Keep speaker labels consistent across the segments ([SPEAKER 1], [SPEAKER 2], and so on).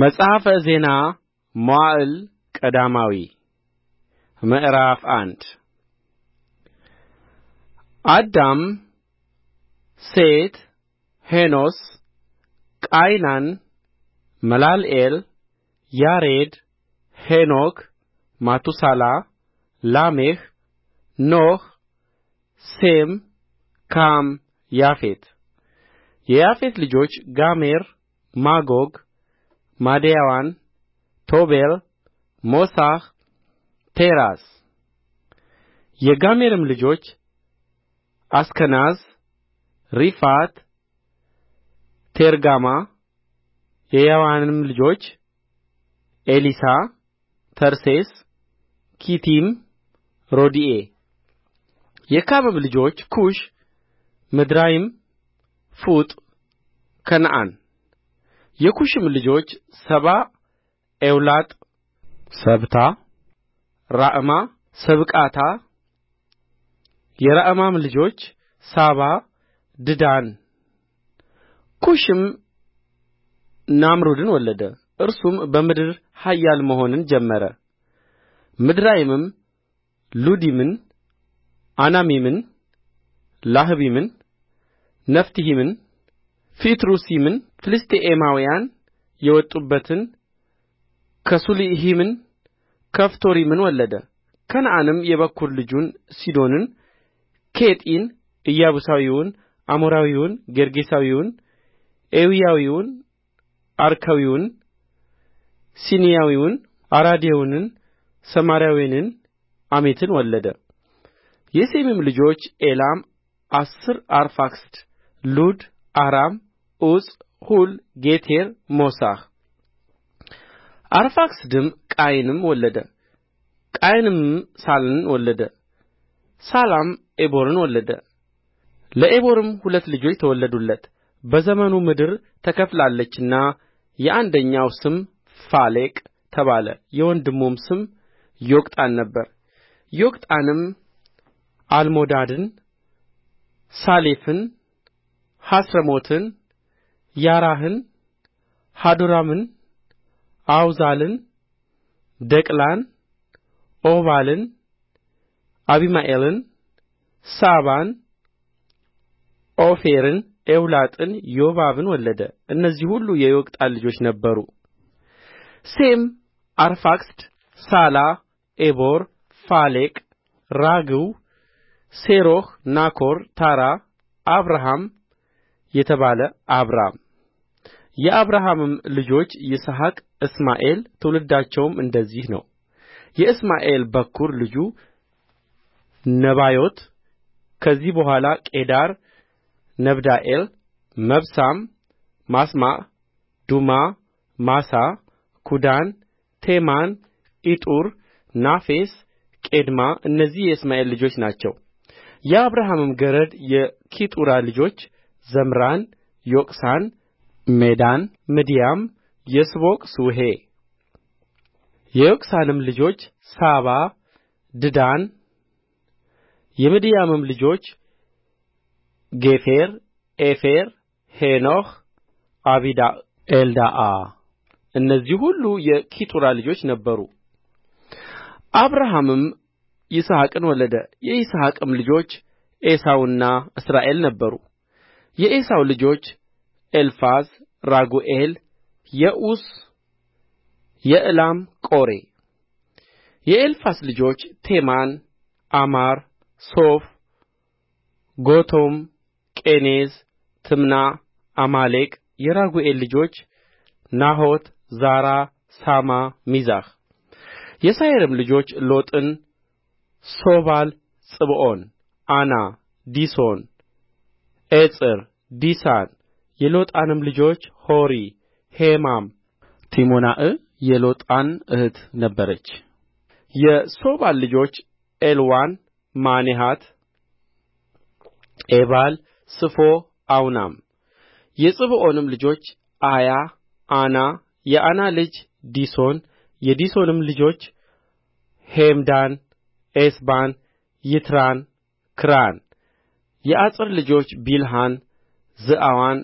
[SPEAKER 1] መጽሐፈ ዜና መዋዕል ቀዳማዊ ምዕራፍ አንድ አዳም ሴት፣ ሄኖስ፣ ቃይናን፣ መላልኤል፣ ያሬድ፣ ሄኖክ፣ ማቱሳላ፣ ላሜሕ፣ ኖኅ፣ ሴም፣ ካም፣ ያፌት። የያፌት ልጆች ጋሜር፣ ማጎግ፣ ማዴያዋን ቶቤል ሞሳሕ ቴራስ የጋሜርም ልጆች አስከናዝ ሪፋት ቴርጋማ የያዋንም ልጆች ኤሊሳ ተርሴስ ኪቲም ሮድኢ የካምም ልጆች ኩሽ ምድራይም ፉጥ ከነዓን የኩሽም ልጆች ሳባ ኤውላጥ ሰብታ ራዕማ ሰብቃታ የራዕማም ልጆች ሳባ ድዳን ኩሽም ናምሩድን ወለደ እርሱም በምድር ኃያል መሆንን ጀመረ ምድራይምም ሉዲምን አናሚምን ላህቢምን ነፍተሂምን ፊትሩሲምን፣ ፍልስጥኤማውያን የወጡበትን ከሱሊሂምን ከፍቶሪምን ወለደ ከነዓንም የበኵር ልጁን ሲዶንን ኬጢን ኢያቡሳዊውን አሞራዊውን ጌርጌሳዊውን ኤዊያዊውን አርካዊውን ሲኒያዊውን አራዴዎንን ሰማራዊውን አማቲን ወለደ የሴምም ልጆች ኤላም አሦር አርፋክስድ ሉድ አራም ዑፅ ሁል ጌቴር ሞሳሕ አርፋክስድም ቃይንም ወለደ ቃይንም ሳላን ወለደ ሳላም ዔቦርን ወለደ ለዔቦርም ሁለት ልጆች ተወለዱለት በዘመኑ ምድር ተከፍላለችና የአንደኛው ስም ፋሌቅ ተባለ የወንድሙም ስም ዮቅጣን ነበረ ዮቅጣንም አልሞዳድን ሳሌፍን ሐስረሞትን ያራሕን ሀዶራምን አውዛልን ደቅላን ዖባልን አቢማኤልን ሳባን ኦፌርን ኤውላጥን ዮባብን ወለደ እነዚህ ሁሉ የዮቅጣን ልጆች ነበሩ ሴም አርፋክስድ ሳላ ዔቦር ፋሌቅ ራግው ሴሮሕ ናኮር ታራ አብርሃም የተባለ አብራም የአብርሃምም ልጆች ይስሐቅ እስማኤል ትውልዳቸውም እንደዚህ ነው የእስማኤል በኵር ልጁ ነባዮት ከዚህ በኋላ ቄዳር ነብዳኤል መብሳም ማስማዕ ዱማ ማሣ ኩዳን ቴማን ኢጡር ናፌስ ቄድማ እነዚህ የእስማኤል ልጆች ናቸው የአብርሃምም ገረድ የኬጡራ ልጆች ዘምራን ዮቅሳን ሜዳን ምድያም የስቦቅ ስዌሕ የዮቅሳንም ልጆች ሳባ ድዳን የምድያምም ልጆች ጌፌር ዔፌር ሄኖኅ አቢዳዕ ኤልዳዓ እነዚህ ሁሉ የኬጡራ ልጆች ነበሩ አብርሃምም ይስሐቅን ወለደ የይስሐቅም ልጆች ዔሳውና እስራኤል ነበሩ የዔሳው ልጆች ኤልፋዝ ራጉኤል የዑስ የዕላም ቆሬ የኤልፋዝ ልጆች ቴማን ኦማር ሶፍ ጎቶም ቄኔዝ ትምና አማሌቅ የራጉኤል ልጆች ናሖት ዛራ ሣማ ሚዛህ የሴይርም ልጆች ሎጣን ሦባል ጽብዖን ዓና ዲሶን ኤጽር ዲሳን የሎጣንም ልጆች ሖሪ ሄማም ቲሞናዕ የሎጣን እኅት ነበረች የሦባል ልጆች ኤልዋን ማኔሐት ዔባል ስፎ አውናም የፅብዖንም ልጆች አያ ዓና የዓና ልጅ ዲሶን የዲሶንም ልጆች ሔምዳን ኤስባን ይትራን ክራን የአጽር ልጆች ቢልሐን ዛዕዋን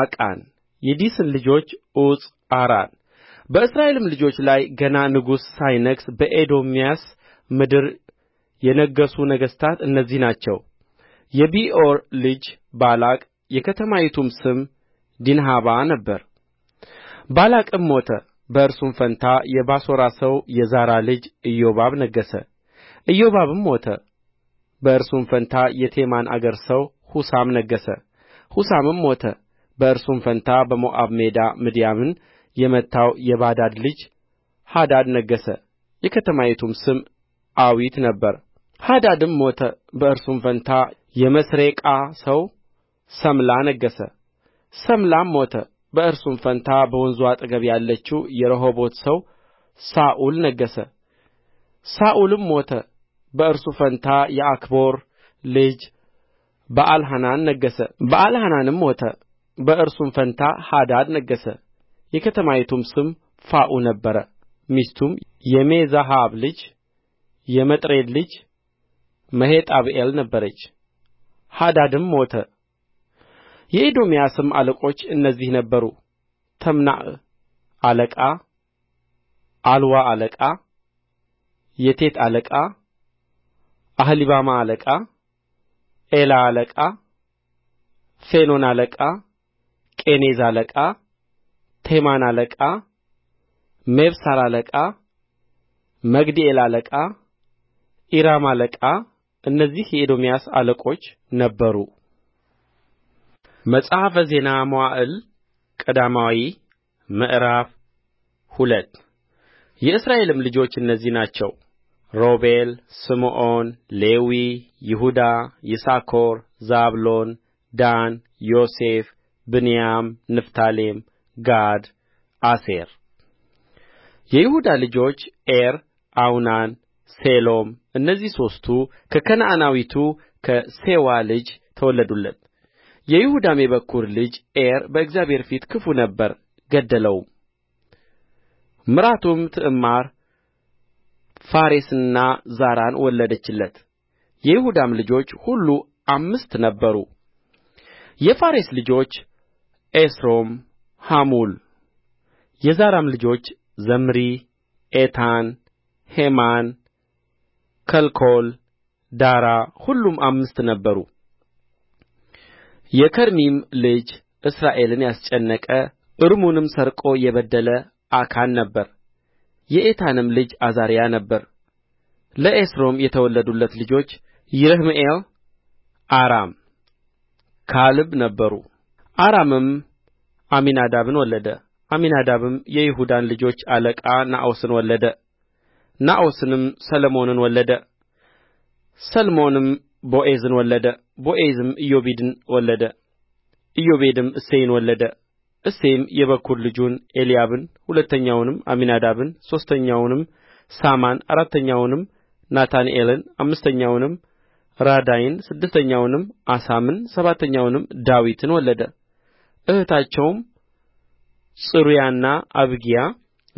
[SPEAKER 1] ዓቃን የዲሳን ልጆች ዑፅ አራን በእስራኤልም ልጆች ላይ ገና ንጉሥ ሳይነግሥ በኤዶምያስ ምድር የነገሡ ነገሥታት እነዚህ ናቸው የቢዖር ልጅ ባላቅ የከተማይቱም ስም ዲንሃባ ነበረ ባላቅም ሞተ በእርሱም ፋንታ የባሶራ ሰው የዛራ ልጅ ኢዮባብ ነገሠ ኢዮባብም ሞተ በእርሱም ፋንታ የቴማን አገር ሰው ሑሳም ነገሠ ሁሳምም ሞተ በእርሱም ፋንታ በሞዓብ ሜዳ ምድያምን የመታው የባዳድ ልጅ ሃዳድ ነገሠ የከተማይቱም ስም ዓዊት ነበረ ሃዳድም ሞተ በእርሱም ፋንታ የመስሬቃ ሰው ሰምላ ነገሠ ሰምላም ሞተ በእርሱም ፋንታ በወንዙ አጠገብ ያለችው የረሆቦት ሰው ሳኡል ነገሠ ሳኡልም ሞተ በእርሱ ፋንታ የዓክቦር ልጅ በአልሐናን ነገሠ በአልሐናንም ሞተ በእርሱም ፋንታ ሃዳድ ነገሠ የከተማይቱም ስም ፋዑ ነበረ ሚስቱም የሜዛሃብ ልጅ የመጥሬድ ልጅ መሄጣብኤል ነበረች ሃዳድም ሞተ የኤዶምያስም አለቆች እነዚህ ነበሩ ተምናዕ አለቃ ዓልዋ አለቃ የቴት አለቃ አህሊባማ አለቃ ኤላ አለቃ ፌኖን አለቃ ቄኔዝ አለቃ ቴማን አለቃ ሚብሳር አለቃ መግዲኤል አለቃ ዒራም አለቃ እነዚህ የኤዶምያስ አለቆች ነበሩ። መጽሐፈ ዜና መዋዕል ቀዳማዊ ምዕራፍ ሁለት የእስራኤልም ልጆች እነዚህ ናቸው። ሮቤል፣ ስምዖን፣ ሌዊ፣ ይሁዳ፣ ይሳኮር፣ ዛብሎን፣ ዳን፣ ዮሴፍ፣ ብንያም፣ ንፍታሌም፣ ጋድ፣ አሴር። የይሁዳ ልጆች ኤር፣ አውናን፣ ሴሎም እነዚህ ሦስቱ ከከነዓናዊቱ ከሴዋ ልጅ ተወለዱለት። የይሁዳም የበኵር ልጅ ኤር በእግዚአብሔር ፊት ክፉ ነበር፣ ገደለውም። ምራቱም ትዕማር ፋሬስንና ዛራን ወለደችለት የይሁዳም ልጆች ሁሉ አምስት ነበሩ የፋሬስ ልጆች ኤስሮም ሐሙል የዛራም ልጆች ዘምሪ ኤታን ሄማን ከልኮል ዳራ ሁሉም አምስት ነበሩ የከርሚም ልጅ እስራኤልን ያስጨነቀ እርሙንም ሰርቆ የበደለ አካን ነበር የኤታንም ልጅ አዛርያ ነበረ ለኤስሮም የተወለዱለት ልጆች ይረሕምኤል አራም ካልብ ነበሩ አራምም አሚናዳብን ወለደ አሚናዳብም የይሁዳን ልጆች አለቃ ነአሶንን ወለደ ነአሶንም ሰልሞንን ወለደ ሰልሞንም ቦዔዝን ወለደ ቦዔዝም ኢዮቤድን ወለደ ኢዮቤድም እሴይን ወለደ እሴይም የበኵር ልጁን ኤልያብን ሁለተኛውንም አሚናዳብን ሦስተኛውንም ሣማን አራተኛውንም ናትናኤልን አምስተኛውንም ራዳይን ስድስተኛውንም አሳምን ሰባተኛውንም ዳዊትን ወለደ እኅታቸውም ጽሩያና አቢግያ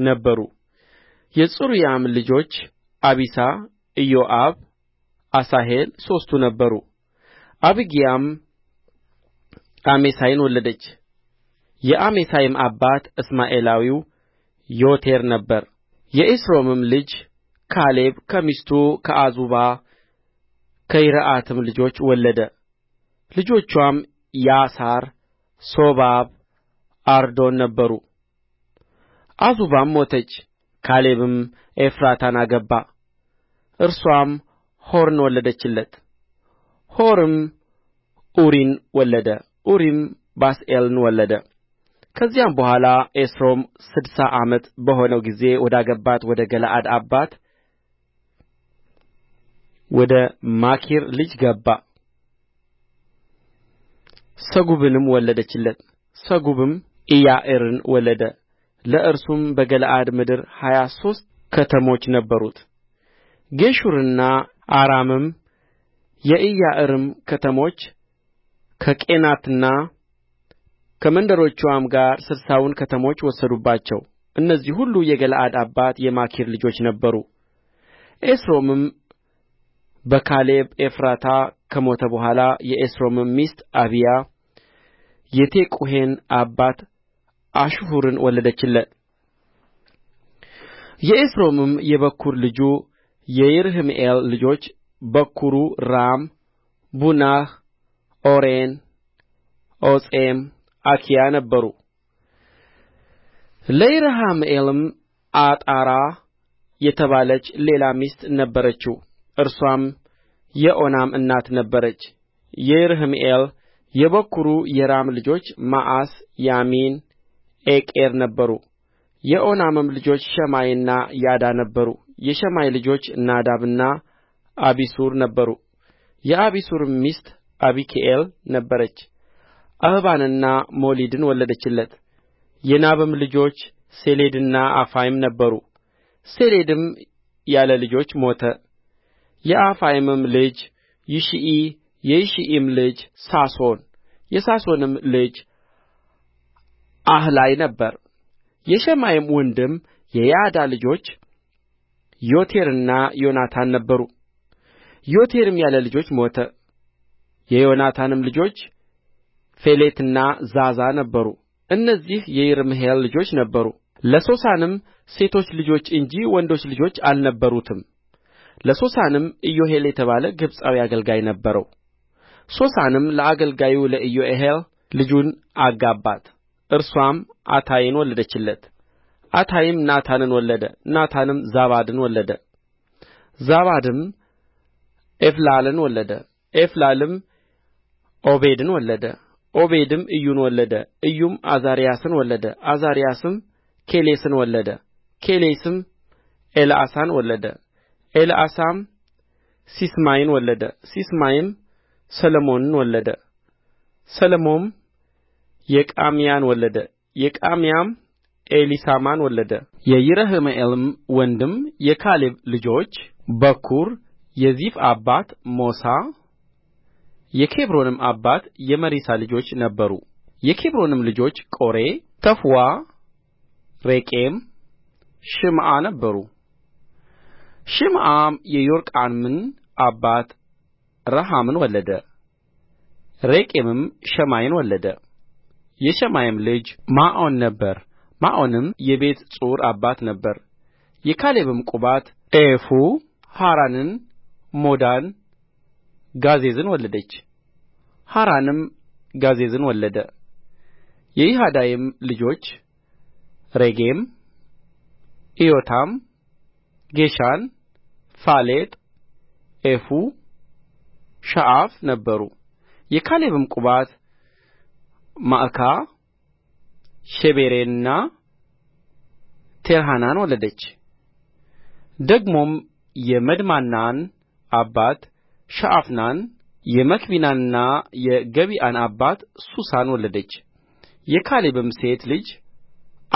[SPEAKER 1] ነበሩ የጽሩያም ልጆች አቢሳ ኢዮአብ አሣሄል ሦስቱ ነበሩ አቢግያም አሜሳይን ወለደች የአሜሳይም አባት እስማኤላዊው ዮቴር ነበረ የኤስሮምም ልጅ ካሌብ ከሚስቱ ከዓዙባ ከይሪዖትም ልጆች ወለደ ልጆቹዋም ያሳር ሶባብ አርዶን ነበሩ ዓዙባም ሞተች ካሌብም ኤፍራታን አገባ እርስዋም ሆርን ወለደችለት ሆርም ኡሪን ወለደ ኡሪም ባስልኤልን ወለደ ከዚያም በኋላ ኤስሮም ስድሳ ዓመት በሆነው ጊዜ ወዳገባት ወደ ገለዓድ አባት ወደ ማኪር ልጅ ገባ ሰጉብንም ወለደችለት ሰጉብም ኢያዕርን ወለደ ለእርሱም በገለዓድ ምድር ሀያ ሦስት ከተሞች ነበሩት ጌሹርና አራምም የኢያዕርም ከተሞች ከቄናትና ከመንደሮችዋም ጋር ስድሳውን ከተሞች ወሰዱባቸው እነዚህ ሁሉ የገለዓድ አባት የማኪር ልጆች ነበሩ ኤስሮምም በካሌብ ኤፍራታ ከሞተ በኋላ የኤስሮምም ሚስት አቢያ የቴቁሔን አባት አሽሑርን ወለደችለት የኤስሮምም የበኵር ልጁ የይረሕምኤል ልጆች በኵሩ ራም ቡናህ ኦሬን ኦጼም አኪያ ነበሩ። ለይረሕምኤልም አጣራ የተባለች ሌላ ሚስት ነበረችው። እርሷም የኦናም እናት ነበረች። የይረሕምኤል የበኵሩ የራም ልጆች መዓስ፣ ያሚን፣ ኤቄር ነበሩ። የኦናምም ልጆች ሸማይና ያዳ ነበሩ። የሸማይ ልጆች ናዳብና አቢሱር ነበሩ። የአቢሱርም ሚስት አቢካኢል ነበረች። አሕባንና ሞሊድን ወለደችለት የናዳብም ልጆች ሴሌድና አፋይም ነበሩ ሴሌድም ያለ ልጆች ሞተ የአፋይምም ልጅ ይሽዒ የይሽዒም ልጅ ሳሶን የሳሶንም ልጅ አሕላይ ነበረ የሸማይም ወንድም የያዳ ልጆች ዬቴርና ዮናታን ነበሩ ዬቴርም ያለ ልጆች ሞተ የዮናታንም ልጆች ፌሌትና ዛዛ ነበሩ እነዚህ የይረሕምኤል ልጆች ነበሩ ለሶሳንም ሴቶች ልጆች እንጂ ወንዶች ልጆች አልነበሩትም ለሶሳንም ኢዮሄል የተባለ ግብጻዊ አገልጋይ ነበረው ሶሳንም ለአገልጋዩ ለኢዮሄል ልጁን አጋባት እርስዋም ዓታይን ወለደችለት ዓታይም ናታንን ወለደ ናታንም ዛባድን ወለደ ዛባድም ኤፍላልን ወለደ ኤፍላልም ዖቤድን ወለደ ዖቤድም ኢዩን ወለደ ኢዩም ዓዛርያስን ወለደ ዓዛርያስም ኬሌስን ወለደ ኬሌስም ኤልዓሣን ወለደ ኤልዓሣም ሲስማይን ወለደ ሲስማይም ሰሎምን ወለደ ሰሎምም የቃምያን ወለደ የቃምያም ኤሊሳማን ወለደ የይረሕምኤልም ወንድም የካሌብ ልጆች በኵሩ የዚፍ አባት ሞሳ የኬብሮንም አባት የመሪሳ ልጆች ነበሩ የኬብሮንም ልጆች ቆሬ ተፉዋ ሬቄም ሽማዕ ነበሩ ሽምዓም የዮርቅዓምን አባት ረሐምን ወለደ ሬቄምም ሸማይን ወለደ የሸማይም ልጅ ማዖን ነበረ ማዖንም የቤት ጹር አባት ነበረ የካሌብም ቁባት ዔፋ ሐራንን ሞዳን ጋዜዝን ወለደች ሐራንም ጋዜዝን ወለደ የያህዳይም ልጆች ሬጌም ኢዮታም ጌሻን ፋሌጥ ኤፉ ሸዓፍ ነበሩ የካሌብም ቁባት ማዕካ ሸቤርንና ቲርሐናን ወለደች ደግሞም የመድማናን አባት ሸዓፍንና የመክቢናንና የገቢዓን አባት ሱሳን ወለደች የካሌብም ሴት ልጅ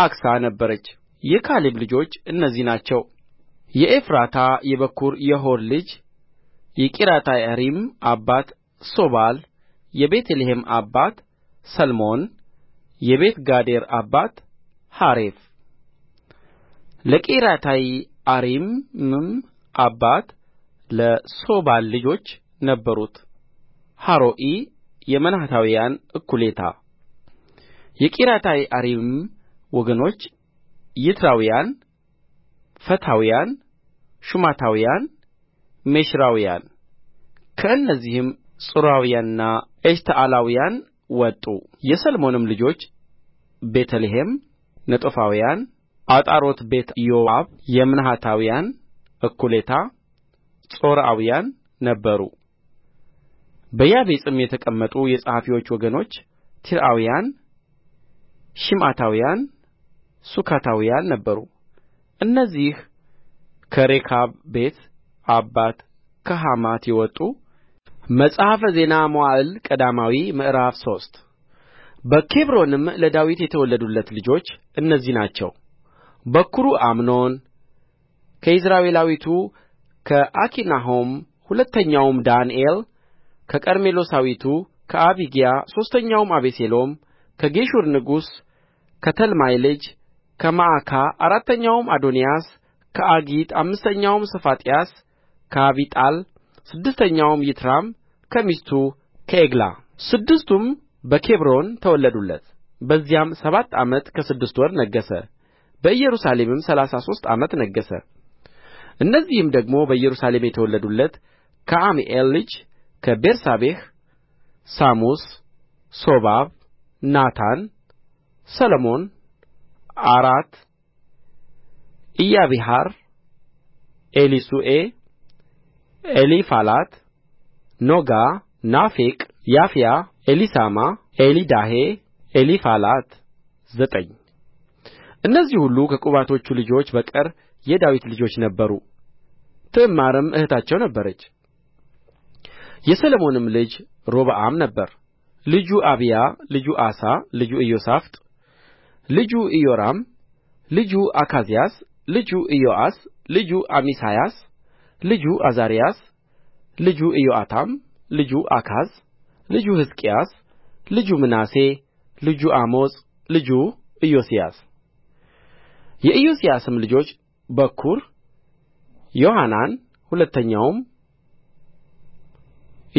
[SPEAKER 1] አክሳ ነበረች የካሌብ ልጆች እነዚህ ናቸው የኤፍራታ የበኩር የሆር ልጅ የቂርያትይዓሪም አባት ሦባል የቤተ ልሔም አባት ሰልሞን የቤት ጋዴር አባት ሐሬፍ ለቂርያትይዓሪምም አባት ለሦባል ልጆች ነበሩት ሀሮኢ የመናሕታውያን እኩሌታ የቂርያትይዓሪምም ወገኖች ይትራውያን ፉታውያን ሹማታውያን ሜሽራውያን ከእነዚህም ጾርዓውያንና ኤሽታኦላውያን ወጡ የሰልሞንም ልጆች ቤተ ልሔም ነጦፋውያን ዓጣሮትቤትዮአብ የመናሕታውያን እኩሌታ ጾርዓውያን ነበሩ በያቤጽም የተቀመጡ የጸሐፊዎች ወገኖች ቲርዓውያን ሺምዓታውያን ሱካታውያን ነበሩ እነዚህ ከሬካብ ቤት አባት ከሐማት የወጡ መጽሐፈ ዜና መዋዕል ቀዳማዊ ምዕራፍ ሶስት በኬብሮንም ለዳዊት የተወለዱለት ልጆች እነዚህ ናቸው በኵሩ አምኖን ከኢይዝራኤላዊቱ ከአኪናሆም ሁለተኛው ዳንኤል ከቀርሜሎሳዊቱ ከአቢግያ ሦስተኛው አቤሴሎም ከጌሹር ንጉሥ ከተልማይ ልጅ ከመዓካ አራተኛው አዶንያስ ከአጊት አምስተኛው ሰፋጥያስ ከአቢጣል ስድስተኛው ይትራም ከሚስቱ ከዔግላ ስድስቱም በኬብሮን ተወለዱለት በዚያም ሰባት ዓመት ከስድስት ወር ነገሠ በኢየሩሳሌምም ሠላሳ ሦስት ዓመት ነገሠ እነዚህም ደግሞ በኢየሩሳሌም የተወለዱለት ከዓሚኤል ልጅ ከቤርሳቤህ ሳሙስ ሶባብ ናታን ሰሎሞን አራት ኢያቤሐር ኤሊሱዔ ኤሊፋላት ኖጋ ናፌቅ ያፍያ ኤሊሳማ ኤሊዳሄ ኤሊፋላት ዘጠኝ እነዚህ ሁሉ ከቁባቶቹ ልጆች በቀር የዳዊት ልጆች ነበሩ ትዕማርም እኅታቸው ነበረች የሰሎሞንም ልጅ ሮብዓም ነበረ ልጁ አብያ ልጁ አሳ ልጁ ኢዮሳፍጥ ልጁ ኢዮራም ልጁ አካዝያስ ልጁ ኢዮአስ ልጁ አሜስያስ ልጁ ዓዛርያስ ልጁ ኢዮአታም ልጁ አካዝ ልጁ ሕዝቅያስ ልጁ ምናሴ ልጁ አሞጽ ልጁ ኢዮስያስ የኢዮስያስም ልጆች በኵሩ ዮሐናን ሁለተኛውም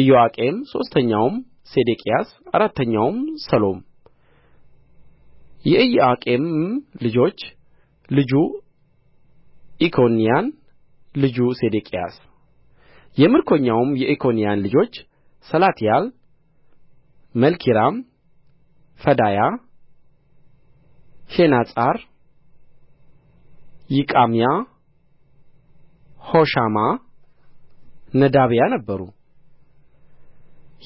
[SPEAKER 1] ኢዮአቄም ሦስተኛውም ሴዴቅያስ አራተኛውም ሰሎም የኢዮአቄምም ልጆች ልጁ ኢኮንያን ልጁ ሴዴቅያስ የምርኮኛውም የኢኮንያን ልጆች ሰላትያል መልኪራም ፈዳያ ሼናጻር ይቃምያ ሆሻማ ነዳብያ ነበሩ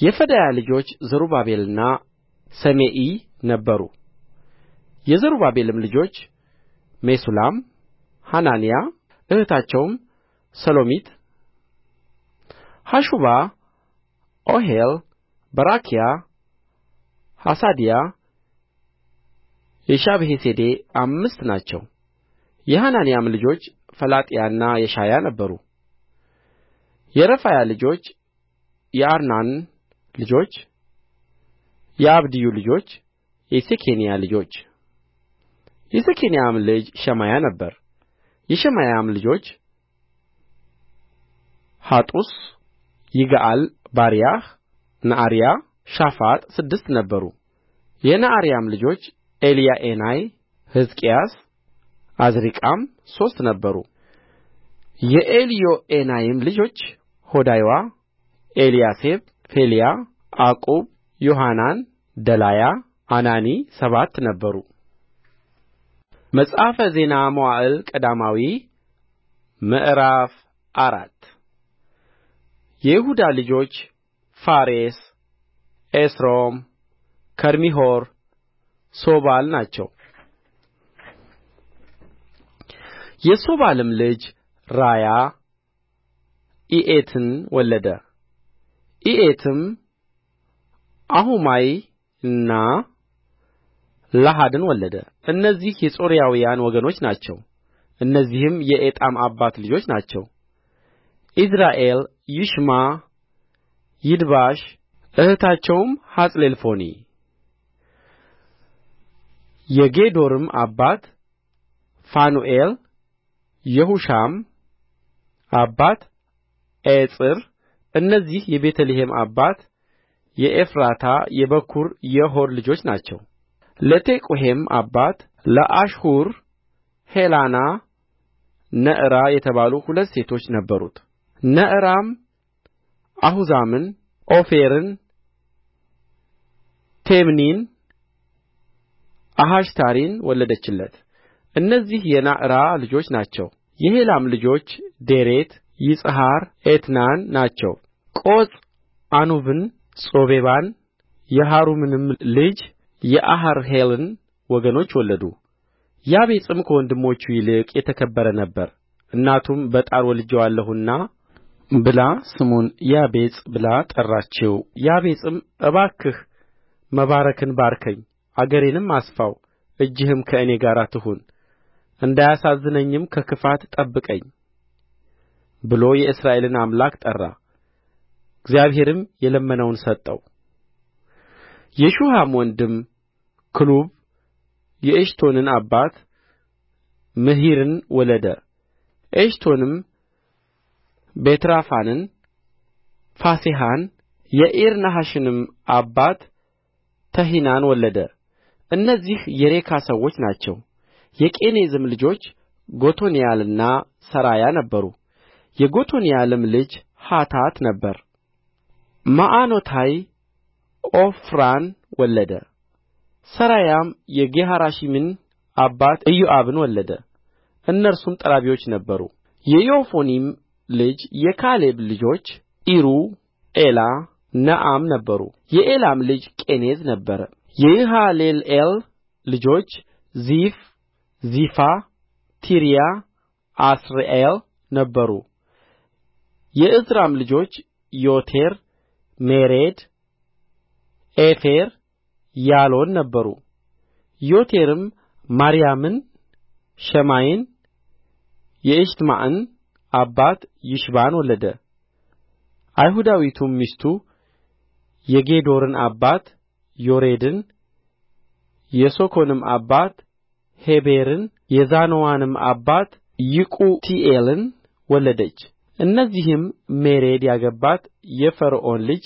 [SPEAKER 1] የፈዳያ ልጆች ዘሩባቤልና ሰሜኢ ነበሩ የዘሩባቤልም ልጆች ሜሱላም ሐናንያ እኅታቸውም ሰሎሚት ሐሹባ ኦሄል በራክያ ሐሳድያ የሻብሄሴዴ አምስት ናቸው የሐናንያም ልጆች ፈላጥያና የሻያ ነበሩ የረፋያ ልጆች የአርናን ልጆች የአብድዩ ልጆች የሴኬንያ ልጆች የሴኬንያም ልጅ ሸማያ ነበረ የሸማያም ልጆች ሐጡስ ይግዓል ባርያሕ ነዓርያ ሻፋጥ ስድስት ነበሩ የነዓርያም ልጆች ኤልዮዔናይ ሕዝቅያስ ዓዝሪቃም ሦስት ነበሩ የኤልዮዔናይም ልጆች ሆዳይዋ ኤልያሴብ ፌልያ ዓቁብ ዮሐናን ደላያ አናኒ ሰባት ነበሩ መጽሐፈ ዜና መዋዕል ቀዳማዊ ምዕራፍ አራት የይሁዳ ልጆች ፋሬስ ኤስሮም ከርሚ ሆር ሦባል ናቸው የሦባልም ልጅ ራያ ኢኤትን ወለደ ኢኤትም አሑማይንና ላሃድን ወለደ እነዚህ የጾርዓውያን ወገኖች ናቸው እነዚህም የኤጣም አባት ልጆች ናቸው ኢይዝራኤል ይሽማ ይድባሽ እኅታቸውም ሐጽሌልፎኒ የጌዶርም አባት ፋኑኤል የሑሻም አባት ኤጽር እነዚህ የቤተ ልሔም አባት የኤፍራታ የበኵሩ የሆር ልጆች ናቸው ለቴቁሔም አባት ለአሽሑር ሔላና ነዕራ የተባሉ ሁለት ሴቶች ነበሩት ነዕራም አሑዛምን ኦፌርን ቴምኒን አሐሽታሪን ወለደችለት እነዚህ የናዕራ ልጆች ናቸው የሔላም ልጆች ዴሬት ይጽሐር ኤትናን ናቸው ቆጽ ዓኑብን ጾቤባን የሃሩምንም ልጅ የአሐርሔልን ወገኖች ወለዱ ያቤጽም ከወንድሞቹ ይልቅ የተከበረ ነበረ እናቱም በጣር ወልጄዋለሁና ብላ ስሙን ያቤጽ ብላ ጠራችው ያቤጽም እባክህ መባረክን ባርከኝ አገሬንም አስፋው እጅህም ከእኔ ጋር ትሁን እንዳያሳዝነኝም ከክፋት ጠብቀኝ ብሎ የእስራኤልን አምላክ ጠራ እግዚአብሔርም የለመነውን ሰጠው የሹሐም ወንድም ክሉብ የኤሽቶንን አባት ምሒርን ወለደ ኤሽቶንም ቤትራፋንን ፋሴሐን የዒርናሐሽንም አባት ተሒናን ወለደ እነዚህ የሬካ ሰዎች ናቸው የቄኔዝም ልጆች ጎቶንያልና ሠራያ ነበሩ የጎቶንያልም ልጅ ሐታት ነበረ መዖኖታይ ዖፍራን ወለደ ሠራያም የጌሃራሽምን አባት ኢዮአብን ወለደ እነርሱም ጠራቢዎች ነበሩ የዮፎኒም ልጅ የካሌብ ልጆች ኢሩ ኤላ ነዓም ነበሩ የኤላም ልጅ ቄኔዝ ነበረ የይሃሌልኤል ልጆች ዚፍ ዚፋ ቲርያ አስሪኤል ነበሩ የዕዝራም ልጆች ዬቴር ሜሬድ ዔፌር ያሎን ነበሩ ዬቴርም ማርያምን ሸማይን የኤሽትምዓን አባት ይሽባን ወለደ አይሁዳዊቱም ሚስቱ የጌዶርን አባት ዬሬድን የሶኮንም አባት ሔቤርን የዛኖዋንም አባት ይቁቲኤልን ወለደች እነዚህም ሜሬድ ያገባት የፈርዖን ልጅ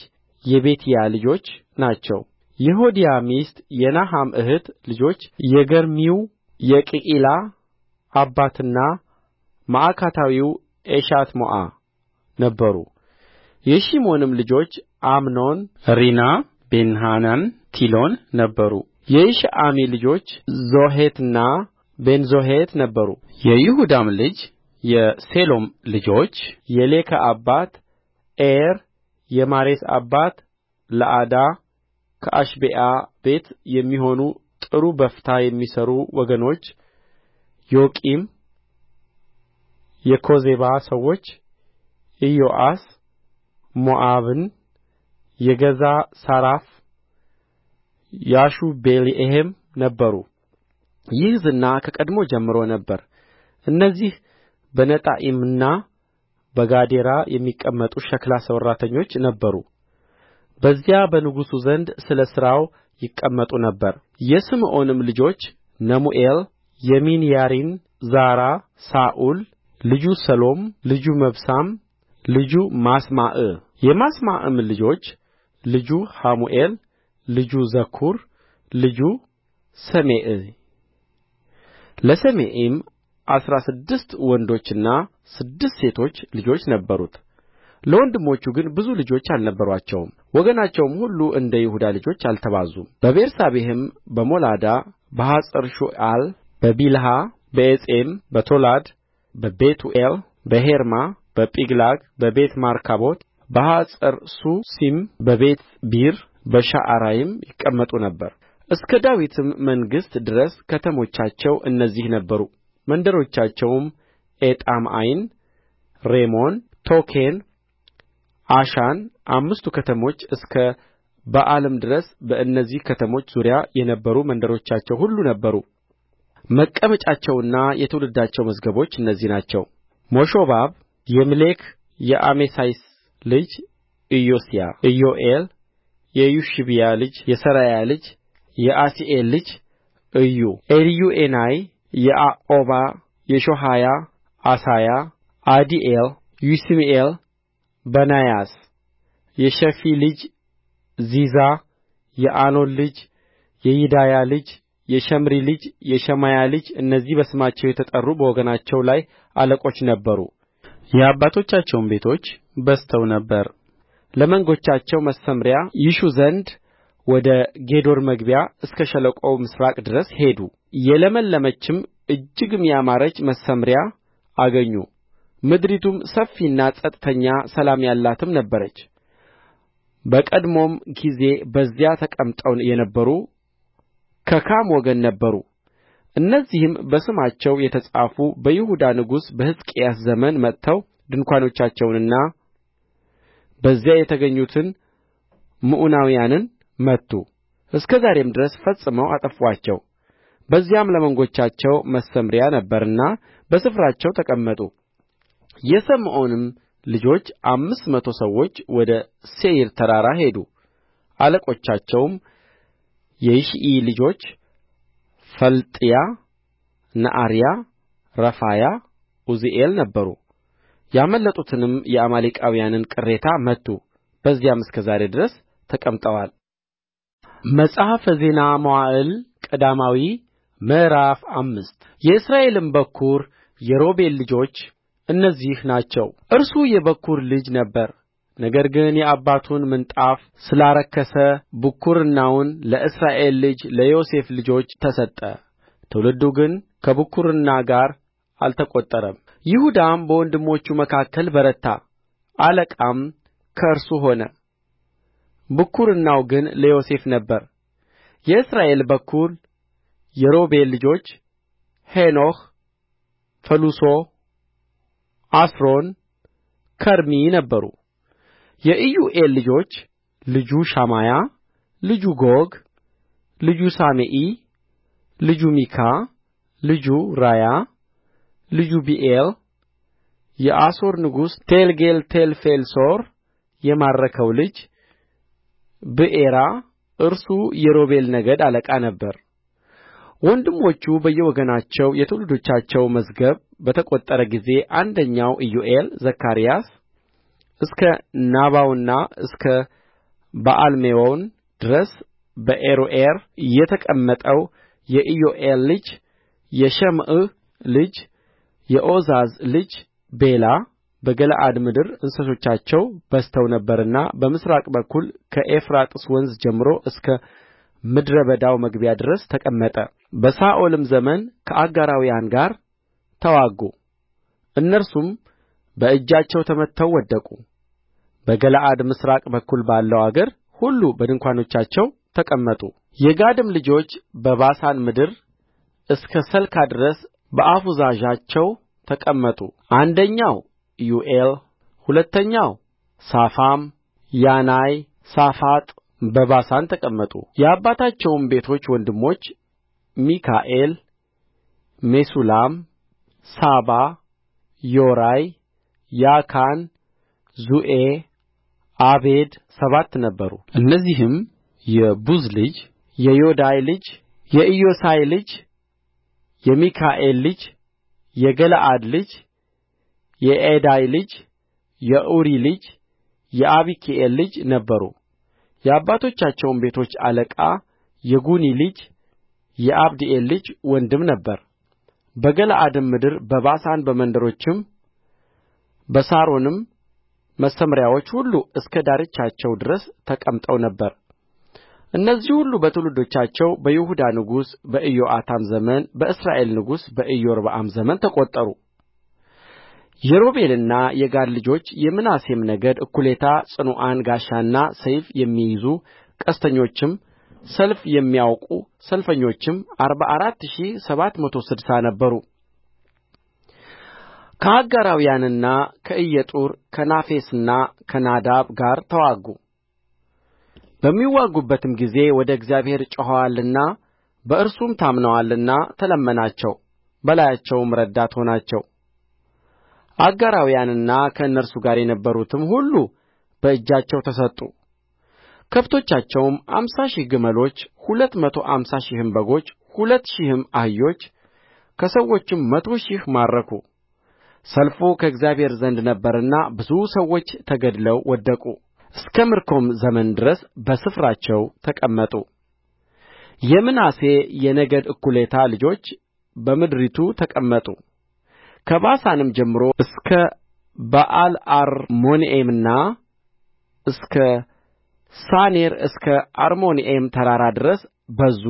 [SPEAKER 1] የቢትያ ልጆች ናቸው የሆዲያ ሚስት የነሐም እኅት ልጆች የገርሚው የቅዒላ አባትና ማዕካታዊው ኤሽትሞዓ ነበሩ የሺሞንም ልጆች አምኖን ሪና ቤንሐናን ቲሎን ነበሩ የይሽዒም ልጆች ዞሔትና ቤንዞሄት ነበሩ የይሁዳም ልጅ የሴሎም ልጆች የሌካ አባት ኤር የማሬስ አባት ለአዳ ከአሽቤዓ ቤት የሚሆኑ ጥሩ በፍታ የሚሠሩ ወገኖች ዮቂም የኮዜባ ሰዎች ኢዮአስ ሞዓብን የገዛ ሳራፍ ያሹቢሌሔም ነበሩ ይህ ዝና ከቀድሞ ጀምሮ ነበር እነዚህ በነጣዒምና በጋዴራ የሚቀመጡ ሸክላ ሠራተኞች ነበሩ በዚያ በንጉሡ ዘንድ ስለ ሥራው ይቀመጡ ነበር የስምዖንም ልጆች ነሙኤል የሚንያሪን፣ ዛራ ሳኡል ልጁ ሰሎም ልጁ መብሳም ልጁ ማስማዕ የማስማዕም ልጆች ልጁ ሐሙኤል ልጁ ዘኩር ልጁ ሰሜኢ ለሰሜኢም አሥራ ስድስት ወንዶችና ስድስት ሴቶች ልጆች ነበሩት ለወንድሞቹ ግን ብዙ ልጆች አልነበሩአቸውም ወገናቸውም ሁሉ እንደ ይሁዳ ልጆች አልተባዙም በቤርሳቤህም በሞላዳ በሐጸርሹዓል በቢልሃ በዔጼም በቶላድ በቤቱኤል በሔርማ በጺቅላግ በቤትማርካቦት በሐጸርሱሲም በቤትቢሪ በሸዓራይም ይቀመጡ ነበር እስከ ዳዊትም መንግሥት ድረስ ከተሞቻቸው እነዚህ ነበሩ መንደሮቻቸውም ኤጣም ዓይን ሬሞን ቶኬን ዓሻን አምስቱ ከተሞች እስከ በኣልም ድረስ በእነዚህ ከተሞች ዙሪያ የነበሩ መንደሮቻቸው ሁሉ ነበሩ መቀመጫቸውና የትውልዳቸው መዝገቦች እነዚህ ናቸው ሞሾባብ የምሌክ የአሜሳይስ ልጅ ኢዮስያ ኢዮኤል የዮሺብያ ልጅ የሠራያ ልጅ የዓሢኤል ልጅ ኢዩ ኤልዮዔናይ ያዕቆባ የሾሐያ ዓሣያ ዓዲዔል ዩሲምኤል በናያስ የሺፊ ልጅ ዚዛ የአሎን ልጅ የይዳያ ልጅ የሸምሪ ልጅ የሸማያ ልጅ እነዚህ በስማቸው የተጠሩ በወገናቸው ላይ አለቆች ነበሩ የአባቶቻቸውም ቤቶች በዝተው ነበር ለመንጎቻቸው መሰምርያ ይሹ ዘንድ ወደ ጌዶር መግቢያ እስከ ሸለቆው ምሥራቅ ድረስ ሄዱ የለመለመችም እጅግም ያማረች መሰምርያ አገኙ ምድሪቱም ሰፊና ጸጥተኛ ሰላም ያላትም ነበረች በቀድሞም ጊዜ በዚያ ተቀምጠው የነበሩ ከካም ወገን ነበሩ እነዚህም በስማቸው የተጻፉ በይሁዳ ንጉሥ በሕዝቅያስ ዘመን መጥተው ድንኳኖቻቸውንና በዚያ የተገኙትን ምዑናውያንን መቱ እስከ ዛሬም ድረስ ፈጽመው አጠፉአቸው በዚያም ለመንጎቻቸው መሰምርያ ነበረና በስፍራቸው ተቀመጡ የስምዖንም ልጆች አምስት መቶ ሰዎች ወደ ሴይር ተራራ ሄዱ አለቆቻቸውም የይሽዒ ልጆች ፈልጥያ ነዓርያ ረፋያ ዑዝኤል ነበሩ ያመለጡትንም የአማሌቃውያንን ቅሬታ መቱ በዚያም እስከ ዛሬ ድረስ ተቀምጠዋል መጽሐፈ ዜና መዋዕል ቀዳማዊ ምዕራፍ አምስት የእስራኤልም በኵር የሮቤል ልጆች እነዚህ ናቸው እርሱ የበኵር ልጅ ነበረ ነገር ግን የአባቱን ምንጣፍ ስላረከሰ ብኵርናውን ለእስራኤል ልጅ ለዮሴፍ ልጆች ተሰጠ ትውልዱ ግን ከብኵርና ጋር አልተቈጠረም ይሁዳም በወንድሞቹ መካከል በረታ አለቃም ከእርሱ ሆነ ብኵርናው ግን ለዮሴፍ ነበረ የእስራኤል በኵር የሮቤል ልጆች ሄኖኅ ፈሉሶ አስሮን ከርሚ ነበሩ የኢዮኤል ልጆች ልጁ ሻማያ ልጁ ጎግ ልጁ ሰሜኢ ልጁ ሚካ ልጁ ራያ ልጁ ቢኤል የአሦር ንጉሥ ቴልጌልቴልፌልሶር የማረከው ልጅ ብኤራ እርሱ የሮቤል ነገድ አለቃ ነበረ ወንድሞቹ በየወገናቸው የትውልዶቻቸው መዝገብ በተቈጠረ ጊዜ አንደኛው ኢዮኤል ዘካርያስ እስከ ናባውና እስከ በኣልሜዎን ድረስ በአሮዔር የተቀመጠው የኢዮኤል ልጅ የሸምዕ ልጅ የዖዛዝ ልጅ ቤላ በገለዓድ ምድር እንስሶቻቸው በዝተው ነበርና በምሥራቅ በኩል ከኤፍራጥስ ወንዝ ጀምሮ እስከ ምድረ በዳው መግቢያ ድረስ ተቀመጠ በሳኦልም ዘመን ከአጋራውያን ጋር ተዋጉ እነርሱም በእጃቸው ተመትተው ወደቁ በገለዓድ ምሥራቅ በኩል ባለው አገር ሁሉ በድንኳኖቻቸው ተቀመጡ የጋድም ልጆች በባሳን ምድር እስከ ሰልካ ድረስ በአፋዛዣቸው ተቀመጡ አንደኛው ዩኤል ሁለተኛው ሳፋም ያናይ ሳፋጥ በባሳን ተቀመጡ የአባቶቻቸውም ቤቶች ወንድሞች ሚካኤል ሜሱላም ሳባ ዮራይ ያካን ዙኤ አቤድ ሰባት ነበሩ እነዚህም የቡዝ ልጅ የዮዳይ ልጅ የኢዮሳይ ልጅ የሚካኤል ልጅ የገለዓድ ልጅ የኢዳይ ልጅ የኡሪ ልጅ የአቢካኢል ልጅ ነበሩ። የአባቶቻቸውም ቤቶች አለቃ የጉኒ ልጅ የአብዲኤል ልጅ ወንድም ነበረ። በገለዓድም ምድር በባሳን በመንደሮችም በሳሮንም መሰምርያዎች ሁሉ እስከ ዳርቻቸው ድረስ ተቀምጠው ነበር እነዚህ ሁሉ በትውልዶቻቸው በይሁዳ ንጉሥ በኢዮአታም ዘመን በእስራኤል ንጉሥ በኢዮርብዓም ዘመን ተቈጠሩ የሮቤልና የጋድ ልጆች የምናሴም ነገድ እኩሌታ ጽኑዓን ጋሻና ሰይፍ የሚይዙ ቀስተኞችም ሰልፍ የሚያውቁ ሰልፈኞችም አርባ አራት ሺህ ሰባት መቶ ስድሳ ነበሩ ከአጋራውያንና ከእየጡር ከናፌስና ከናዳብ ጋር ተዋጉ በሚዋጉበትም ጊዜ ወደ እግዚአብሔር ጮኸዋልና በእርሱም ታምነዋልና ተለመናቸው በላያቸውም ረዳት ሆናቸው አጋራውያንና ከእነርሱ ጋር የነበሩትም ሁሉ በእጃቸው ተሰጡ ከብቶቻቸውም አምሳ ሺህ ግመሎች ሁለት መቶ አምሳ ሺህም በጎች ሁለት ሺህም አህዮች ከሰዎችም መቶ ሺህ ማረኩ ሰልፉ ከእግዚአብሔር ዘንድ ነበረና ብዙ ሰዎች ተገድለው ወደቁ እስከ ምርኮም ዘመን ድረስ በስፍራቸው ተቀመጡ የምናሴ የነገድ እኩሌታ ልጆች በምድሪቱ ተቀመጡ ከባሳንም ጀምሮ እስከ በኣልአርሞንዔምና እስከ ሳኔር እስከ አርሞንዔም ተራራ ድረስ በዙ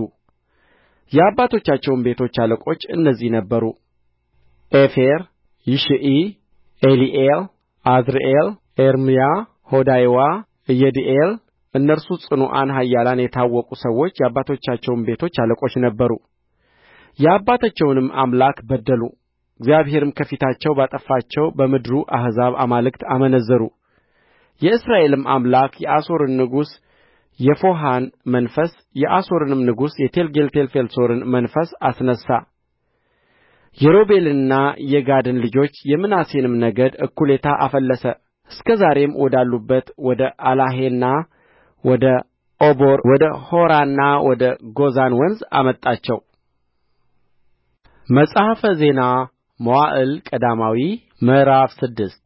[SPEAKER 1] የአባቶቻቸውም ቤቶች አለቆች እነዚህ ነበሩ ዔፌር ይሽዒ ኤሊኤል ዓዝርኤል ኤርምያ ሆዳይዋ ኢየዲኤል እነርሱ ጽኑዓን ኃያላን የታወቁ ሰዎች የአባቶቻቸውም ቤቶች አለቆች ነበሩ የአባቶቻቸውንም አምላክ በደሉ እግዚአብሔርም ከፊታቸው ባጠፋቸው በምድሩ አሕዛብ አማልክት አመነዘሩ የእስራኤልም አምላክ የአሦርን ንጉሥ የፎሐን መንፈስ የአሦርንም ንጉሥ የቴልጌልቴልፌልሶርን መንፈስ አስነሣ የሮቤልንና የጋድን ልጆች የምናሴንም ነገድ እኩሌታ አፈለሰ እስከ ዛሬም ወዳሉበት ወደ አላሄና ወደ ኦቦር ወደ ሆራና ወደ ጎዛን ወንዝ አመጣቸው። መጽሐፈ ዜና መዋዕል ቀዳማዊ ምዕራፍ ስድስት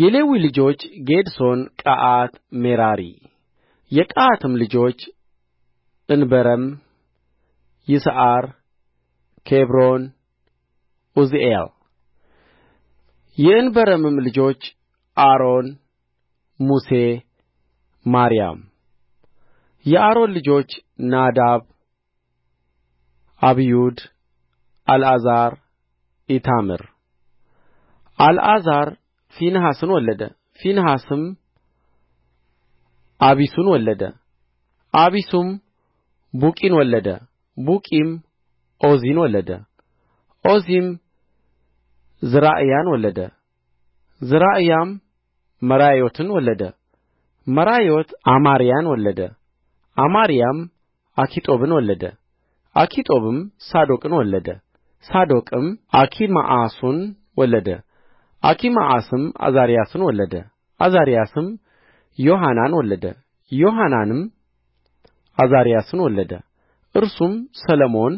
[SPEAKER 1] የሌዊ ልጆች ጌድሶን፣ ቀዓት፣ ሜራሪ። የቀዓትም ልጆች እንበረም፣ ይስዓር፣ ኬብሮን፣ ዑዝኤል። የእንበረምም ልጆች አሮን ሙሴ ማርያም የአሮን ልጆች ናዳብ አብዩድ አልዓዛር ኢታምር አልዓዛር ፊንሐስን ወለደ ፊንሐስም አቢሱን ወለደ አቢሱም ቡቂን ወለደ ቡቂም ኦዚን ወለደ ኦዚም ዝራእያን ወለደ ዘራእያም መራዮትን ወለደ መራዮት አማርያን ወለደ አማርያም አኪጦብን ወለደ አኪጦብም ሳዶቅን ወለደ ሳዶቅም አኪማአስን ወለደ አኪማአስም ዓዛርያስን ወለደ ዓዛርያስም ዮሐናንን ወለደ ዮሐናንም ዓዛርያስን ወለደ እርሱም ሰሎሞን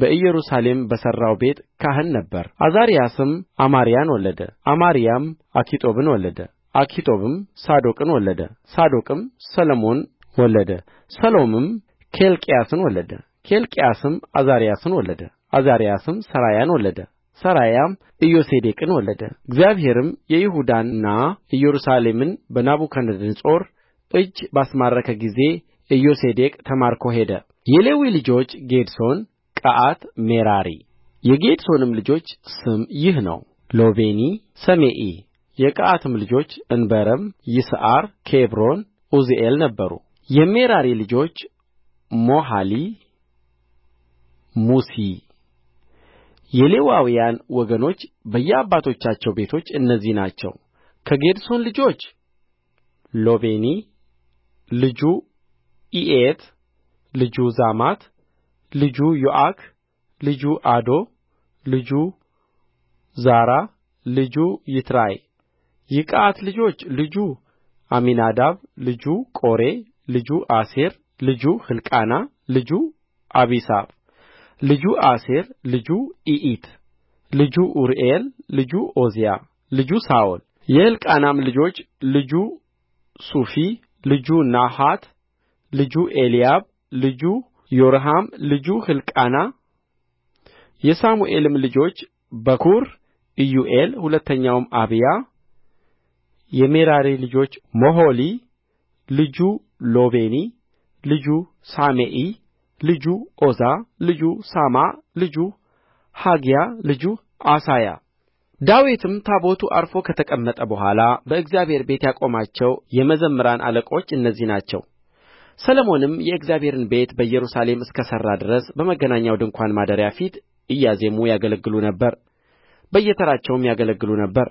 [SPEAKER 1] በኢየሩሳሌም በሠራው ቤት ካህን ነበረ ዓዛርያስም አማርያን ወለደ አማርያም አኪጦብን ወለደ አኪጦብም ሳዶቅን ወለደ ሳዶቅም ሰሎምን ወለደ ሰሎምም ኬልቅያስን ወለደ ኬልቅያስም ዓዛርያስን ወለደ ዓዛርያስም ሠራያን ወለደ ሠራያም ኢዮሴዴቅን ወለደ እግዚአብሔርም ይሁዳንና ኢየሩሳሌምን በናቡከደነፆር እጅ ባስማረከ ጊዜ ኢዮሴዴቅ ተማርኮ ሄደ የሌዊ ልጆች ጌድሶን ቀዓት ሜራሪ የጌድሶንም ልጆች ስም ይህ ነው ሎቤኒ ሰሜኢ የቀዓትም ልጆች እንበረም ይስዓር ኬብሮን ዑዝኤል ነበሩ የሜራሪ ልጆች ሞሖሊ ሙሲ የሌዋውያን ወገኖች በየአባቶቻቸው ቤቶች እነዚህ ናቸው ከጌድሶን ልጆች ሎቤኒ ልጁ ኢኤት ልጁ ዛማት ልጁ ዮአክ ልጁ አዶ ልጁ ዛራ ልጁ ይትራይ የቀዓት ልጆች ልጁ አሚናዳብ ልጁ ቆሬ ልጁ አሴር ልጁ ሕልቃና ልጁ አቢሳፍ ልጁ አሴር ልጁ ኢኢት ልጁ ኡርኤል ልጁ ዖዝያ ልጁ ሳኦል የሕልቃናም ልጆች ልጁ ሱፊ ልጁ ናሐት ልጁ ኤልያብ ልጁ ይሮሐም ልጁ ሕልቃና የሳሙኤልም ልጆች በኵሩ ኢዮኤል ሁለተኛውም አብያ የሜራሪ ልጆች ሞሖሊ ልጁ ሎቤኒ ልጁ ሰሜኢ ልጁ ዖዛ ልጁ ሳማ ልጁ ሐግያ ልጁ ዓሣያ ዳዊትም ታቦቱ ዐርፎ ከተቀመጠ በኋላ በእግዚአብሔር ቤት ያቆማቸው የመዘምራን አለቆች እነዚህ ናቸው ሰሎሞንም የእግዚአብሔርን ቤት በኢየሩሳሌም እስከ ሠራ ድረስ በመገናኛው ድንኳን ማደሪያ ፊት እያዜሙ ያገለግሉ ነበር በየተራቸውም ያገለግሉ ነበር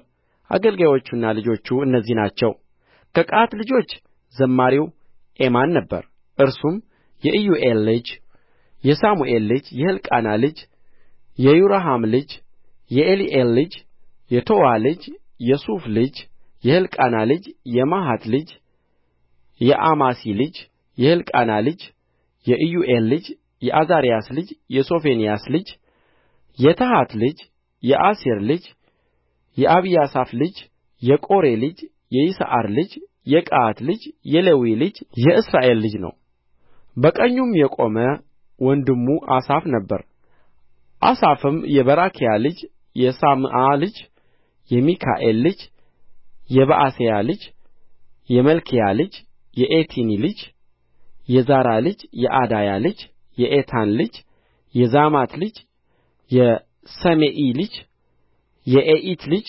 [SPEAKER 1] አገልጋዮቹና ልጆቹ እነዚህ ናቸው ከቀዓት ልጆች ዘማሪው ኤማን ነበረ እርሱም የኢዮኤል ልጅ የሳሙኤል ልጅ የሕልቃና ልጅ የይሮሐም ልጅ የኤሊኤል ልጅ የቶዋ ልጅ የሱፍ ልጅ የሕልቃና ልጅ የማሐት ልጅ የአማሲ ልጅ የሕልቃና ልጅ የኢዩኤል ልጅ የዓዛርያስ ልጅ የሶፎንያስ ልጅ የታሐት ልጅ የአሴር ልጅ የአብያሳፍ ልጅ የቆሬ ልጅ የይስዓር ልጅ የቀዓት ልጅ የሌዊ ልጅ የእስራኤል ልጅ ነው በቀኙም የቆመ ወንድሙ አሳፍ ነበረ አሳፍም የበራክያ ልጅ የሳምዓ ልጅ የሚካኤል ልጅ የበዓሤያ ልጅ የመልክያ ልጅ የኤቲኒ ልጅ የዛራ ልጅ የዓዳያ ልጅ የኤታን ልጅ የዛማት ልጅ የሰሜኢ ልጅ የኢኤት ልጅ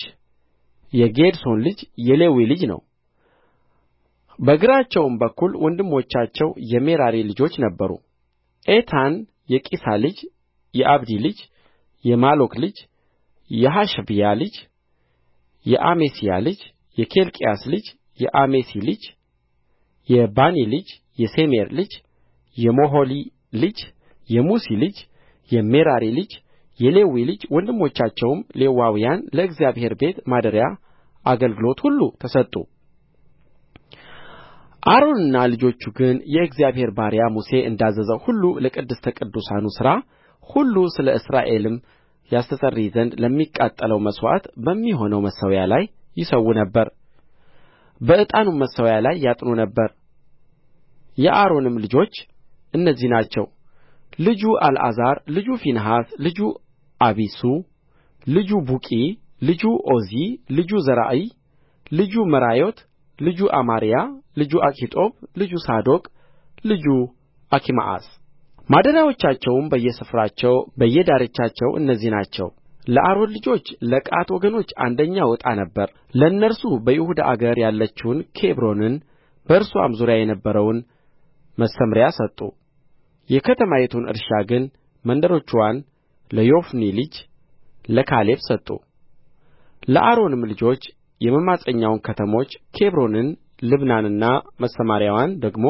[SPEAKER 1] የጌድሶን ልጅ የሌዊ ልጅ ነው በግራቸውም በኩል ወንድሞቻቸው የሜራሪ ልጆች ነበሩ ኤታን የቂሳ ልጅ የአብዲ ልጅ የማሎክ ልጅ የሐሸብያ ልጅ የአሜስያ ልጅ የኬልቅያስ ልጅ የአሜሲ ልጅ የባኒ ልጅ የሴሜር ልጅ የሞሖሊ ልጅ የሙሲ ልጅ የሜራሪ ልጅ የሌዊ ልጅ ወንድሞቻቸውም ሌዋውያን ለእግዚአብሔር ቤት ማደሪያ አገልግሎት ሁሉ ተሰጡ አሮንና ልጆቹ ግን የእግዚአብሔር ባሪያ ሙሴ እንዳዘዘው ሁሉ ለቅድስተ ቅዱሳኑ ሥራ ሁሉ ስለ እስራኤልም ያስተሰርይ ዘንድ ለሚቃጠለው መሥዋዕት በሚሆነው መሠዊያ ላይ ይሠዉ ነበር በዕጣኑም መሠዊያ ላይ ያጥኑ ነበር የአሮንም ልጆች እነዚህ ናቸው ልጁ አልዓዛር ልጁ ፊንሐስ ልጁ አቢሱ ልጁ ቡቂ ልጁ ኦዚ ልጁ ዘራእያ ልጁ መራዮት ልጁ አማርያ ልጁ አኪጦብ ልጁ ሳዶቅ ልጁ አኪማአስ ማደሪያዎቻቸውም በየስፍራቸው በየዳርቻቸው እነዚህ ናቸው ለአሮን ልጆች ለቀዓት ወገኖች አንደኛው ዕጣ ነበረ ለእነርሱ በይሁዳ አገር ያለችውን ኬብሮንን በእርስዋም ዙሪያ የነበረውን መሰምርያ ሰጡ የከተማይቱን እርሻ ግን መንደሮችዋን ለዮፎኒ ልጅ ለካሌብ ሰጡ ለአሮንም ልጆች የመማፀኛውን ከተሞች ኬብሮንን ልብናንና መሰምርያዋን ደግሞ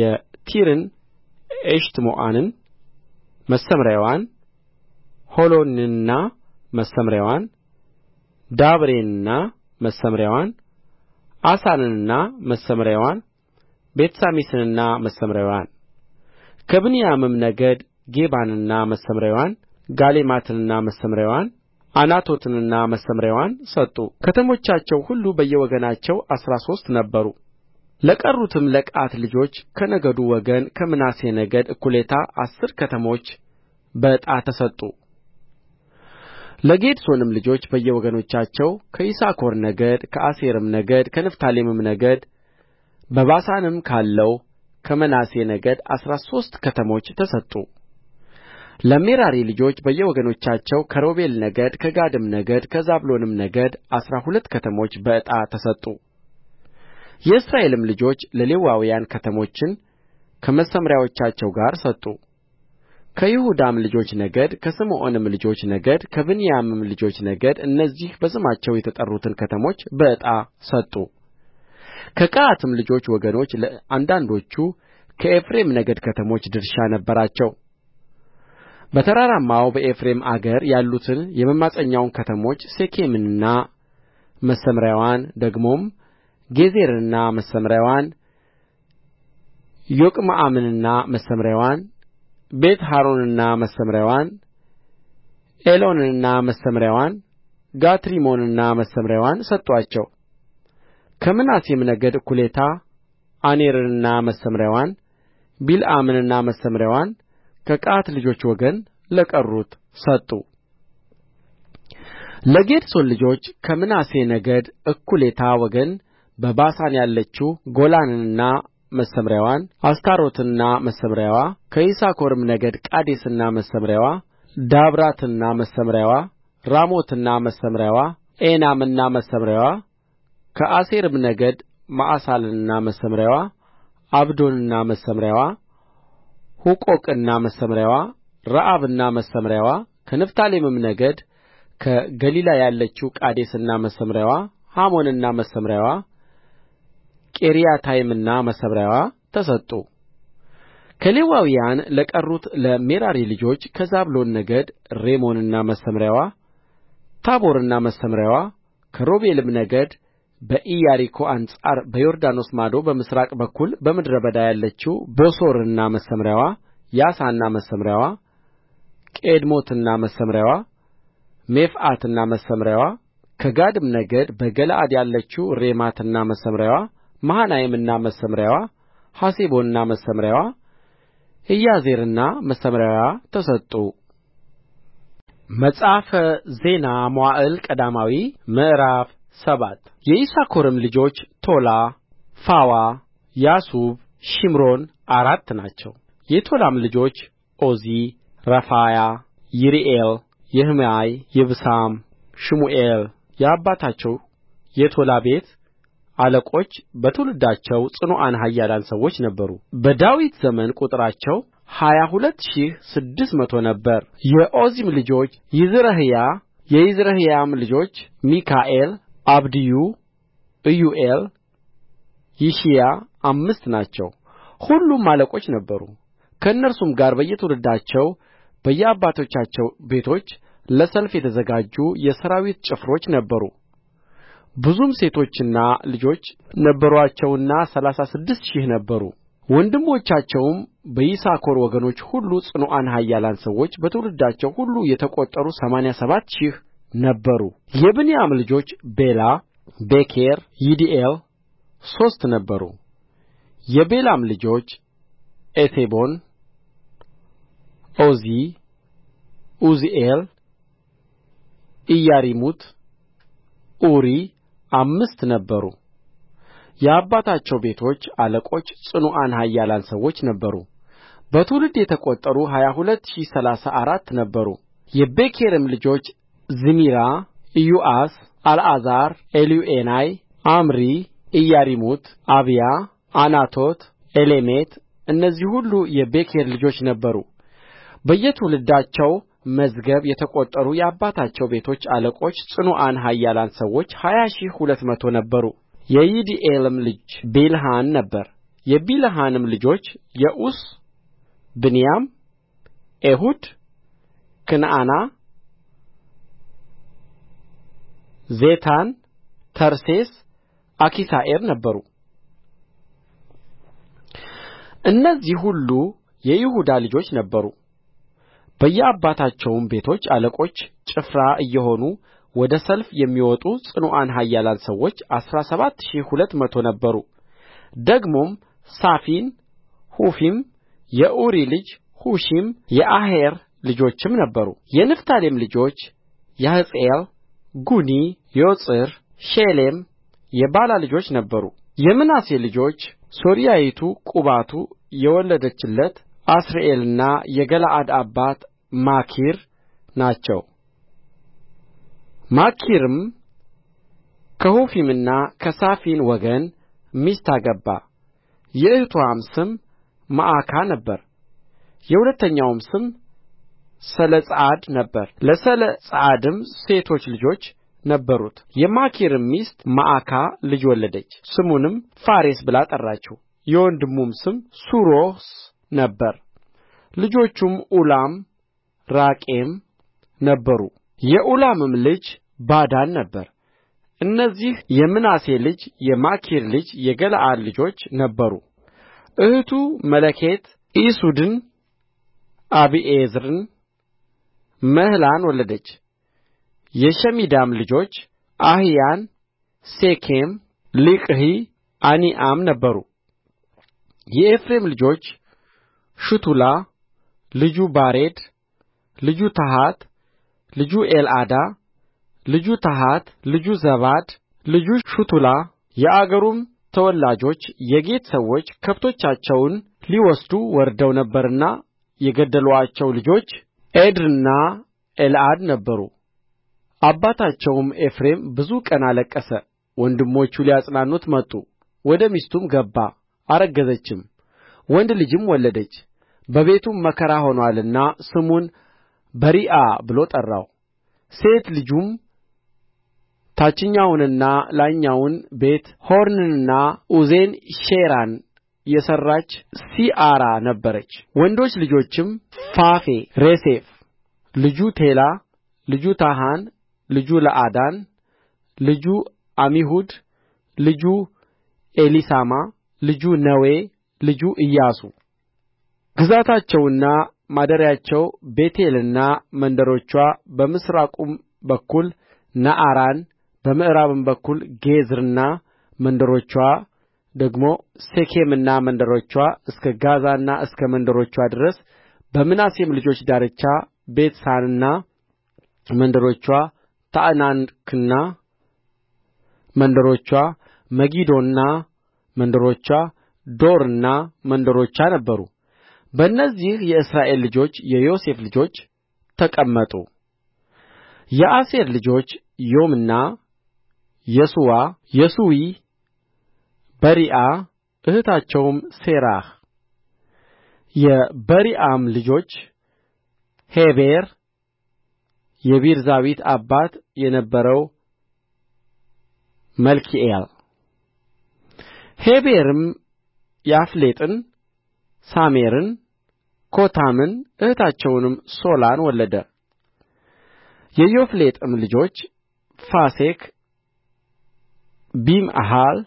[SPEAKER 1] የቲርን ኤሽትሞዓንን መሰምርያዋን ሖሎንንና መሰምርያዋን ዳቤርንና መሰምርያዋን ዓሳንንና መሰምርያዋን ቤትሳሚስንና መሰምርያዋን ከብንያምም ነገድ ጌባንና መሰምርያዋን ጋሌማትንና መሰምርያዋን ዓናቶትንና መሰምርያዋን ሰጡ ከተሞቻቸው ሁሉ በየወገናቸው አሥራ ሦስት ነበሩ ለቀሩትም ለቀዓት ልጆች ከነገዱ ወገን ከምናሴ ነገድ እኩሌታ አሥር ከተሞች በዕጣ ተሰጡ ለጌድሶንም ልጆች በየወገኖቻቸው ከይሳኮር ነገድ ከአሴርም ነገድ ከንፍታሌምም ነገድ በባሳንም ካለው ከምናሴ ነገድ አሥራ ሦስት ከተሞች ተሰጡ ለሜራሪ ልጆች በየወገኖቻቸው ከሮቤል ነገድ ከጋድም ነገድ ከዛብሎንም ነገድ አሥራ ሁለት ከተሞች በዕጣ ተሰጡ የእስራኤልም ልጆች ለሌዋውያን ከተሞችን ከመሰምርያዎቻቸው ጋር ሰጡ ከይሁዳም ልጆች ነገድ ከስምዖንም ልጆች ነገድ ከብንያምም ልጆች ነገድ እነዚህ በስማቸው የተጠሩትን ከተሞች በዕጣ ሰጡ ከቀዓትም ልጆች ወገኖች አንዳንዶቹ ከኤፍሬም ነገድ ከተሞች ድርሻ ነበራቸው በተራራማው በኤፍሬም አገር ያሉትን የመማፀኛውን ከተሞች ሴኬምንና መሰምርያዋን ደግሞም ጌዝርንና መሰምርያዋን ዮቅምዓምንና መሰምርያዋን ቤትሖሮንንና መሰምርያዋን ኤሎንንና መሰምርያዋን ጋትሪሞንንና መሰምርያዋን ሰጡአቸው ከምናሴም ነገድ እኩሌታ ዓኔርንና መሰምርያዋን ቢልዓምንና መሰምርያዋን ከቀዓት ልጆች ወገን ለቀሩት ሰጡ ለጌድሶን ልጆች ከምናሴ ነገድ እኩሌታ ወገን በባሳን ያለችው ጎላንንና መሰምርያዋን አስታሮትና መሰምርያዋ ከይሳኮርም ነገድ ቃዴስና መሰምርያዋ ዳብራትና መሰምርያዋ ራሞትና መሰምርያዋ ኤናምና መሰምርያዋ ከአሴርም ነገድ መዓሳልንና መሰምርያዋ አብዶንና መሰምርያዋ ሑቆቅና መሰምርያዋ ረአብና መሰምርያዋ ከንፍታሌምም ነገድ ከገሊላ ያለችው ቃዴስና መሰምርያዋ ሐሞንና መሰምርያዋ ቂርያታይምና መሰምርያዋ ተሰጡ። ከሌዋውያን ለቀሩት ለሜራሪ ልጆች ከዛብሎን ነገድ ሬሞንና መሰምርያዋ ታቦርና መሰምርያዋ ከሮቤልም ነገድ በኢያሪኮ አንጻር በዮርዳኖስ ማዶ በምሥራቅ በኩል በምድረ በዳ ያለችው ቦሶርና መሰምርያዋ ያሳና መሰምርያዋ ቅዴሞትና መሰምርያዋ ሜፍዓትና መሰምርያዋ ከጋድም ነገድ በገለዓድ ያለችው ሬማትና መሰምርያዋ መሃናይምና መሰምርያዋ ሐሴቦንና መሰምርያዋ ኢያዜርና መሰምርያዋ ተሰጡ። መጽሐፈ ዜና መዋዕል ቀዳማዊ ምዕራፍ ሰባት የይሳኮርም ልጆች ቶላ ፉዋ ያሱብ ሺምሮን አራት ናቸው የቶላም ልጆች ኦዚ ረፋያ ይሪኤል የሕማይ ይብሳም ሽሙኤል የአባታቸው የቶላ ቤት አለቆች በትውልዳቸው ጽኑዓን ኃያላን ሰዎች ነበሩ በዳዊት ዘመን ቍጥራቸው ሀያ ሁለት ሺህ ስድስት መቶ ነበረ የኦዚም ልጆች ይዝረሕያ የይዝረሕያም ልጆች ሚካኤል አብድዩ ኢዩኤል ይሺያ አምስት ናቸው ሁሉም አለቆች ነበሩ ከእነርሱም ጋር በየትውልዳቸው በየአባቶቻቸው ቤቶች ለሰልፍ የተዘጋጁ የሠራዊት ጭፍሮች ነበሩ ብዙም ሴቶችና ልጆች ነበሩአቸውና ሠላሳ ስድስት ሺህ ነበሩ ወንድሞቻቸውም በይሳኮር ወገኖች ሁሉ ጽኑዓን ኃያላን ሰዎች በትውልዳቸው ሁሉ የተቈጠሩ ሰማንያ ሰባት ሺህ ነበሩ የብንያም ልጆች ቤላ ቤኬር ይዲኤል ሦስት ነበሩ የቤላም ልጆች ኤሴቦን ኦዚ ዑዝኤል ኢያሪሙት ኡሪ አምስት ነበሩ የአባቶቻቸው ቤቶች አለቆች ጽኑዓን ኃያላን ሰዎች ነበሩ በትውልድ የተቈጠሩ ሀያ ሁለት ሺህ ሠላሳ አራት ነበሩ የቤኬርም ልጆች ዝሚራ ኢዮአስ አልዓዛር ኤልዮዔናይ ዖምሪ ኢያሪሙት አብያ ዓናቶት ኤሌሜት እነዚህ ሁሉ የቤኬር ልጆች ነበሩ በየትውልዳቸው መዝገብ የተቈጠሩ የአባቶቻቸው ቤቶች አለቆች ጽኑዓን ኃያላን ሰዎች ሀያ ሺህ ሁለት መቶ ነበሩ የይዲኤልም ልጅ ቢልሐን ነበረ የቢልሐንም ልጆች የዑስ ብንያም ኤሁድ ክንዓና ዜታን ተርሴስ አኪሳአር ነበሩ እነዚህ ሁሉ የይሁዳ ልጆች ነበሩ በየአባታቸውም ቤቶች አለቆች ጭፍራ እየሆኑ ወደ ሰልፍ የሚወጡ ጽኑዓን ኃያላን ሰዎች አሥራ ሰባት ሺህ ሁለት መቶ ነበሩ ደግሞም ሳፊን ሑፊም የኡሪ ልጅ ሑሺም የአሔር ልጆችም ነበሩ የንፍታሌም ልጆች ያሕጽኤል ጉኒ ዬጽር ሼሌም የባላ ልጆች ነበሩ የምናሴ ልጆች ሶርያይቱ ቁባቱ የወለደችለት አሥርኤልና የገለዓድ አባት ማኪር ናቸው ማኪርም ከሑፊምና ከሳፊን ወገን ሚስት አገባ የእኅትዋም ስም መዓካ ነበረ የሁለተኛውም ስም ሰለጰዓድ ነበረ ለሰለጰዓድም ሴቶች ልጆች ነበሩት የማኪርም ሚስት መዓካ ልጅ ወለደች ስሙንም ፋሬስ ብላ ጠራችው የወንድሙም ስም ሱሮስ ነበረ ልጆቹም ኡላም ራቄም ነበሩ የኡላምም ልጅ ባዳን ነበረ እነዚህ የምናሴ ልጅ የማኪር ልጅ የገለዓድ ልጆች ነበሩ እኅቱ መለኬት ኢሱድን አቢዔዝርን መሕላን ወለደች የሸሚዳም ልጆች አሒያን ሴኬም ሊቅሒ አኒዓም ነበሩ የኤፍሬም ልጆች ሹቱላ ልጁ ባሬድ ልጁ ታሐት ልጁ ኤልዓዳ ልጁ ታሐት ልጁ ዛባድ ልጁ ሹቱላ የአገሩም ተወላጆች የጌት ሰዎች ከብቶቻቸውን ሊወስዱ ወርደው ነበርና የገደሉአቸው ልጆች ኤድርና ኤልዓድ ነበሩ አባታቸውም ኤፍሬም ብዙ ቀን አለቀሰ ወንድሞቹ ሊያጽናኑት መጡ ወደ ሚስቱም ገባ አረገዘችም ወንድ ልጅም ወለደች በቤቱም መከራ ሆኖአልና ስሙን በሪዓ ብሎ ጠራው ሴት ልጁም ታችኛውንና ላይኛውን ቤት ሖሮንንና ኡዜንሼራን የሠራች ሲአራ ነበረች ወንዶች ልጆቹም ፋፌ ሬሴፍ ልጁ ቴላ ልጁ ታሐን ልጁ ለአዳን ልጁ ዓሚሁድ ልጁ ኤሊሳማ ልጁ ነዌ ልጁ ኢያሱ ግዛታቸውና ማደሪያቸው ቤቴልና መንደሮችዋ በምሥራቁም በኩል ነዓራን በምዕራብም በኩል ጌዝርና መንደሮችዋ ደግሞ ሴኬምና መንደሮችዋ እስከ ጋዛና እስከ መንደሮችዋ ድረስ በምናሴም ልጆች ዳርቻ ቤትሳንና መንደሮችዋ ታዕናክና መንደሮችዋ መጊዶና መንደሮችዋ ዶርና መንደሮችዋ ነበሩ በእነዚህ የእስራኤል ልጆች የዮሴፍ ልጆች ተቀመጡ የአሴር ልጆች ዪምና የሱዋ የሱዊ በሪዓ እኅታቸውም ሤራሕ የበሪዓም ልጆች ሔቤር የቢርዛዊት አባት የነበረው መልኪኤል ሔቤርም ያፍሌጥን ሳሜርን ኮታምን እኅታቸውንም ሶላን ወለደ የያፍሌጥም ልጆች ፋሴክ ቢምሃል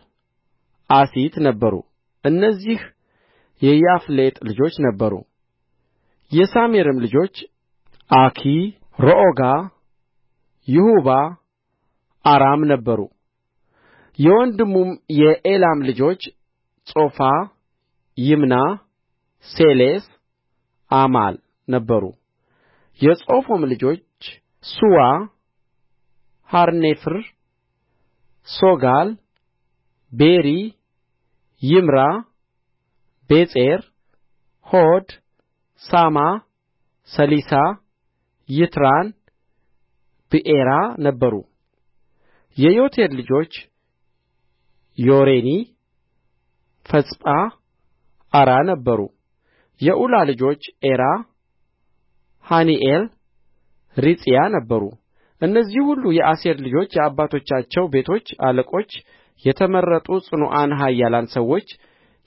[SPEAKER 1] አሲት ነበሩ እነዚህ የያፍሌጥ ልጆች ነበሩ የሳሜርም ልጆች አኪ ሮኦጋ ይሑባ አራም ነበሩ የወንድሙም የኤላም ልጆች ጾፋ ይምና ሴሌስ አማል ነበሩ የጾፋም ልጆች ሱዋ ሐርኔፍር ሶጋል ቤሪ ይምራ ቤጼር ሆድ ሳማ ሰሊሳ ይትራን ብኤራ ነበሩ የዬቴር ልጆች ዮሮኒ ፊስጳ አራ ነበሩ የኡላ ልጆች ኤራ ሐኒኤል ሪጽያ ነበሩ እነዚህ ሁሉ የአሴር ልጆች የአባቶቻቸው ቤቶች አለቆች የተመረጡ ጽኑዓን ኃያላን ሰዎች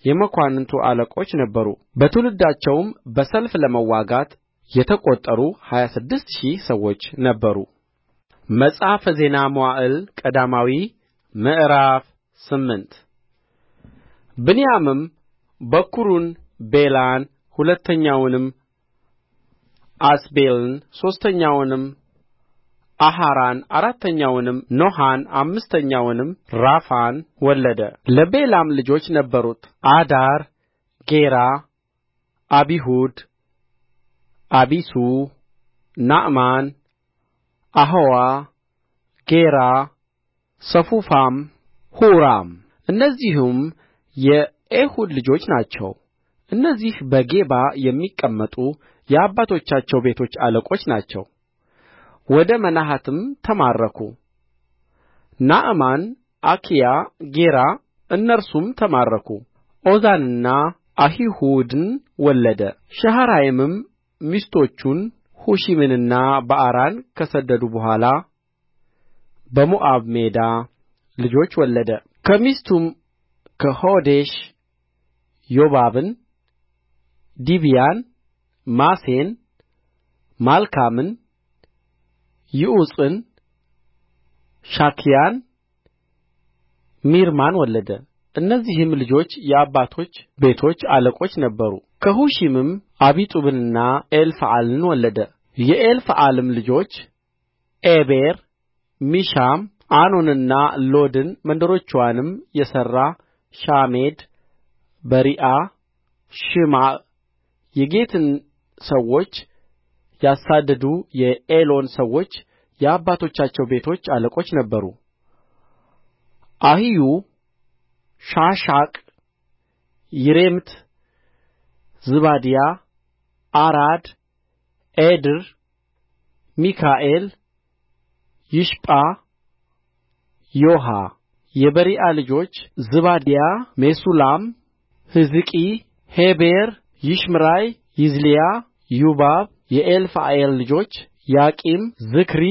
[SPEAKER 1] የመኳንንቱ አለቆች ነበሩ በትውልዳቸውም በሰልፍ ለመዋጋት የተቈጠሩ ሀያ ስድስት ሺህ ሰዎች ነበሩ መጽሐፈ ዜና መዋዕል ቀዳማዊ ምዕራፍ ስምንት ብንያምም በኵሩን ቤላን ሁለተኛውንም አስቤልን ሦስተኛውንም አሐራን አራተኛውንም ኖሐን አምስተኛውንም ራፋን ወለደ ለቤላም ልጆች ነበሩት አዳር ጌራ አቢሁድ አቢሱ ናዕማን አሖዋ ጌራ ሰፉፋም ሁራም እነዚህም የኤሁድ ልጆች ናቸው እነዚህ በጌባ የሚቀመጡ የአባቶቻቸው ቤቶች አለቆች ናቸው ወደ መናሐትም ተማረኩ ናዕማን አኪያ ጌራ እነርሱም ተማረኩ ዖዛንና አሒሑድን ወለደ ሸሃራይምም ሚስቶቹን ሁሺምንና በአራን ከሰደዱ በኋላ በሞዓብ ሜዳ ልጆች ወለደ ከሚስቱም ከሖዴሽ ዮባብን፣ ዲብያን፣ ማሴን፣ ማልካምን ይዑጽን ሻክያን ሚርማን ወለደ እነዚህም ልጆች የአባቶች ቤቶች አለቆች ነበሩ ከሑሺምም አቢጡብንና ኤልፍዓልን ወለደ የኤልፍዓልም ልጆች ዔቤር ሚሻም አኖንና ሎድን መንደሮቻቸውንም የሠራ ሻሜድ በሪዓ ሽማዕ የጌትን ሰዎች ያሳደዱ የኤሎን ሰዎች የአባቶቻቸው ቤቶች አለቆች ነበሩ አሒዮ ሻሻቅ ይሬምት ዝባድያ አራድ ኤድር ሚካኤል ይሽጳ ዮሐ የበሪዓ ልጆች ዝባድያ ሜሱላም ሕዝቂ ሔቤር ይሽምራይ ይዝሊያ ዩባብ የኤልፋዓል ልጆች ያቂም ዝክሪ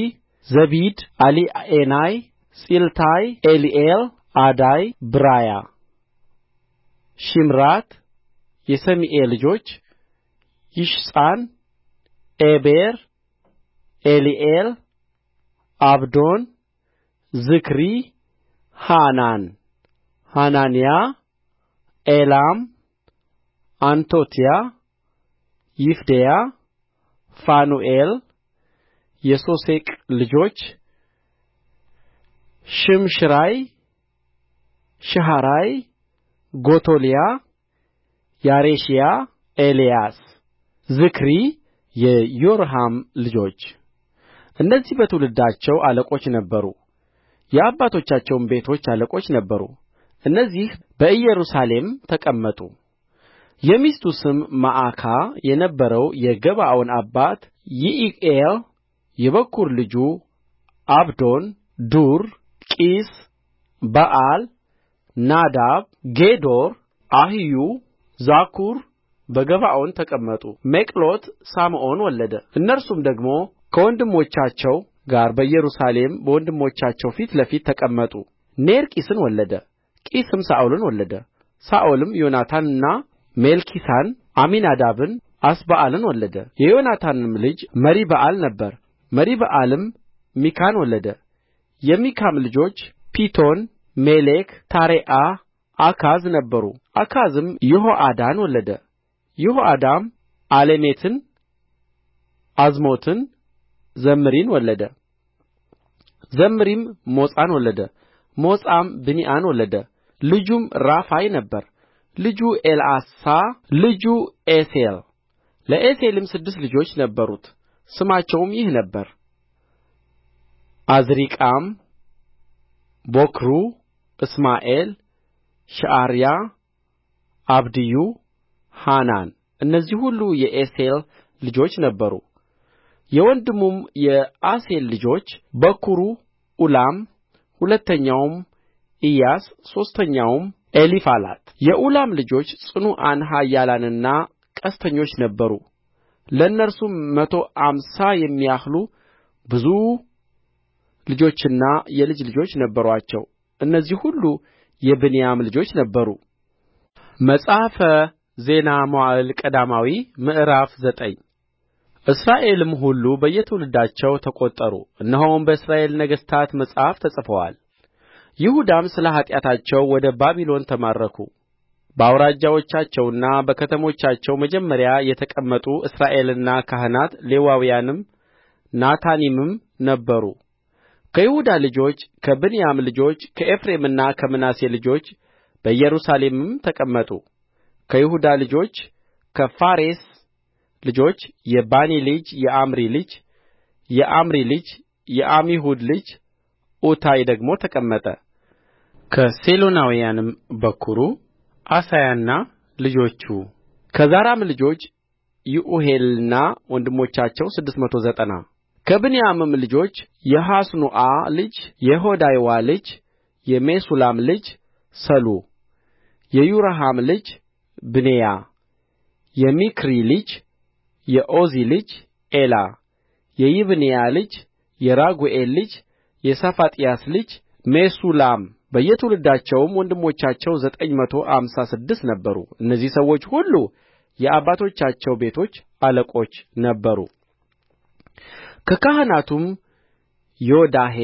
[SPEAKER 1] ዘብዲ ኤልዓኤናይ ጺልታይ ኤሊኤል አዳይ ብራያ ሺምራት የሰሜኢ ልጆች ይሽጳን ኤቤር ኤሊኤል አብዶን ዝክሪ ሐናን ሐናንያ ኤላም አንቶትያ ይፍዴያ ፋኑኤል የሶሴቅ ልጆች ሽምሽራይ ሸሃሪያ ጎቶልያ ያሬሽያ ኤልያስ ዝክሪ የይሮሐም ልጆች እነዚህ በትውልዳቸው አለቆች ነበሩ የአባቶቻቸውም ቤቶች አለቆች ነበሩ እነዚህ በኢየሩሳሌም ተቀመጡ የሚስቱ ስም መዓካ የነበረው የገባዖን አባት ይዒኤል የበኵር ልጁ ዓብዶን ዱር ቂስ በኣል ናዳብ ጌዶር አሒዮ ዛኩር በገባዖን ተቀመጡ ሚቅሎት ሳምአን ወለደ እነርሱም ደግሞ ከወንድሞቻቸው ጋር በኢየሩሳሌም በወንድሞቻቸው ፊት ለፊት ተቀመጡ ኔር ቂስን ወለደ ቂስም ሳኦልን ወለደ ሳኦልም ዮናታንንና ሜልኪሳን አሚናዳብን አስበኣልን ወለደ የዮናታንም ልጅ መሪበኣል ነበረ መሪበኣልም ሚካን ወለደ የሚካም ልጆች ፒቶን ሜሌክ ታሬዓ አካዝ ነበሩ አካዝም ይሆዓዳን ወለደ ይሆዓዳም ዓሌሜትን ዓዝሞትን ዘምሪን ወለደ ዘምሪም ሞጻን ወለደ ሞጻም ብኒአን ወለደ ልጁም ራፋይ ነበረ ልጁ ኤልዓሣ ልጁ ኤሴል ለኤሴልም ስድስት ልጆች ነበሩት ስማቸውም ይህ ነበረ ዓዝሪቃም ቦክሩ እስማኤል ሸዓሪያ፣ አብድዩ ሐናን እነዚህ ሁሉ የኤሴል ልጆች ነበሩ የወንድሙም የአሴል ልጆች በኵሩ ኡላም ሁለተኛውም ኢያስ ሦስተኛውም ኤሊፋላት የኡላም ልጆች ጽኑዓን ኃያላንና ቀስተኞች ነበሩ ለእነርሱም መቶ አምሳ የሚያህሉ ብዙ ልጆችና የልጅ ልጆች ነበሩአቸው እነዚህ ሁሉ የብንያም ልጆች ነበሩ መጽሐፈ ዜና መዋዕል ቀዳማዊ ምዕራፍ ዘጠኝ እስራኤልም ሁሉ በየትውልዳቸው ተቈጠሩ እነሆም በእስራኤል ነገሥታት መጽሐፍ ተጽፈዋል ይሁዳም ስለ ኃጢአታቸው ወደ ባቢሎን ተማረኩ በአውራጃዎቻቸውና በከተሞቻቸው መጀመሪያ የተቀመጡ እስራኤልና ካህናት ሌዋውያንም ናታኒምም ነበሩ ከይሁዳ ልጆች ከብንያም ልጆች ከኤፍሬምና ከምናሴ ልጆች በኢየሩሳሌምም ተቀመጡ ከይሁዳ ልጆች ከፋሬስ ልጆች የባኒ ልጅ የአምሪ ልጅ የአምሪ ልጅ የዓሚሁድ ልጅ ኡታይ ደግሞ ተቀመጠ ከሴሎናውያንም በኵሩ ዓሣያና ልጆቹ ከዛራም ልጆች ይዑኤልና ወንድሞቻቸው ስድስት መቶ ዘጠና ከብንያምም ልጆች የሐስኑአ ልጅ የሆዳይዋ ልጅ የሜሱላም ልጅ ሰሉ የይሮሐም ልጅ ብኔያ የሚክሪ ልጅ የኦዚ ልጅ ኤላ የይብኒያ ልጅ የራጉኤል ልጅ የሰፋጥያስ ልጅ ሜሱላም በየትውልዳቸውም ወንድሞቻቸው ዘጠኝ መቶ አምሳ ስድስት ነበሩ እነዚህ ሰዎች ሁሉ የአባቶቻቸው ቤቶች አለቆች ነበሩ ከካህናቱም ዮዳሄ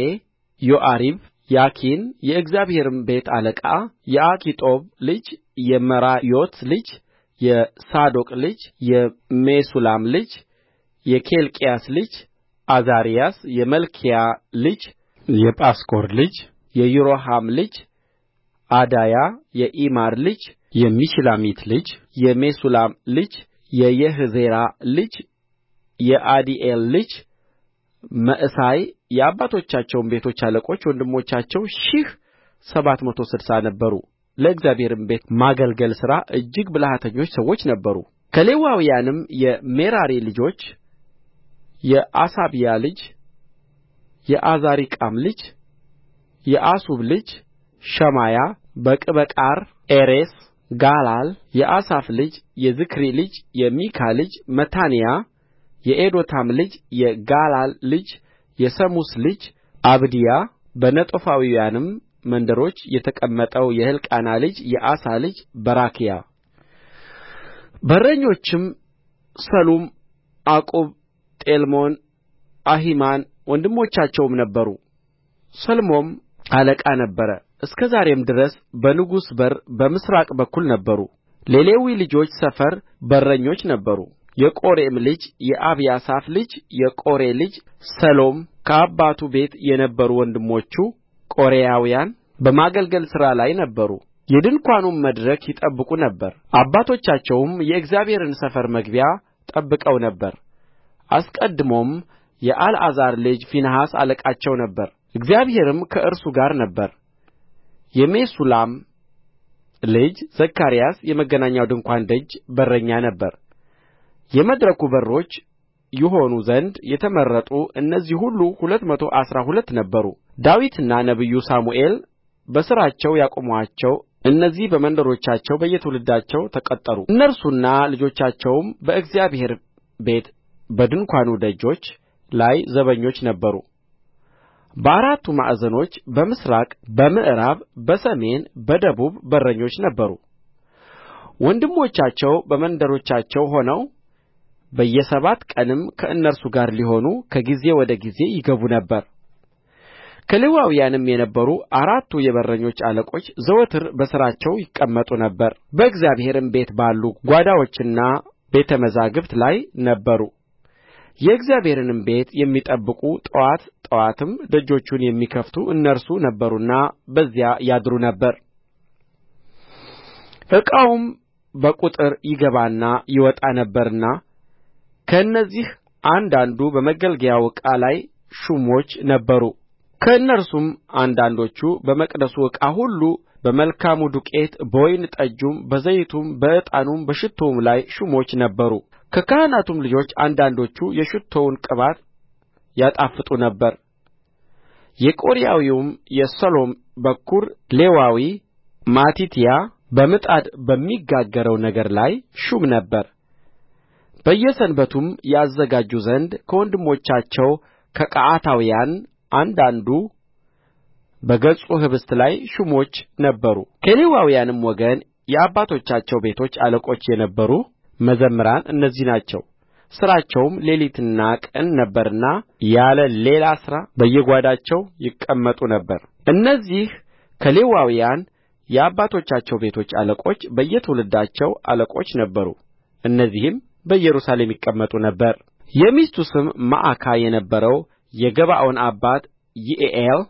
[SPEAKER 1] ዮአሪብ ያኪን የእግዚአብሔርም ቤት አለቃ የአኪጦብ ልጅ የመራዮት ልጅ የሳዶቅ ልጅ የሜሱላም ልጅ የኬልቅያስ ልጅ ዓዛርያስ የመልኪያ ልጅ የጳስኮር ልጅ የይሮሐም ልጅ ዓዳያ የኢሜር ልጅ የምሺላሚት ልጅ የሜሱላም ልጅ የየሕዜራ ልጅ የዓዲኤል ልጅ መዕሣይ የአባቶቻቸውም ቤቶች አለቆች ወንድሞቻቸው ሺህ ሰባት መቶ ስድሳ ነበሩ። ለእግዚአብሔርም ቤት ማገልገል ሥራ እጅግ ብልሃተኞች ሰዎች ነበሩ። ከሌዋውያንም የሜራሪ ልጆች የአሳብያ ልጅ የአዛሪቃም ልጅ የአሱብ ልጅ ሸማያ በቅበቃር ኤሬስ ጋላል የአሳፍ ልጅ የዝክሪ ልጅ የሚካ ልጅ መታንያ የኤዶታም ልጅ የጋላል ልጅ የሰሙስ ልጅ አብድያ በነጦፋውያንም መንደሮች የተቀመጠው የሕልቃና ልጅ የአሳ ልጅ በራክያ በረኞቹም ሰሉም ዓቁብ ጤልሞን አሒማን ወንድሞቻቸውም ነበሩ ሰሎምም አለቃ ነበረ እስከ ዛሬም ድረስ በንጉሥ በር በምሥራቅ በኩል ነበሩ ለሌዊ ልጆች ሰፈር በረኞች ነበሩ የቆሬም ልጅ የአብያሳፍ ልጅ የቆሬ ልጅ ሰሎም ከአባቱ ቤት የነበሩ ወንድሞቹ ቆሬያውያን በማገልገል ሥራ ላይ ነበሩ የድንኳኑም መድረክ ይጠብቁ ነበር አባቶቻቸውም የእግዚአብሔርን ሰፈር መግቢያ ጠብቀው ነበር አስቀድሞም የአልዓዛር ልጅ ፊንሐስ አለቃቸው ነበረ እግዚአብሔርም ከእርሱ ጋር ነበረ የሜሱላም ልጅ ዘካርያስ የመገናኛው ድንኳን ደጅ በረኛ ነበረ የመድረኩ በሮች ይሆኑ ዘንድ የተመረጡ እነዚህ ሁሉ ሁለት መቶ አሥራ ሁለት ነበሩ ዳዊትና ነቢዩ ሳሙኤል በሥራቸው ያቆሙአቸው እነዚህ በመንደሮቻቸው በየትውልዳቸው ተቀጠሩ እነርሱና ልጆቻቸውም በእግዚአብሔር ቤት በድንኳኑ ደጆች ላይ ዘበኞች ነበሩ በአራቱ ማዕዘኖች በምሥራቅ በምዕራብ በሰሜን በደቡብ በረኞች ነበሩ ወንድሞቻቸው በመንደሮቻቸው ሆነው በየሰባት ቀንም ከእነርሱ ጋር ሊሆኑ ከጊዜ ወደ ጊዜ ይገቡ ነበር ከሌዋውያንም የነበሩ አራቱ የበረኞች አለቆች ዘወትር በሥራቸው ይቀመጡ ነበር በእግዚአብሔርም ቤት ባሉ ጓዳዎችና ቤተ መዛግብት ላይ ነበሩ የእግዚአብሔርንም ቤት የሚጠብቁ ጥዋት ጥዋትም ደጆቹን የሚከፍቱ እነርሱ ነበሩና በዚያ ያድሩ ነበር ዕቃውም በቍጥር ይገባና ይወጣ ነበርና ከእነዚህ አንዳንዱ በማገልገያው ዕቃ ላይ ሹሞች ነበሩ። ከእነርሱም አንዳንዶቹ በመቅደሱ ዕቃ ሁሉ በመልካሙ ዱቄት፣ በወይን ጠጁም፣ በዘይቱም፣ በዕጣኑም በሽቱውም ላይ ሹሞች ነበሩ። ከካህናቱም ልጆች አንዳንዶቹ የሽቱውን ቅባት ያጣፍጡ ነበር የቆሬያዊውም የሰሎም በኵር ሌዋዊ ማቲትያ በምጣድ በሚጋገረው ነገር ላይ ሹም ነበረ በየሰንበቱም ያዘጋጁ ዘንድ ከወንድሞቻቸው ከቀዓታውያን አንዳንዱ በገጹ ኅብስት ላይ ሹሞች ነበሩ ከሌዋውያንም ወገን የአባቶቻቸው ቤቶች አለቆች የነበሩ መዘምራን እነዚህ ናቸው ሥራቸውም ሌሊትና ቀን ነበረና ያለ ሌላ ሥራ በየጓዳቸው ይቀመጡ ነበር እነዚህ ከሌዋውያን የአባቶቻቸው ቤቶች አለቆች በየትውልዳቸው አለቆች ነበሩ እነዚህም በኢየሩሳሌም ይቀመጡ ነበር የሚስቱ ስም መዓካ የነበረው የገባዖን አባት ይዒኤል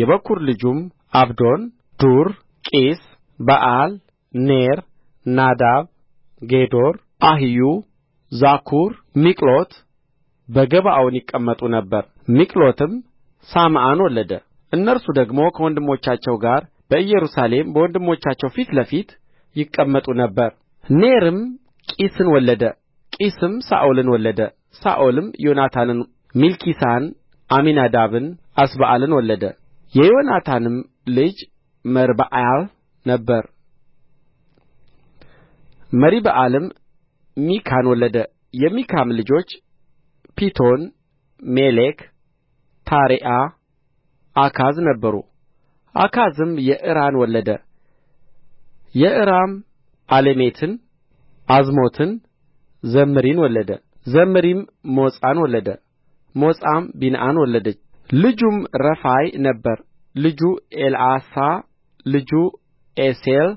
[SPEAKER 1] የበኵር ልጁም ዓብዶን ዱር ቂስ በኣል ኔር ናዳብ ጌዶር አሒዮ ዛኩር ሚቅሎት በገባዖን ይቀመጡ ነበር ሚቅሎትም ሳምአን ወለደ እነርሱ ደግሞ ከወንድሞቻቸው ጋር በኢየሩሳሌም በወንድሞቻቸው ፊት ለፊት ይቀመጡ ነበር ኔርም ቂስን ወለደ ቂስም ሳኦልን ወለደ ሳኦልም ዮናታንን ሚልኪሳን አሚናዳብን አስበኣልን ወለደ የዮናታንም ልጅ መሪበኣል ነበረ መሪበኣልም ሚካን ወለደ የሚካም ልጆች ፒቶን ሜሌክ ታሬዓ አካዝ ነበሩ አካዝም የዕራን ወለደ የዕራም ዓሌሜትን ዓዝሞትን ዘምሪን ወለደ ዘምሪም ሞጻን ወለደ ሞጻም ቢንዓን ወለደች ልጁም ረፋይ ነበረ ልጁ ኤልዓሣ ልጁ ኤሴል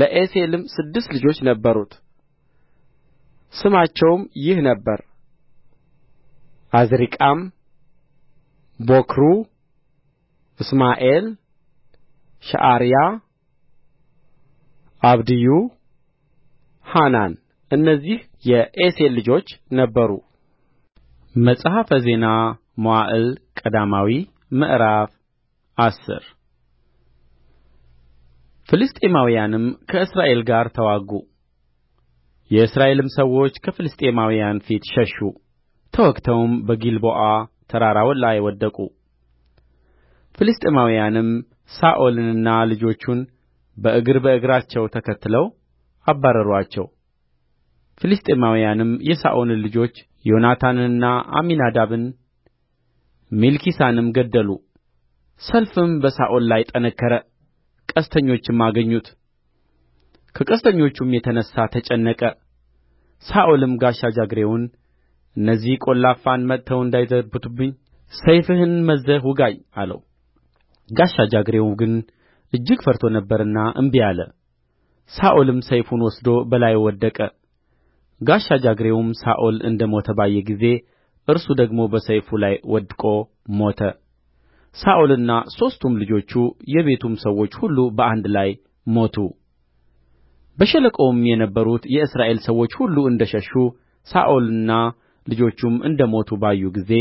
[SPEAKER 1] ለኤሴልም ስድስት ልጆች ነበሩት ስማቸውም ይህ ነበረ ዓዝሪቃም ቦክሩ እስማኤል ሸዓሪያ አብድዩ ሐናን እነዚህ የኤሴል ልጆች ነበሩ መጽሐፈ ዜና መዋዕል ቀዳማዊ ምዕራፍ አስር ፍልስጥኤማውያንም ከእስራኤል ጋር ተዋጉ የእስራኤልም ሰዎች ከፍልስጥኤማውያን ፊት ሸሹ ተወግተውም በጊልቦዓ ተራራ ላይ ወደቁ ፍልስጥኤማውያንም ሳኦልንና ልጆቹን በእግር በእግራቸው ተከትለው አባረሩአቸው ፍልስጥኤማውያንም የሳኦልን ልጆች ዮናታንንና አሚናዳብን ሜልኪሳንም ገደሉ ሰልፍም በሳኦል ላይ ጠነከረ ቀስተኞችም አገኙት ከቀስተኞቹም የተነሣ ተጨነቀ ሳኦልም ጋሻ ጃግሬውን እነዚህ ቈላፋን መጥተው እንዳይዘብቱብኝ ሰይፍህን መዝዘህ ውጋኝ አለው ጋሻ ጃግሬው ግን እጅግ ፈርቶ ነበርና እንቢ አለ ሳኦልም ሰይፉን ወስዶ በላዩ ወደቀ ጋሻ ጃግሬውም ሳኦል እንደ ሞተ ባየ ጊዜ እርሱ ደግሞ በሰይፉ ላይ ወድቆ ሞተ ሳኦልና ሦስቱም ልጆቹ የቤቱም ሰዎች ሁሉ በአንድ ላይ ሞቱ በሸለቆውም የነበሩት የእስራኤል ሰዎች ሁሉ እንደ ሸሹ ሳኦልና ልጆቹም እንደ ሞቱ ባዩ ጊዜ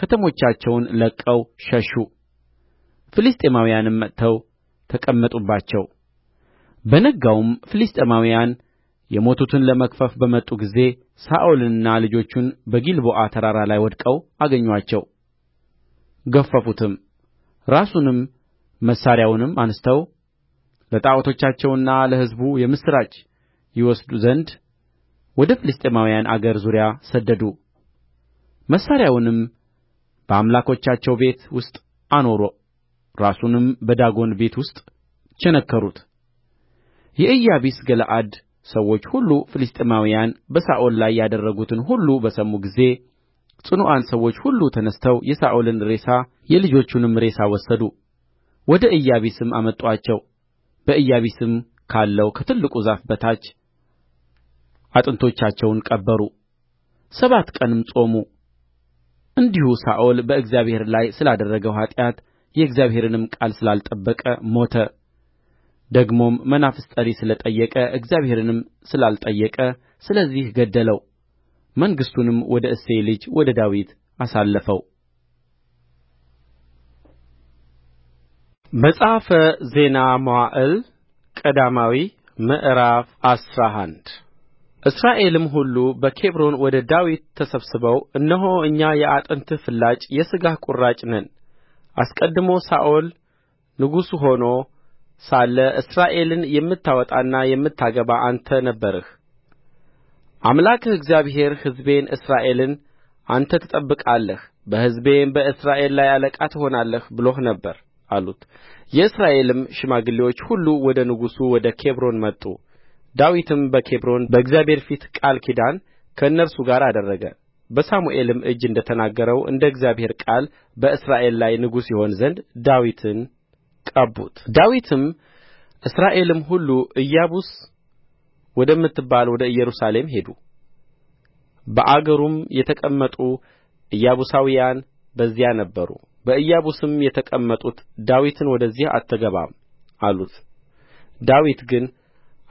[SPEAKER 1] ከተሞቻቸውን ለቅቀው ሸሹ ፍልስጥኤማውያንም መጥተው ተቀመጡባቸው በነጋውም ፍልስጥኤማውያን የሞቱትን ለመግፈፍ በመጡ ጊዜ ሳኦልንና ልጆቹን በጊልቦዓ ተራራ ላይ ወድቀው አገኙአቸው ገፈፉትም ራሱንም መሣሪያውንም አንሥተው ለጣዖቶቻቸውና ለሕዝቡ የምሥራች ይወስዱ ዘንድ ወደ ፍልስጥኤማውያን አገር ዙሪያ ሰደዱ መሣሪያውንም በአምላኮቻቸው ቤት ውስጥ አኖሮ ራሱንም በዳጎን ቤት ውስጥ ቸነከሩት የኢያቢስ ገለዓድ ሰዎች ሁሉ ፍልስጥኤማውያን በሳኦል ላይ ያደረጉትን ሁሉ በሰሙ ጊዜ ጽኑዓን ሰዎች ሁሉ ተነሥተው የሳኦልን ሬሳ የልጆቹንም ሬሳ ወሰዱ ወደ ኢያቢስም አመጡአቸው በኢያቢስም ካለው ከትልቁ ዛፍ በታች አጥንቶቻቸውን ቀበሩ ሰባት ቀንም ጾሙ እንዲሁ ሳኦል በእግዚአብሔር ላይ ስላደረገው ኃጢአት የእግዚአብሔርንም ቃል ስላልጠበቀ ሞተ ደግሞም መናፍስት ጠሪ ስለ ጠየቀ እግዚአብሔርንም ስላልጠየቀ ስለዚህ ገደለው መንግሥቱንም ወደ እሴይ ልጅ ወደ ዳዊት አሳለፈው መጽሐፈ ዜና መዋዕል ቀዳማዊ ምዕራፍ አስራ አንድ እስራኤልም ሁሉ በኬብሮን ወደ ዳዊት ተሰብስበው እነሆ እኛ የአጥንትህ ፍላጭ የሥጋህ ቍራጭ ነን። አስቀድሞ ሳኦል ንጉሥ ሆኖ ሳለ እስራኤልን የምታወጣና የምታገባ አንተ ነበርህ። አምላክህ እግዚአብሔር ሕዝቤን እስራኤልን አንተ ትጠብቃለህ፣ በሕዝቤም በእስራኤል ላይ አለቃ ትሆናለህ ብሎህ ነበር። አሉት የእስራኤልም ሽማግሌዎች ሁሉ ወደ ንጉሡ ወደ ኬብሮን መጡ ዳዊትም በኬብሮን በእግዚአብሔር ፊት ቃል ኪዳን ከእነርሱ ጋር አደረገ በሳሙኤልም እጅ እንደ ተናገረው እንደ እግዚአብሔር ቃል በእስራኤል ላይ ንጉሥ ይሆን ዘንድ ዳዊትን ቀቡት ዳዊትም እስራኤልም ሁሉ ኢያቡስ ወደምትባል ወደ ኢየሩሳሌም ሄዱ በአገሩም የተቀመጡ ኢያቡሳውያን በዚያ ነበሩ በኢያቡስም የተቀመጡት ዳዊትን ወደዚህ አትገባም አሉት ዳዊት ግን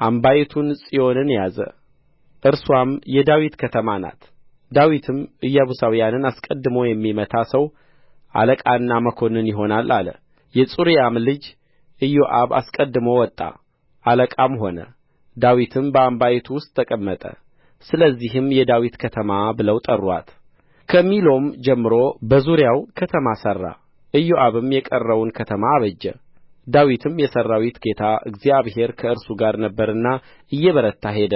[SPEAKER 1] አምባይቱን ጽዮንን ያዘ እርስዋም የዳዊት ከተማ ናት ዳዊትም ኢያቡሳውያንን አስቀድሞ የሚመታ ሰው አለቃና መኰንን ይሆናል አለ የጽሩያም ልጅ ኢዮአብ አስቀድሞ ወጣ አለቃም ሆነ ዳዊትም በአምባይቱ ውስጥ ተቀመጠ ስለዚህም የዳዊት ከተማ ብለው ጠሩአት ከሚሎም ጀምሮ በዙሪያው ከተማ ሠራ ኢዮአብም የቀረውን ከተማ አበጀ ዳዊትም የሠራዊት ጌታ እግዚአብሔር ከእርሱ ጋር ነበርና እየበረታ ሄደ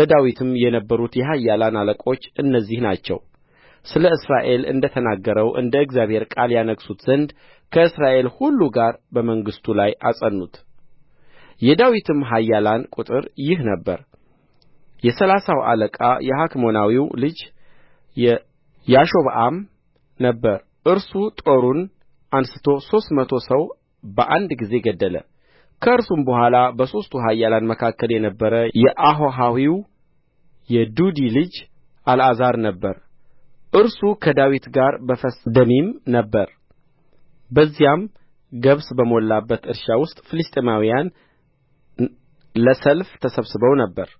[SPEAKER 1] ለዳዊትም የነበሩት የኃያላን አለቆች እነዚህ ናቸው ስለ እስራኤል እንደ ተናገረው እንደ እግዚአብሔር ቃል ያነግሡት ዘንድ ከእስራኤል ሁሉ ጋር በመንግሥቱ ላይ አጸኑት የዳዊትም ኃያላን ቍጥር ይህ ነበር የሠላሳው አለቃ የሐክሞናዊው ልጅ ያሾብአም ነበረ እርሱ ጦሩን አንሥቶ ሦስት መቶ ሰው በአንድ ጊዜ ገደለ ከእርሱም በኋላ በሦስቱ ኃያላን መካከል የነበረ የአሆሃሂው የዱዲ ልጅ አልዓዛር ነበረ እርሱ ከዳዊት ጋር በፈስደሚም ነበረ በዚያም ገብስ በሞላበት እርሻ ውስጥ ፍልስጥኤማውያን ለሰልፍ ተሰብስበው ነበር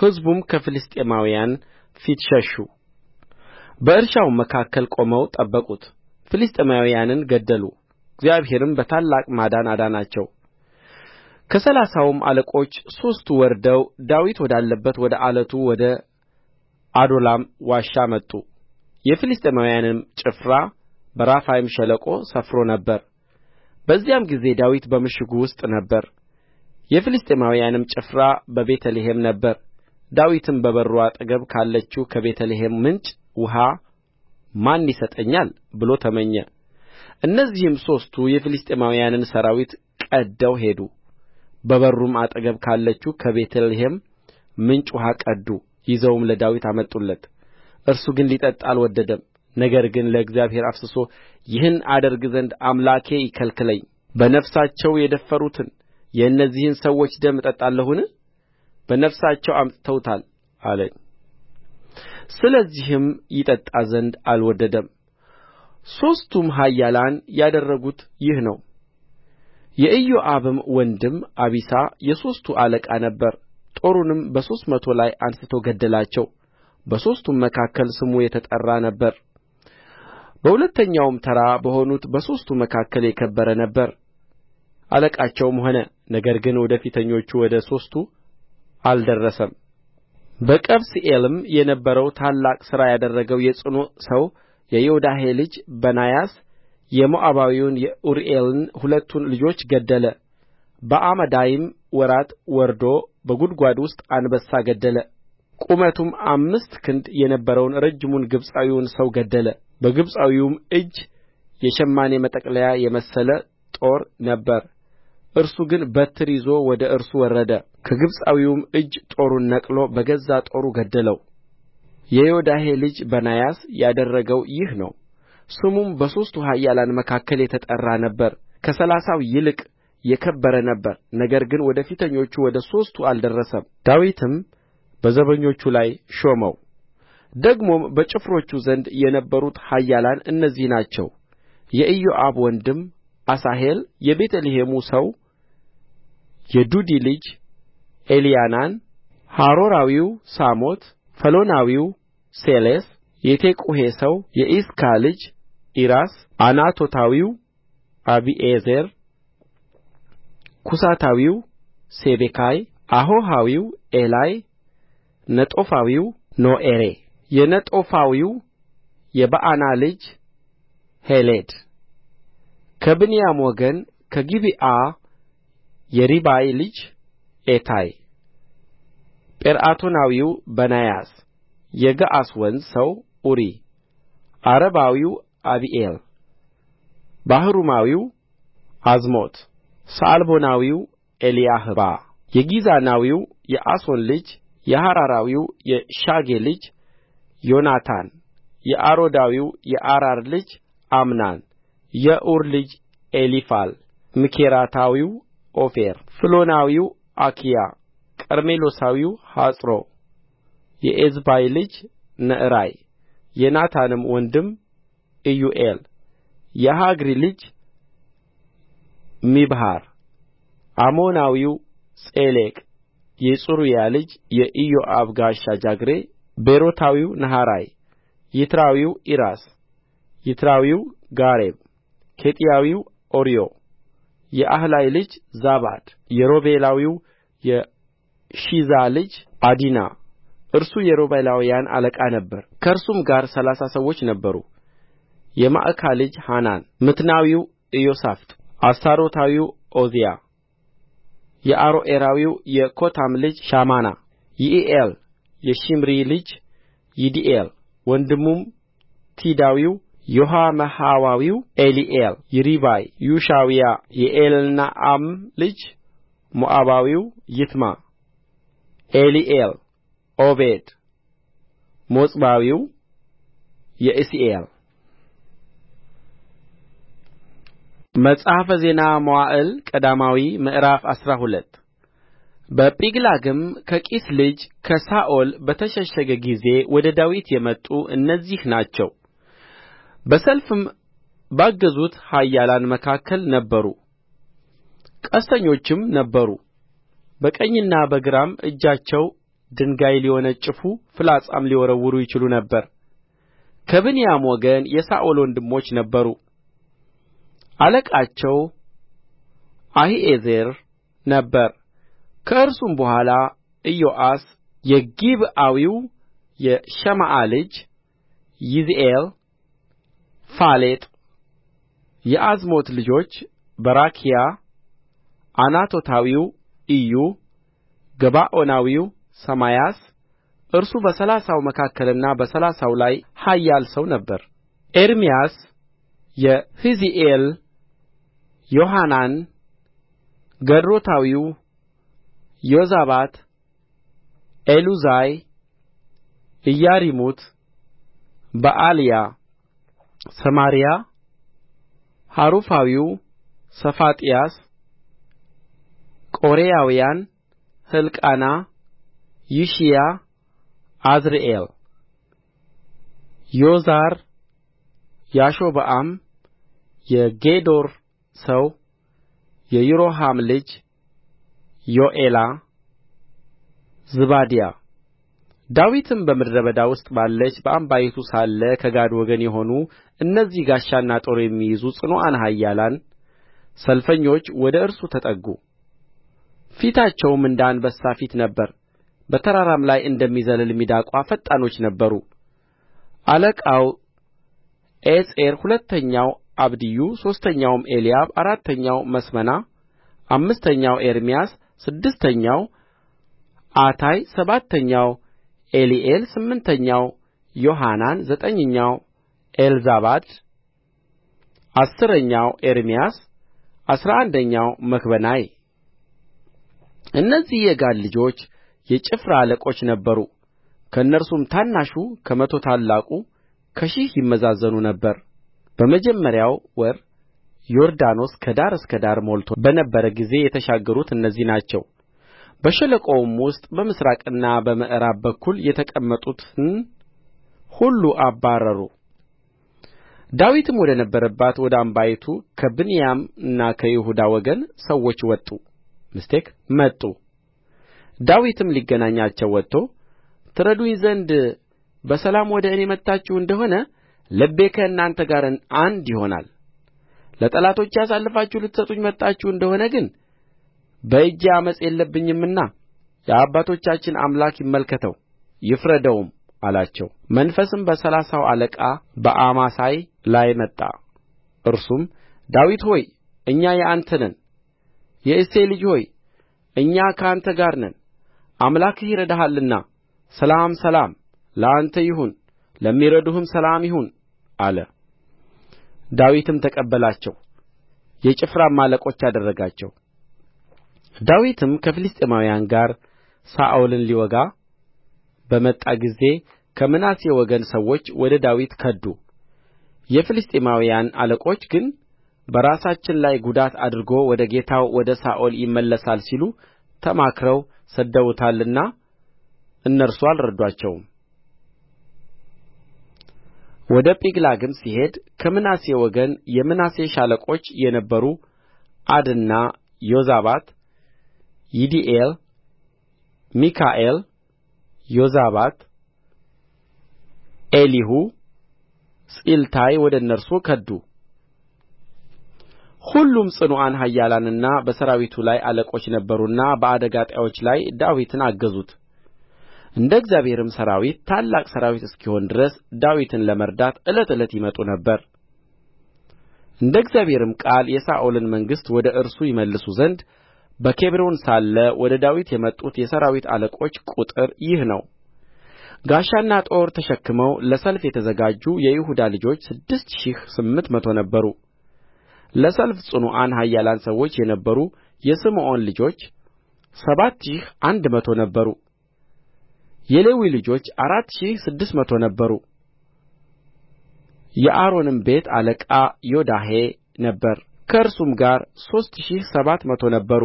[SPEAKER 1] ሕዝቡም ከፍልስጥኤማውያን ፊት ሸሹ በእርሻውም መካከል ቆመው ጠበቁት ፍልስጥኤማውያንን ገደሉ እግዚአብሔርም በታላቅ ማዳን አዳናቸው ከሠላሳውም አለቆች ሦስቱ ወርደው ዳዊት ወዳለበት ወደ ዓለቱ ወደ አዶላም ዋሻ መጡ የፍልስጥኤማውያንም ጭፍራ በራፋይም ሸለቆ ሰፍሮ ነበር በዚያም ጊዜ ዳዊት በምሽጉ ውስጥ ነበር የፍልስጥኤማውያንም ጭፍራ በቤተ ልሔም ነበረ ዳዊትም በበሩ አጠገብ ካለችው ከቤተ ልሔም ምንጭ ውኃ ማን ይሰጠኛል ብሎ ተመኘ እነዚህም ሦስቱ የፍልስጥኤማውያንን ሠራዊት ቀድደው ሄዱ በበሩም አጠገብ ካለችው ከቤተ ልሔም ምንጭ ውኃ ቀዱ ይዘውም ለዳዊት አመጡለት እርሱ ግን ሊጠጣ አልወደደም ነገር ግን ለእግዚአብሔር አፍስሶ ይህን አደርግ ዘንድ አምላኬ ይከልክለኝ በነፍሳቸው የደፈሩትን የእነዚህን ሰዎች ደም እጠጣለሁን በነፍሳቸው አምጥተውታል አለ ስለዚህም ይጠጣ ዘንድ አልወደደም ሦስቱም ኃያላን ያደረጉት ይህ ነው የኢዮአብም ወንድም አቢሳ የሦስቱ አለቃ ነበረ ጦሩንም በሦስት መቶ ላይ አንሥቶ ገደላቸው በሦስቱም መካከል ስሙ የተጠራ ነበር በሁለተኛውም ተራ በሆኑት በሦስቱ መካከል የከበረ ነበር አለቃቸውም ሆነ ነገር ግን ወደ ፊተኞቹ ወደ ሦስቱ አልደረሰም በቀብስኤልም የነበረው ታላቅ ሥራ ያደረገው የጽኑዕ ሰው የዮዳሄ ልጅ በናያስ የሞዓባዊውን የኡርኤልን ሁለቱን ልጆች ገደለ በአመዳይም ወራት ወርዶ በጕድጓድ ውስጥ አንበሳ ገደለ ቁመቱም አምስት ክንድ የነበረውን ረጅሙን ግብጻዊውን ሰው ገደለ በግብጻዊውም እጅ የሸማኔ መጠቅለያ የመሰለ ጦር ነበረ እርሱ ግን በትር ይዞ ወደ እርሱ ወረደ ከግብፃዊውም እጅ ጦሩን ነቅሎ በገዛ ጦሩ ገደለው የዮዳሄ ልጅ በናያስ ያደረገው ይህ ነው ስሙም በሦስቱ ኃያላን መካከል የተጠራ ነበር ከሠላሳው ይልቅ የከበረ ነበር ነገር ግን ወደ ፊተኞቹ ወደ ሦስቱ አልደረሰም ዳዊትም በዘበኞቹ ላይ ሾመው ደግሞም በጭፍሮቹ ዘንድ የነበሩት ኃያላን እነዚህ ናቸው የኢዮአብ ወንድም አሣሄል የቤተ ልሔሙ ሰው የዱዲ ልጅ ኤልያናን ሃሮራዊው ሳሞት ፈሎናዊው ሴሌስ የቴቁሔ ሰው የዒስካ ልጅ ዒራስ ዓናቶታዊው አቢዔዜር ኩሳታዊው ሴቤካይ አሆሃዊው ዔላይ ነጦፋዊው ኖኤሬ የነጦፋዊው የበዓና ልጅ ሔሌድ ከብንያም ወገን ከጊብዓ የሪባይ ልጅ ኤታይ ጲርዓቶናዊው በናያስ የገዓስ ወንዝ ሰው ኡሪ ዓረባዊው አቢኤል ባሕሩማዊው ዓዝሞት ሰዓልቦናዊው ኤሊያሕባ የጊዞናዊው የአሶን ልጅ የሐራራዊው የሻጌ ልጅ ዮናታን የአሮዳዊው የአራር ልጅ አምናን የኡር ልጅ ኤሊፋል ምኬራታዊው ኦፌር ፍሎናዊው አኪያ ቀርሜሎሳዊው ሐጽሮ የኤዝባይ ልጅ ነዕራይ የናታንም ወንድም ኢዩኤል የሐግሪ ልጅ ሚብሐር አሞናዊው ጼሌቅ የጽሩያ ልጅ የኢዮአብ ጋሻ ጃግሬ ቤሮታዊው ነሃራይ ይትራዊው ዒራስ ይትራዊው ጋሬብ ኬጢያዊው ኦርዮ የአሕላይ ልጅ ዛባድ የሮቤላዊው የሺዛ ልጅ ዓዲና እርሱ የሮቤላውያን አለቃ ነበረ ከእርሱም ጋር ሠላሳ ሰዎች ነበሩ የማዕካ ልጅ ሐናን ሚትናዊው ኢዮሳፍጥ አስታሮታዊው ዖዝያ የአሮኤራዊው የኮታም ልጅ ሻማና ይዒኤል የሺምሪ ልጅ ይዲኤል ወንድሙም ቲዳዊው ዮሐምሐዋዊው ኤሊኤል ይሪባይ ዮሻዊያ የኤልናዓም ልጅ ሞዓባዊው ይትማ ኤሊኤል ዖቤድ ሞጽባዊው የዕሢኤል መጽሐፈ ዜና መዋዕል ቀዳማዊ ምዕራፍ አስራ ሁለት በጺቅላግም ከቂስ ልጅ ከሳኦል በተሸሸገ ጊዜ ወደ ዳዊት የመጡ እነዚህ ናቸው በሰልፍም ባገዙት ኃያላን መካከል ነበሩ ቀስተኞችም ነበሩ በቀኝና በግራም እጃቸው ድንጋይ ሊወነጭፉ ፍላጻም ሊወረውሩ ይችሉ ነበር ከብንያም ወገን የሳኦል ወንድሞች ነበሩ አለቃቸው አሒዔዝር ነበረ ከእርሱም በኋላ ኢዮአስ የጊብዓዊው የሸማዓ ልጅ ይዝኤል ፋሌጥ የዓዝሞት ልጆች በራኪያ ዓናቶታዊው ኢዩ ገባዖናዊው ሰማያስ እርሱ በሠላሳው መካከልና በሠላሳው ላይ ኃያል ሰው ነበረ ኤርምያስ የሕዚኤል ዮሐናን ገድሮታዊው ዮዛባት ኤሉዛይ ኢያሪሙት በዓልያ ሰማርያ ሀሩፋዊው ሰፋጥያስ ቆርያውያን ሕልቃና ይሺያ አዝርኤል ዮዛር ያሾብዓም የጌዶር ሰው የይሮሐም ልጅ ዮኤላ ዝባድያ ዳዊትም በምድረ በዳ ውስጥ ባለች በአምባይቱ ሳለ ከጋድ ወገን የሆኑ እነዚህ ጋሻና ጦር የሚይዙ ጽኑዓን ኃያላን ሰልፈኞች ወደ እርሱ ተጠጉ ፊታቸውም እንደ አንበሳ ፊት ነበረ በተራራም ላይ እንደሚዘልል ሚዳቋ ፈጣኖች ነበሩ አለቃው ኤጼር ሁለተኛው አብድዩ ሦስተኛው ኤልያብ አራተኛው መስመና አምስተኛው ኤርምያስ ስድስተኛው አታይ ሰባተኛው ኤሊኤል ስምንተኛው ዮሐናን ዘጠኝኛው ኤልዛባድ አሥረኛው ኤርምያስ አሥራ አንደኛው መክበናይ እነዚህ የጋድ ልጆች የጭፍራ አለቆች ነበሩ ከእነርሱም ታናሹ ከመቶ ታላቁ ከሺህ ይመዛዘኑ ነበር በመጀመሪያው ወር ዮርዳኖስ ከዳር እስከ ዳር ሞልቶ በነበረ ጊዜ የተሻገሩት እነዚህ ናቸው በሸለቆውም ውስጥ በምሥራቅና በምዕራብ በኩል የተቀመጡትን ሁሉ አባረሩ ዳዊትም ወደ ነበረባት ወደ አምባይቱ ከብንያምና ከይሁዳ ወገን ሰዎች ወጡ መጡ ዳዊትም ሊገናኛቸው ወጥቶ ትረዱኝ ዘንድ በሰላም ወደ እኔ መጥታችሁ እንደ ሆነ ልቤ ከእናንተ ጋር አንድ ይሆናል ለጠላቶቼ አሳልፋችሁ ልትሰጡኝ መጥታችሁ እንደ ሆነ ግን በእጄ ዓመፅ የለብኝምና የአባቶቻችን አምላክ ይመልከተው ይፍረደውም አላቸው መንፈስም በሠላሳው አለቃ በአማሳይ ላይ መጣ እርሱም ዳዊት ሆይ እኛ የአንተ ነን የእሴይ ልጅ ሆይ እኛ ከአንተ ጋር ነን አምላክህ ይረዳሃልና ሰላም ሰላም ለአንተ ይሁን ለሚረዱህም ሰላም ይሁን አለ ዳዊትም ተቀበላቸው የጭፍራም አለቆች አደረጋቸው ዳዊትም ከፍልስጥኤማውያን ጋር ሳኦልን ሊወጋ በመጣ ጊዜ ከምናሴ ወገን ሰዎች ወደ ዳዊት ከዱ የፍልስጥኤማውያን አለቆች ግን በራሳችን ላይ ጉዳት አድርጎ ወደ ጌታው ወደ ሳኦል ይመለሳል ሲሉ ተማክረው ሰድደውታልና እነርሱ አልረዷቸውም ወደ ጺቅላግም ሲሄድ ከምናሴ ወገን የምናሴ ሻለቆች የነበሩ ዓድና ዮዛባት ይዲኤል ሚካኤል ዮዛባት ኤሊሁ ጺልታይ ወደ እነርሱ ከዱ ሁሉም ጽኑዓን ኃያላንና በሠራዊቱ ላይ አለቆች ነበሩና በአደጋ ጣዮች ላይ ዳዊትን አገዙት እንደ እግዚአብሔርም ሠራዊት ታላቅ ሠራዊት እስኪሆን ድረስ ዳዊትን ለመርዳት ዕለት ዕለት ይመጡ ነበር እንደ እግዚአብሔርም ቃል የሳኦልን መንግሥት ወደ እርሱ ይመልሱ ዘንድ በኬብሮን ሳለ ወደ ዳዊት የመጡት የሠራዊት አለቆች ቍጥር ይህ ነው ጋሻና ጦር ተሸክመው ለሰልፍ የተዘጋጁ የይሁዳ ልጆች ስድስት ሺህ ስምንት መቶ ነበሩ ለሰልፍ ጽኑዓን ኃያላን ሰዎች የነበሩ የስምዖን ልጆች ሰባት ሺህ አንድ መቶ ነበሩ የሌዊ ልጆች አራት ሺህ ስድስት መቶ ነበሩ የአሮንም ቤት አለቃ ዮዳሄ ነበረ ከእርሱም ጋር ሦስት ሺህ ሰባት መቶ ነበሩ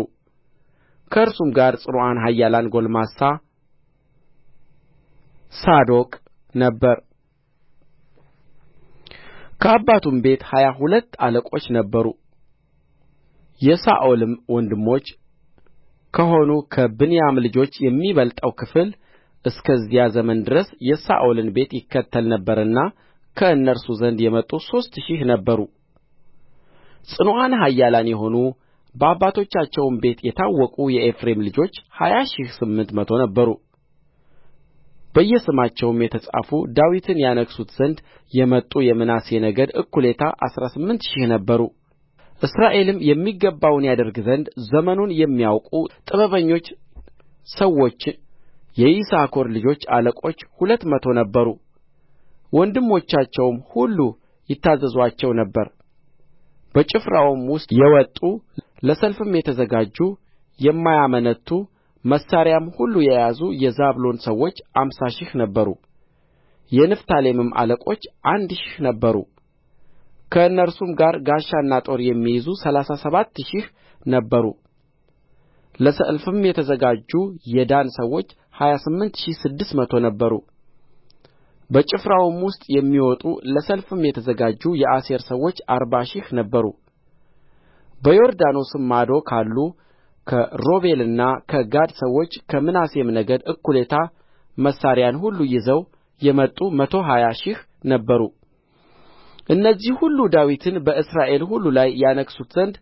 [SPEAKER 1] ከእርሱም ጋር ጽኑዕ ኃያል ጕልማሳ ሳዶቅ ነበረ ከአባቱም ቤት ሀያ ሁለት አለቆች ነበሩ የሳኦልም ወንድሞች ከሆኑ ከብንያም ልጆች የሚበልጠው ክፍል እስከዚያ ዘመን ድረስ የሳኦልን ቤት ይከተል ነበርና ከእነርሱ ዘንድ የመጡ ሦስት ሺህ ነበሩ ጽኑዓን ኃያላን የሆኑ በአባቶቻቸውም ቤት የታወቁ የኤፍሬም ልጆች ሀያ ሺህ ስምንት መቶ ነበሩ በየስማቸውም የተጻፉ ዳዊትን ያነግሡት ዘንድ የመጡ የምናሴ ነገድ እኩሌታ አሥራ ስምንት ሺህ ነበሩ እስራኤልም የሚገባውን ያደርግ ዘንድ ዘመኑን የሚያውቁ ጥበበኞች ሰዎች የይሳኮር ልጆች አለቆች ሁለት መቶ ነበሩ ወንድሞቻቸውም ሁሉ ይታዘዙአቸው ነበር በጭፍራውም ውስጥ የወጡ ለሰልፍም የተዘጋጁ የማያመነቱ መሣሪያም ሁሉ የያዙ የዛብሎን ሰዎች አምሳ ሺህ ነበሩ የንፍታሌምም አለቆች አንድ ሺህ ነበሩ ከእነርሱም ጋር ጋሻና ጦር የሚይዙ ሠላሳ ሰባት ሺህ ነበሩ ለሰልፍም የተዘጋጁ የዳን ሰዎች ሀያ ስምንት ሺህ ስድስት መቶ ነበሩ በጭፍራውም ውስጥ የሚወጡ ለሰልፍም የተዘጋጁ የአሴር ሰዎች አርባ ሺህ ነበሩ በዮርዳኖስም ማዶ ካሉ ከሮቤልና ከጋድ ሰዎች ከምናሴም ነገድ እኩሌታ መሣሪያን ሁሉ ይዘው የመጡ መቶ ሀያ ሺህ ነበሩ እነዚህ ሁሉ ዳዊትን በእስራኤል ሁሉ ላይ ያነግሡት ዘንድ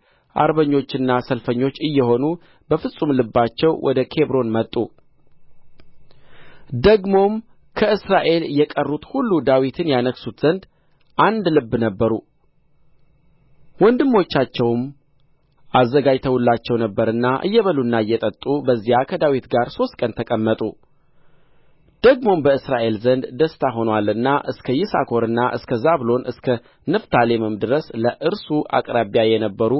[SPEAKER 1] አርበኞችና ሰልፈኞች እየሆኑ በፍጹም ልባቸው ወደ ኬብሮን መጡ ደግሞም ከእስራኤል የቀሩት ሁሉ ዳዊትን ያነግሡት ዘንድ አንድ ልብ ነበሩ ወንድሞቻቸውም አዘጋጅተውላቸው ነበርና እየበሉና እየጠጡ በዚያ ከዳዊት ጋር ሦስት ቀን ተቀመጡ ደግሞም በእስራኤል ዘንድ ደስታ ሆኖአልና እስከ ይሳኮርና እስከ ዛብሎን እስከ ንፍታሌምም ድረስ ለእርሱ አቅራቢያ የነበሩ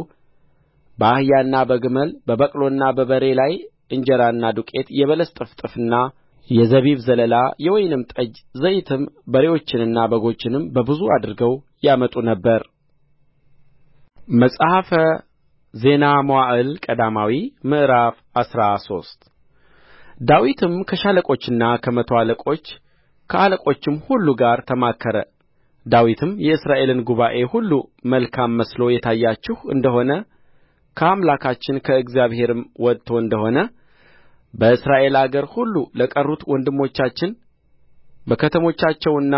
[SPEAKER 1] በአህያና በግመል በበቅሎና በበሬ ላይ እንጀራና ዱቄት የበለስ ጥፍጥፍና የዘቢብ ዘለላ የወይንም ጠጅ ዘይትም በሬዎችንና በጎችንም በብዙ አድርገው ያመጡ ነበር መጽሐፈ ዜና መዋዕል ቀዳማዊ ምዕራፍ አስራ ሶስት ዳዊትም ከሻለቆችና ከመቶ አለቆች ከአለቆችም ሁሉ ጋር ተማከረ ዳዊትም የእስራኤልን ጉባኤ ሁሉ መልካም መስሎ የታያችሁ እንደ ሆነ ከአምላካችን ከእግዚአብሔርም ወጥቶ እንደ ሆነ በእስራኤል አገር ሁሉ ለቀሩት ወንድሞቻችን በከተሞቻቸውና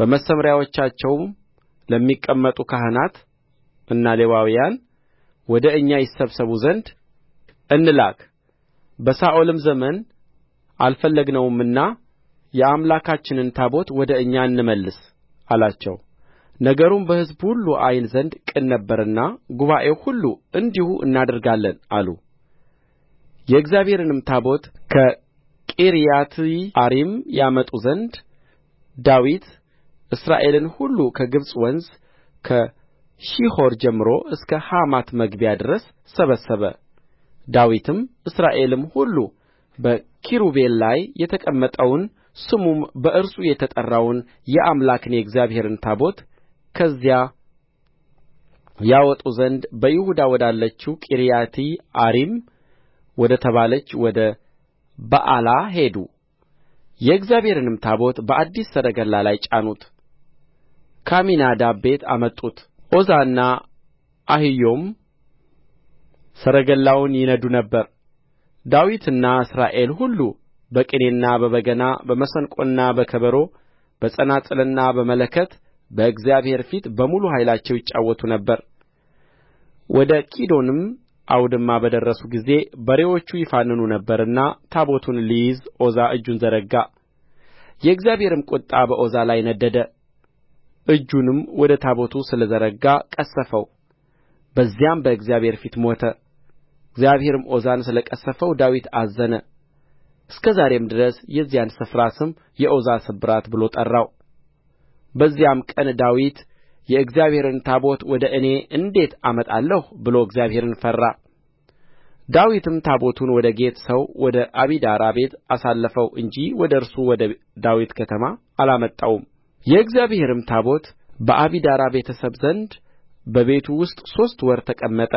[SPEAKER 1] በመሰምሪያዎቻቸውም ለሚቀመጡ ካህናት እና ሌዋውያን ወደ እኛ ይሰበሰቡ ዘንድ እንላክ በሳኦልም ዘመን አልፈለግነውምና የአምላካችንን ታቦት ወደ እኛ እንመልስ አላቸው ነገሩም በሕዝቡ ሁሉ ዓይን ዘንድ ቅን ነበርና ጉባኤው ሁሉ እንዲሁ እናደርጋለን አሉ የእግዚአብሔርንም ታቦት ከቂርያትይዓሪም ያመጡ ዘንድ ዳዊት እስራኤልን ሁሉ ከግብጽ ወንዝ ሺሖር ጀምሮ እስከ ሐማት መግቢያ ድረስ ሰበሰበ ዳዊትም እስራኤልም ሁሉ በኪሩቤል ላይ የተቀመጠውን ስሙም በእርሱ የተጠራውን የአምላክን የእግዚአብሔርን ታቦት ከዚያ ያወጡ ዘንድ በይሁዳ ወዳለችው ቂርያትይዓሪም ወደ ተባለች ወደ በኣላ ሄዱ። የእግዚአብሔርንም ታቦት በአዲስ ሰረገላ ላይ ጫኑት፣ ከአሚናዳብ ቤት አመጡት ዖዛና አሒዮም ሰረገላውን ይነዱ ነበር ዳዊትና እስራኤል ሁሉ በቅኔና በበገና በመሰንቆና በከበሮ በጸናጽልና በመለከት በእግዚአብሔር ፊት በሙሉ ኃይላቸው ይጫወቱ ነበር ወደ ኪዶንም አውድማ በደረሱ ጊዜ በሬዎቹ ይፋንኑ ነበርና ታቦቱን ሊይዝ ዖዛ እጁን ዘረጋ የእግዚአብሔርም ቍጣ በዖዛ ላይ ነደደ እጁንም ወደ ታቦቱ ስለ ዘረጋ ቀሠፈው በዚያም በእግዚአብሔር ፊት ሞተ እግዚአብሔርም ዖዛን ስለ ቀሠፈው ዳዊት አዘነ እስከ ዛሬም ድረስ የዚያን ስፍራ ስም የዖዛ ስብራት ብሎ ጠራው በዚያም ቀን ዳዊት የእግዚአብሔርን ታቦት ወደ እኔ እንዴት አመጣለሁ ብሎ እግዚአብሔርን ፈራ ዳዊትም ታቦቱን ወደ ጌት ሰው ወደ አቢዳራ ቤት አሳለፈው እንጂ ወደ እርሱ ወደ ዳዊት ከተማ አላመጣውም የእግዚአብሔርም ታቦት በአቢዳራ ቤተ ሰብ ዘንድ በቤቱ ውስጥ ሦስት ወር ተቀመጠ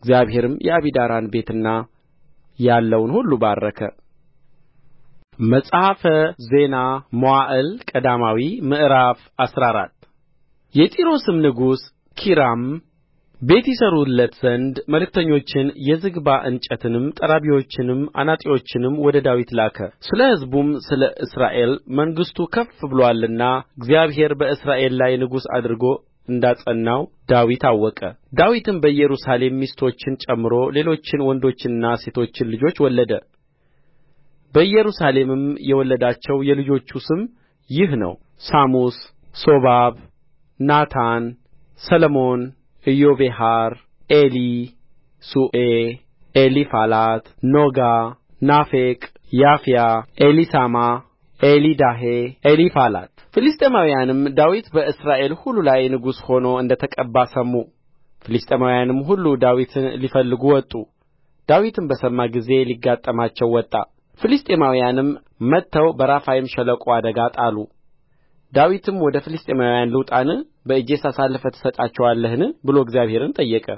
[SPEAKER 1] እግዚአብሔርም የአቢዳራን ቤትና ያለውን ሁሉ ባረከ መጽሐፈ ዜና መዋዕል ቀዳማዊ ምዕራፍ አስራ አራት የጢሮስም ንጉሥ ኪራም ቤት ይሠሩለት ዘንድ መልእክተኞችን የዝግባ እንጨትንም ጠራቢዎችንም አናጢዎችንም ወደ ዳዊት ላከ ስለ ሕዝቡም ስለ እስራኤል መንግሥቱ ከፍ ብሎአልና እግዚአብሔር በእስራኤል ላይ ንጉሥ አድርጎ እንዳጸናው ዳዊት አወቀ። ዳዊትም በኢየሩሳሌም ሚስቶችን ጨምሮ ሌሎችን ወንዶችንና ሴቶችን ልጆች ወለደ። በኢየሩሳሌምም የወለዳቸው የልጆቹ ስም ይህ ነው፦ ሳሙስ፣ ሶባብ፣ ናታን፣ ሰሎሞን ኢዮቤሐር ኤሊ ሱኤ ኤሊፋላት ኖጋ ናፌቅ ያፍያ ኤሊሳማ ኤሊዳሄ ኤሊፋላት ፍልስጥኤማውያንም ዳዊት በእስራኤል ሁሉ ላይ ንጉሥ ሆኖ እንደ ተቀባ ሰሙ ፍልስጥኤማውያንም ሁሉ ዳዊትን ሊፈልጉ ወጡ ዳዊትም በሰማ ጊዜ ሊጋጠማቸው ወጣ ፍልስጥኤማውያንም መጥተው በራፋይም ሸለቆ አደጋ ጣሉ ዳዊትም ወደ ፍልስጥኤማውያን ልውጣን በእጄስ አሳልፈህ ትሰጣቸዋለህን ብሎ እግዚአብሔርን ጠየቀ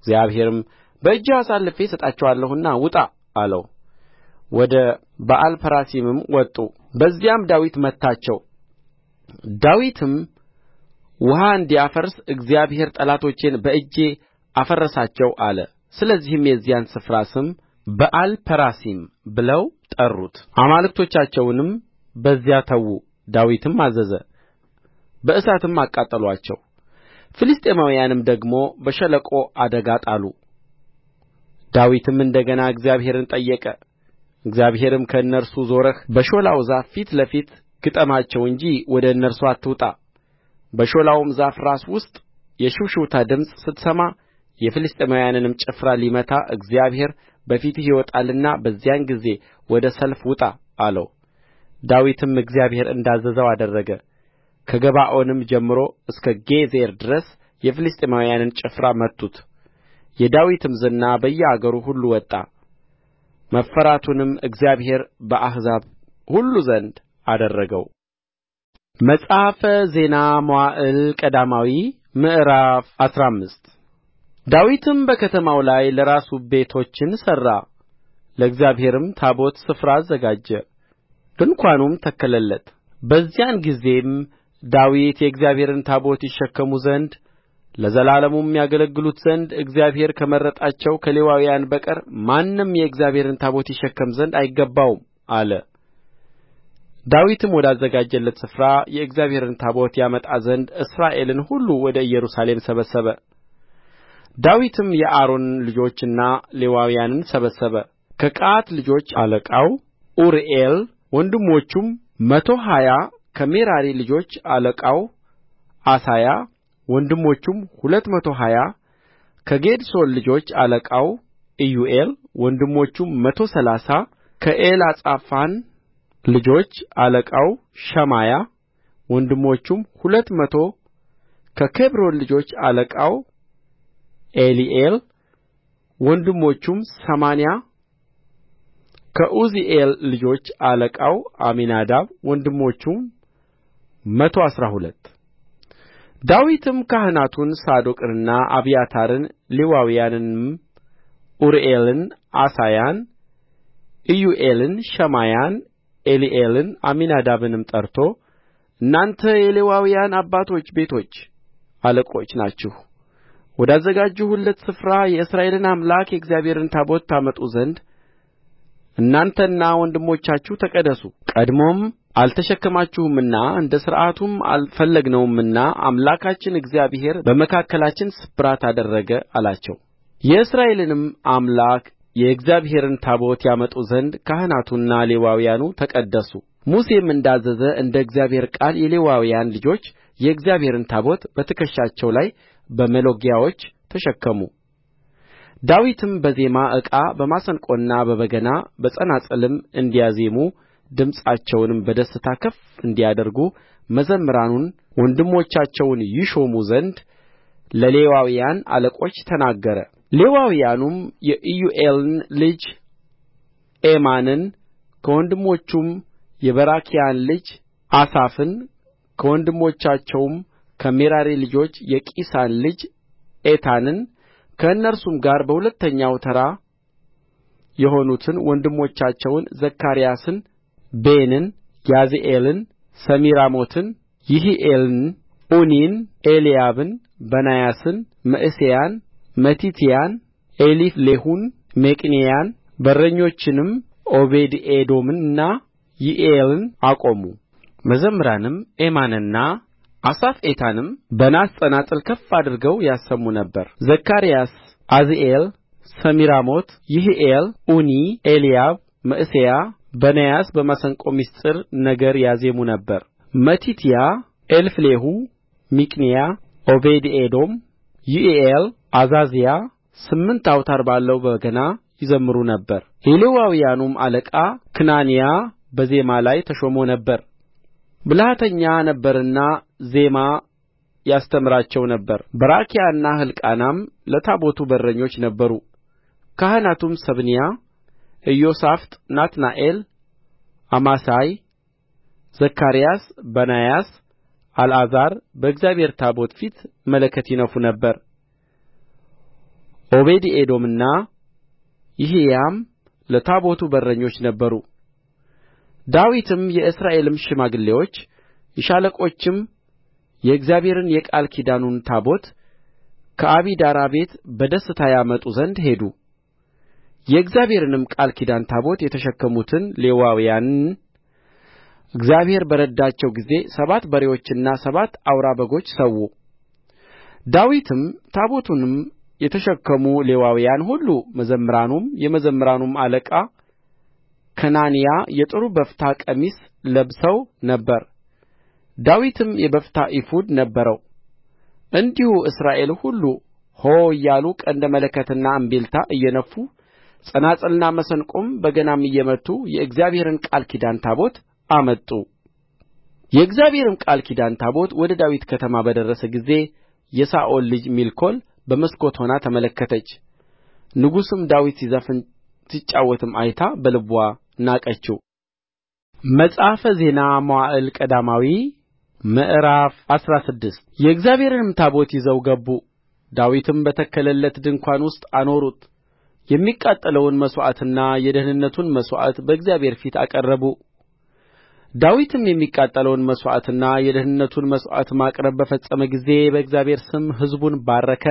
[SPEAKER 1] እግዚአብሔርም በእጅህ አሳልፌ እሰጣቸዋለሁና ውጣ አለው ወደ በአልፐራሲምም ወጡ በዚያም ዳዊት መታቸው ዳዊትም ውኃ እንዲያፈርስ እግዚአብሔር ጠላቶቼን በእጄ አፈረሳቸው አለ ስለዚህም የዚያን ስፍራ ስም በአልፐራሲም ብለው ጠሩት አማልክቶቻቸውንም በዚያ ተዉ ዳዊትም አዘዘ በእሳትም አቃጠሏቸው ፍልስጥኤማውያንም ደግሞ በሸለቆ አደጋ ጣሉ ዳዊትም እንደ ገና እግዚአብሔርን ጠየቀ እግዚአብሔርም ከእነርሱ ዞረህ በሾላው ዛፍ ፊት ለፊት ግጠማቸው እንጂ ወደ እነርሱ አትውጣ በሾላውም ዛፍ ራስ ውስጥ የሽውሽውታ ድምፅ ስትሰማ የፍልስጥኤማውያንንም ጭፍራ ሊመታ እግዚአብሔር በፊትህ ይወጣልና በዚያን ጊዜ ወደ ሰልፍ ውጣ አለው ዳዊትም እግዚአብሔር እንዳዘዘው አደረገ ከገባዖንም ጀምሮ እስከ ጌዝር ድረስ የፍልስጥኤማውያንን ጭፍራ መቱት የዳዊትም ዝና በየአገሩ ሁሉ ወጣ መፈራቱንም እግዚአብሔር በአሕዛብ ሁሉ ዘንድ አደረገው መጽሐፈ ዜና መዋዕል ቀዳማዊ ምዕራፍ አስራ አምስት ዳዊትም በከተማው ላይ ለራሱ ቤቶችን ሠራ ለእግዚአብሔርም ታቦት ስፍራ አዘጋጀ ድንኳኑም ተከለለት በዚያን ጊዜም ዳዊት የእግዚአብሔርን ታቦት ይሸከሙ ዘንድ ለዘላለሙም ያገለግሉት ዘንድ እግዚአብሔር ከመረጣቸው ከሌዋውያን በቀር ማንም የእግዚአብሔርን ታቦት ይሸከም ዘንድ አይገባውም አለ ዳዊትም ወዳዘጋጀለት ስፍራ የእግዚአብሔርን ታቦት ያመጣ ዘንድ እስራኤልን ሁሉ ወደ ኢየሩሳሌም ሰበሰበ ዳዊትም የአሮን ልጆችና ሌዋውያንን ሰበሰበ ከቀዓት ልጆች አለቃው ኡርኤል ወንድሞቹም መቶ ሀያ ከሜራሪ ልጆች አለቃው ዓሣያ ወንድሞቹም ሁለት መቶ ሀያ ከጌድሶን ልጆች አለቃው ኢዩኤል ወንድሞቹም መቶ ሠላሳ ከኤሊጻፋን ልጆች አለቃው ሸማያ ወንድሞቹም ሁለት መቶ ከኬብሮን ልጆች አለቃው ኤሊኤል ወንድሞቹም ሰማንያ ከዑዝኤል ልጆች አለቃው አሚናዳብ ወንድሞቹም መቶ አሥራ ሁለት ዳዊትም ካህናቱን ሳዶቅንና አብያታርን ሌዋውያንንም ኡርኤልን ዓሣያን ኢዮኤልን ሸማያን ኤሊኤልን አሚናዳብንም ጠርቶ እናንተ የሌዋውያን አባቶች ቤቶች አለቆች ናችሁ ወዳዘጋጀሁለት ስፍራ የእስራኤልን አምላክ የእግዚአብሔርን ታቦት ታመጡ ዘንድ እናንተና ወንድሞቻችሁ ተቀደሱ ቀድሞም አልተሸከማችሁምና እንደ ሥርዓቱም አልፈለግነውምና አምላካችን እግዚአብሔር በመካከላችን ስብራት አደረገ አላቸው የእስራኤልንም አምላክ የእግዚአብሔርን ታቦት ያመጡ ዘንድ ካህናቱና ሌዋውያኑ ተቀደሱ ሙሴም እንዳዘዘ እንደ እግዚአብሔር ቃል የሌዋውያን ልጆች የእግዚአብሔርን ታቦት በትከሻቸው ላይ በመሎጊያዎች ተሸከሙ ዳዊትም በዜማ ዕቃ በመሰንቆና በበገና በጸናጽልም እንዲያዜሙ ድምፃቸውንም በደስታ ከፍ እንዲያደርጉ መዘምራኑን ወንድሞቻቸውን ይሾሙ ዘንድ ለሌዋውያን አለቆች ተናገረ ሌዋውያኑም የኢዮኤልን ልጅ ኤማንን ከወንድሞቹም የበራክያን ልጅ አሳፍን ከወንድሞቻቸውም ከሜራሪ ልጆች የቂሳን ልጅ ኤታንን ከእነርሱም ጋር በሁለተኛው ተራ የሆኑትን ወንድሞቻቸውን ዘካርያስን ቤንን ያዝኤልን ሰሚራሞትን ይሒኤልን ዑኒን ኤልያብን በናያስን መዕሤያን መቲትያን ኤሊፍሌሁን ሚቅንያን፣ በረኞችንም ዖቤድኤዶምንና ይዒኤልን አቆሙ መዘምራንም ኤማንና አሳፍኤታንም በናስ ጸናጽል ከፍ አድርገው ያሰሙ ነበር ዘካርያስ ዓዝዔል ሰሚራሞት ይሒኤል ዑኒ ኤልያብ መዕሤያ በናያስ በመሰንቆ ምሥጢር ነገር ያዜሙ ነበር መቲትያ ኤልፍሌሁ ሚቅኒያ ዖቤድኤዶም ይዒኤል ዓዛዝያ ስምንት አውታር ባለው በገና ይዘምሩ ነበር የሌዋውያኑም አለቃ ክናንያ በዜማ ላይ ተሾሞ ነበር ብልሃተኛ ነበረና ዜማ ያስተምራቸው ነበር በራክያና ሕልቃናም ለታቦቱ በረኞች ነበሩ ካህናቱም ሰበንያ ኢዮሳፍጥ ናትናኤል አማሳይ ዘካርያስ በናያስ አልዓዛር በእግዚአብሔር ታቦት ፊት መለከት ይነፉ ነበር ዖቤድኤዶምና ይሒያም ለታቦቱ በረኞች ነበሩ ዳዊትም የእስራኤልም ሽማግሌዎች የሻለቆችም የእግዚአብሔርን የቃል ኪዳኑን ታቦት ከአቢዳራ ቤት በደስታ ያመጡ ዘንድ ሄዱ የእግዚአብሔርንም ቃል ኪዳን ታቦት የተሸከሙትን ሌዋውያንን እግዚአብሔር በረዳቸው ጊዜ ሰባት በሬዎችና ሰባት አውራ በጎች ሰዉ ዳዊትም ታቦቱንም የተሸከሙ ሌዋውያን ሁሉ መዘምራኑም የመዘምራኑም አለቃ ከናንያ የጥሩ በፍታ ቀሚስ ለብሰው ነበር ዳዊትም የበፍታ ኤፉድ ነበረው እንዲሁ እስራኤል ሁሉ ሆ እያሉ ቀንደ መለከትና እምቢልታ እየነፉ ጸናጽልና መሰንቆም በገናም እየመቱ የእግዚአብሔርን ቃል ኪዳን ታቦት አመጡ የእግዚአብሔርም ቃል ኪዳን ታቦት ወደ ዳዊት ከተማ በደረሰ ጊዜ የሳኦል ልጅ ሜልኮል በመስኮት ሆና ተመለከተች ንጉሡም ዳዊት ሲዘፍን ሲጫወትም አይታ በልቧ ናቀችው። መጽሐፈ ዜና መዋዕል ቀዳማዊ ምዕራፍ አስራ ስድስት የእግዚአብሔርንም ታቦት ይዘው ገቡ። ዳዊትም በተከለለት ድንኳን ውስጥ አኖሩት። የሚቃጠለውን መሥዋዕትና የደኅንነቱን መሥዋዕት በእግዚአብሔር ፊት አቀረቡ። ዳዊትም የሚቃጠለውን መሥዋዕትና የደኅንነቱን መሥዋዕት ማቅረብ በፈጸመ ጊዜ በእግዚአብሔር ስም ሕዝቡን ባረከ።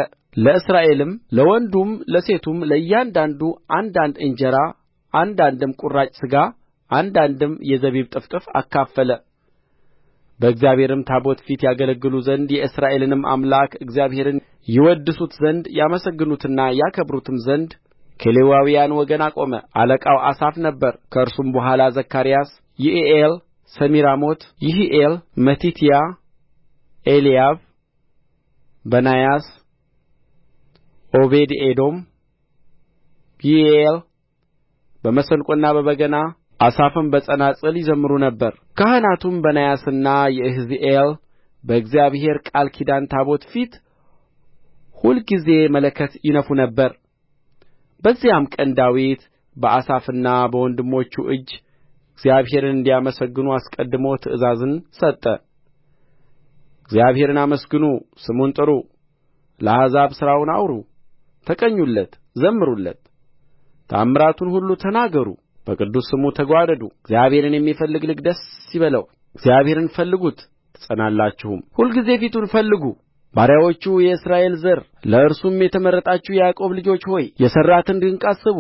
[SPEAKER 1] ለእስራኤልም ለወንዱም ለሴቱም ለእያንዳንዱ አንዳንድ እንጀራ አንዳንድም ቍራጭ ሥጋ አንዳንድም የዘቢብ ጥፍጥፍ አካፈለ በእግዚአብሔርም ታቦት ፊት ያገለግሉ ዘንድ የእስራኤልንም አምላክ እግዚአብሔርን ይወድሱት ዘንድ ያመሰግኑትና ያከብሩትም ዘንድ ከሌዋውያን ወገን አቆመ አለቃው አሳፍ ነበረ ከእርሱም በኋላ ዘካርያስ ይዒኤል ሰሚራሞት ይሒኤል መቲትያ ኤልያብ በናያስ ዖቤድኤዶም ይዒኤል በመሰንቆና በበገና አሳፍም በጸናጽል ይዘምሩ ነበር ካህናቱም በናያስና የሕዚኤል በእግዚአብሔር ቃል ኪዳን ታቦት ፊት ሁልጊዜ መለከት ይነፉ ነበር በዚያም ቀን ዳዊት በአሳፍና በወንድሞቹ እጅ እግዚአብሔርን እንዲያመሰግኑ አስቀድሞ ትእዛዝን ሰጠ እግዚአብሔርን አመስግኑ ስሙን ጥሩ ለአሕዛብ ሥራውን አውሩ ተቀኙለት ዘምሩለት ተአምራቱን ሁሉ ተናገሩ በቅዱስ ስሙ ተጓደዱ እግዚአብሔርን የሚፈልግ ልብ ደስ ይበለው እግዚአብሔርን ፈልጉት ትጸናላችሁም ሁልጊዜ ፊቱን ፈልጉ ባሪያዎቹ የእስራኤል ዘር ለእርሱም የተመረጣችሁ የያዕቆብ ልጆች ሆይ የሠራትን ድንቅ አስቡ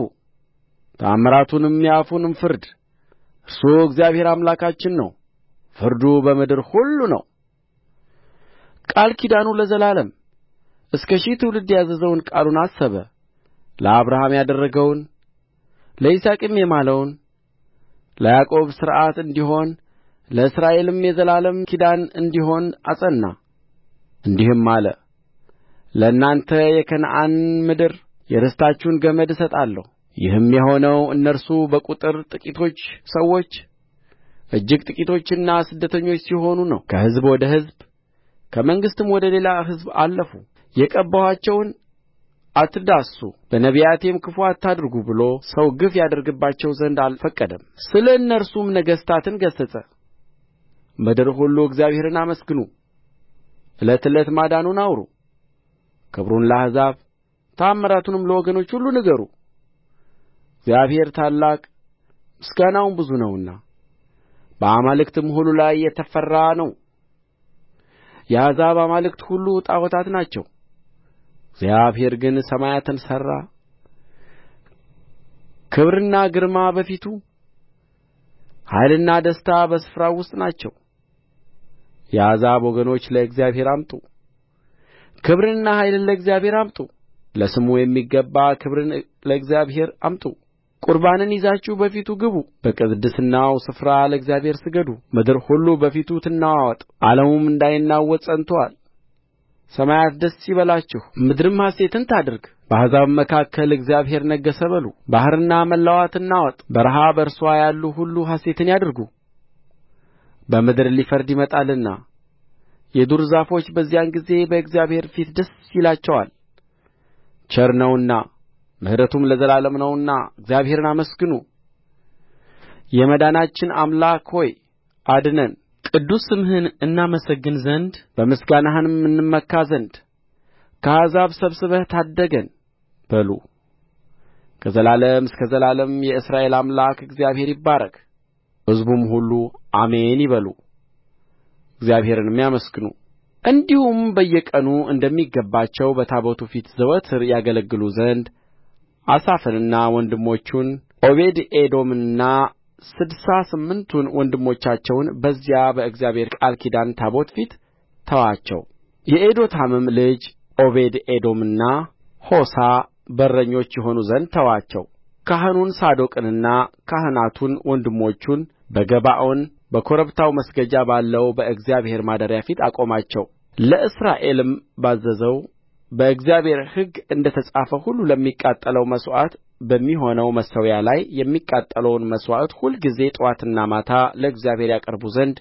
[SPEAKER 1] ተአምራቱንም የአፉንም ፍርድ እርሱ እግዚአብሔር አምላካችን ነው ፍርዱ በምድር ሁሉ ነው ቃል ኪዳኑ ለዘላለም እስከ ሺህ ትውልድ ያዘዘውን ቃሉን አሰበ ለአብርሃም ያደረገውን ለይስሐቅም የማለውን ለያዕቆብ ሥርዓት እንዲሆን ለእስራኤልም የዘላለም ኪዳን እንዲሆን አጸና እንዲህም አለ ለእናንተ የከነዓንን ምድር የርስታችሁን ገመድ እሰጣለሁ ይህም የሆነው እነርሱ በቍጥር ጥቂቶች ሰዎች እጅግ ጥቂቶችና ስደተኞች ሲሆኑ ነው ከሕዝብ ወደ ሕዝብ ከመንግሥትም ወደ ሌላ ሕዝብ አለፉ የቀባኋቸውን አትዳስሱ በነቢያቴም ክፉ አታድርጉ ብሎ ሰው ግፍ ያደርግባቸው ዘንድ አልፈቀደም ስለ እነርሱም ነገሥታትን ገሠጸ ምድር ሁሉ እግዚአብሔርን አመስግኑ ዕለት ዕለት ማዳኑን አውሩ ክብሩን ለአሕዛብ ተአምራቱንም ለወገኖች ሁሉ ንገሩ እግዚአብሔር ታላቅ ምስጋናውም ብዙ ነውና በአማልክትም ሁሉ ላይ የተፈራ ነው የአሕዛብ አማልክት ሁሉ ጣዖታት ናቸው እግዚአብሔር ግን ሰማያትን ሠራ ክብርና ግርማ በፊቱ ኃይልና ደስታ በስፍራው ውስጥ ናቸው የአሕዛብ ወገኖች ለእግዚአብሔር አምጡ ክብርንና ኃይልን ለእግዚአብሔር አምጡ ለስሙ የሚገባ ክብርን ለእግዚአብሔር አምጡ ቍርባንን ይዛችሁ በፊቱ ግቡ በቅድስናው ስፍራ ለእግዚአብሔር ስገዱ ምድር ሁሉ በፊቱ ትነዋወጥ ዓለሙም እንዳይናወጥ ጸንቶአል ሰማያት ደስ ይበላችሁ ምድርም ሐሤትን ታድርግ በአሕዛብም መካከል እግዚአብሔር ነገሠ በሉ ባሕርና ሞላዋ ትናወጥ በረሃ በእርስዋ ያሉ ሁሉ ሐሤትን ያድርጉ በምድር ሊፈርድ ይመጣልና የዱር ዛፎች በዚያን ጊዜ በእግዚአብሔር ፊት ደስ ይላቸዋል ቸር ነውና ምሕረቱም ለዘላለም ነውና እግዚአብሔርን አመስግኑ የመዳናችን አምላክ ሆይ አድነን ቅዱስ ስምህን እናመሰግን ዘንድ በምስጋናህም እንመካ ዘንድ ከአሕዛብ ሰብስበህ ታደገን በሉ ከዘላለም እስከ ዘላለም የእስራኤል አምላክ እግዚአብሔር ይባረክ ሕዝቡም ሁሉ አሜን ይበሉ እግዚአብሔርንም ያመስግኑ እንዲሁም በየቀኑ እንደሚገባቸው በታቦቱ ፊት ዘወትር ያገለግሉ ዘንድ አሳፍንና ወንድሞቹን ዖቤድኤዶምንና ስድሳ ስምንቱን ወንድሞቻቸውን በዚያ በእግዚአብሔር ቃል ኪዳን ታቦት ፊት ተዋቸው የኤዶታምም ልጅ ዖቤድኤዶምና ሖሳ በረኞች ይሆኑ ዘንድ ተዋቸው ካህኑን ሳዶቅንና ካህናቱን ወንድሞቹን በገባዖን በኮረብታው መስገጃ ባለው በእግዚአብሔር ማደሪያ ፊት አቆማቸው ለእስራኤልም ባዘዘው በእግዚአብሔር ሕግ እንደ ተጻፈ ሁሉ ለሚቃጠለው መሥዋዕት በሚሆነው መሠዊያ ላይ የሚቃጠለውን መሥዋዕት ሁልጊዜ ጥዋትና ማታ ለእግዚአብሔር ያቀርቡ ዘንድ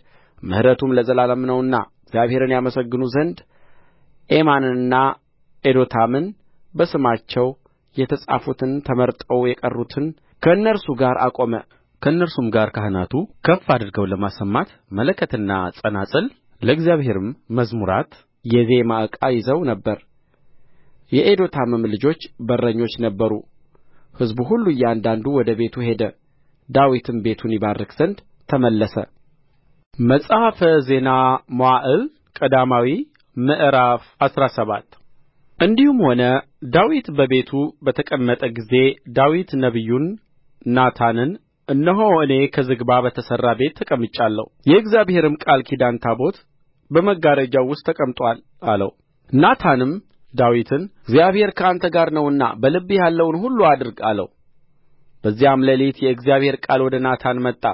[SPEAKER 1] ምሕረቱም ለዘላለም ነውና እግዚአብሔርን ያመሰግኑ ዘንድ ኤማንንና ኤዶታምን በስማቸው የተጻፉትን ተመርጠው የቀሩትን ከእነርሱ ጋር አቆመ። ከእነርሱም ጋር ካህናቱ ከፍ አድርገው ለማሰማት መለከትና ጸናጽል ለእግዚአብሔርም መዝሙራት የዜማ ዕቃ ይዘው ነበር። የኤዶታምም ልጆች በረኞች ነበሩ ሕዝቡ ሁሉ እያንዳንዱ ወደ ቤቱ ሄደ ዳዊትም ቤቱን ይባርክ ዘንድ ተመለሰ መጽሐፈ ዜና መዋዕል ቀዳማዊ ምዕራፍ አስራ ሰባት እንዲሁም ሆነ ዳዊት በቤቱ በተቀመጠ ጊዜ ዳዊት ነቢዩን ናታንን እነሆ እኔ ከዝግባ በተሠራ ቤት ተቀምጫለሁ፣ የእግዚአብሔርም ቃል ኪዳን ታቦት በመጋረጃው ውስጥ ተቀምጦአል አለው። ናታንም ዳዊትን እግዚአብሔር ከአንተ ጋር ነውና በልብህ ያለውን ሁሉ አድርግ አለው በዚያም ሌሊት የእግዚአብሔር ቃል ወደ ናታን መጣ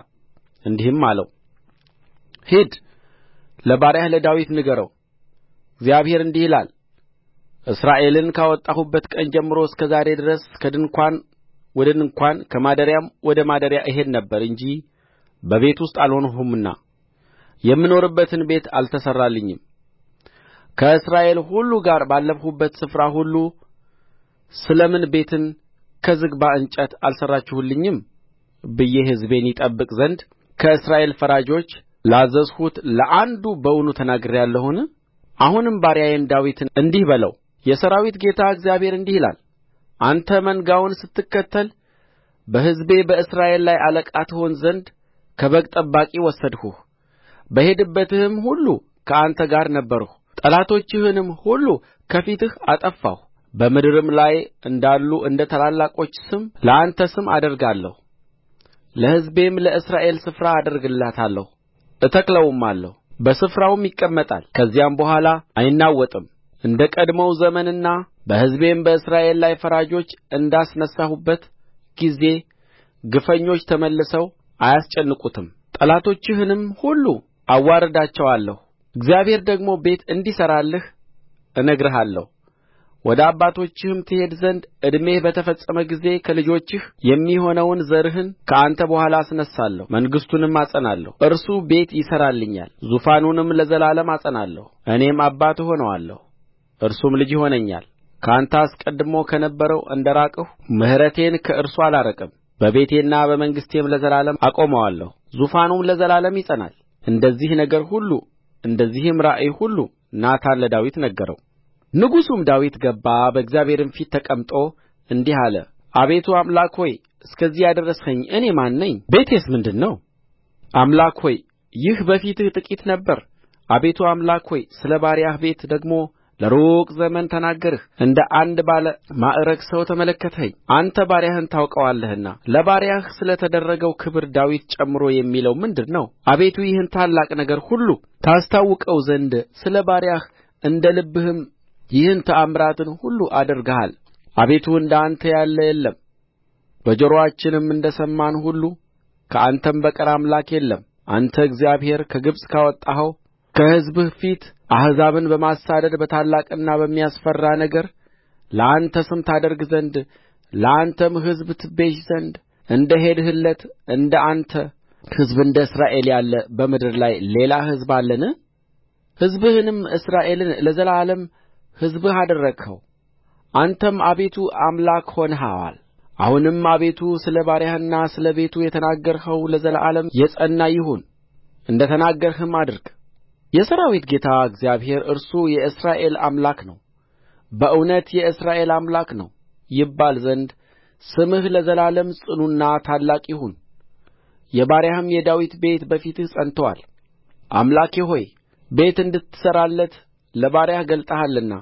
[SPEAKER 1] እንዲህም አለው ሂድ ለባሪያህ ለዳዊት ንገረው እግዚአብሔር እንዲህ ይላል እስራኤልን ካወጣሁበት ቀን ጀምሮ እስከ ዛሬ ድረስ ከድንኳን ወደ ድንኳን ከማደሪያም ወደ ማደሪያ እሄድ ነበር እንጂ በቤት ውስጥ አልሆንሁምና የምኖርበትን ቤት አልተሠራልኝም ከእስራኤል ሁሉ ጋር ባለፍሁበት ስፍራ ሁሉ ስለ ምን ቤትን ከዝግባ እንጨት አልሠራችሁልኝም ብዬ ሕዝቤን ይጠብቅ ዘንድ ከእስራኤል ፈራጆች ላዘዝሁት ለአንዱ በውኑ ተናግሬአለሁን አሁንም ባሪያዬን ዳዊትን እንዲህ በለው የሠራዊት ጌታ እግዚአብሔር እንዲህ ይላል አንተ መንጋውን ስትከተል በሕዝቤ በእስራኤል ላይ አለቃ ትሆን ዘንድ ከበግ ጠባቂ ወሰድሁህ በሄድህበትም ሁሉ ከአንተ ጋር ነበርሁ ጠላቶችህንም ሁሉ ከፊትህ አጠፋሁ በምድርም ላይ እንዳሉ እንደ ታላላቆች ስም ለአንተ ስም አደርጋለሁ ለሕዝቤም ለእስራኤል ስፍራ አደርግለታለሁ እተክለውማለሁ በስፍራውም ይቀመጣል ከዚያም በኋላ አይናወጥም እንደ ቀድሞው ዘመንና በሕዝቤም በእስራኤል ላይ ፈራጆች እንዳስነሣሁበት ጊዜ ግፈኞች ተመልሰው አያስጨንቁትም ጠላቶችህንም ሁሉ አዋርዳቸዋለሁ እግዚአብሔር ደግሞ ቤት እንዲሠራልህ እነግርሃለሁ ወደ አባቶችህም ትሄድ ዘንድ ዕድሜህ በተፈጸመ ጊዜ ከልጆችህ የሚሆነውን ዘርህን ከአንተ በኋላ አስነሣለሁ መንግሥቱንም አጸናለሁ እርሱ ቤት ይሠራልኛል ዙፋኑንም ለዘላለም አጸናለሁ እኔም አባት እሆነዋለሁ እርሱም ልጅ ይሆነኛል ከአንተ አስቀድሞ ከነበረው እንደ ራቅሁ ምሕረቴን ከእርሱ አላረቅም። በቤቴና በመንግሥቴም ለዘላለም አቆመዋለሁ ዙፋኑም ለዘላለም ይጸናል እንደዚህ ነገር ሁሉ እንደዚህም ራእይ ሁሉ ናታን ለዳዊት ነገረው ንጉሡም ዳዊት ገባ በእግዚአብሔርም ፊት ተቀምጦ እንዲህ አለ አቤቱ አምላክ ሆይ እስከዚህ ያደረስኸኝ እኔ ማን ነኝ ቤቴስ ምንድር ነው አምላክ ሆይ ይህ በፊትህ ጥቂት ነበረ አቤቱ አምላክ ሆይ ስለ ባሪያህ ቤት ደግሞ ለሩቅ ዘመን ተናገርህ እንደ አንድ ባለ ማዕርግ ሰው ተመለከትኸኝ አንተ ባሪያህን ታውቀዋለህና ለባሪያህ ስለ ተደረገው ክብር ዳዊት ጨምሮ የሚለው ምንድር ነው አቤቱ ይህን ታላቅ ነገር ሁሉ ታስታውቀው ዘንድ ስለ ባሪያህ እንደ ልብህም ይህን ተአምራትን ሁሉ አድርገሃል አቤቱ እንደ አንተ ያለ የለም በጆሮአችንም እንደ ሰማን ሁሉ ከአንተም በቀር አምላክ የለም አንተ እግዚአብሔር ከግብጽ ካወጣኸው ከሕዝብህ ፊት አሕዛብን በማሳደድ በታላቅና በሚያስፈራ ነገር ለአንተ ስም ታደርግ ዘንድ ለአንተም ሕዝብ ትቤዥ ዘንድ እንደ ሄድህለት እንደ አንተ ሕዝብ እንደ እስራኤል ያለ በምድር ላይ ሌላ ሕዝብ አለን? ሕዝብህንም እስራኤልን ለዘላለም ሕዝብህ አደረግኸው። አንተም አቤቱ አምላክ ሆነኸዋል። አሁንም አቤቱ ስለ ባሪያህና ስለ ቤቱ የተናገርኸው ለዘላለም የጸና ይሁን፣ እንደ ተናገርህም አድርግ። የሠራዊት ጌታ እግዚአብሔር እርሱ የእስራኤል አምላክ ነው በእውነት የእስራኤል አምላክ ነው ይባል ዘንድ ስምህ ለዘላለም ጽኑና ታላቅ ይሁን የባሪያህም የዳዊት ቤት በፊትህ ጸንቶአል አምላኬ ሆይ ቤት እንድትሠራለት ለባሪያህ ገልጠሃልና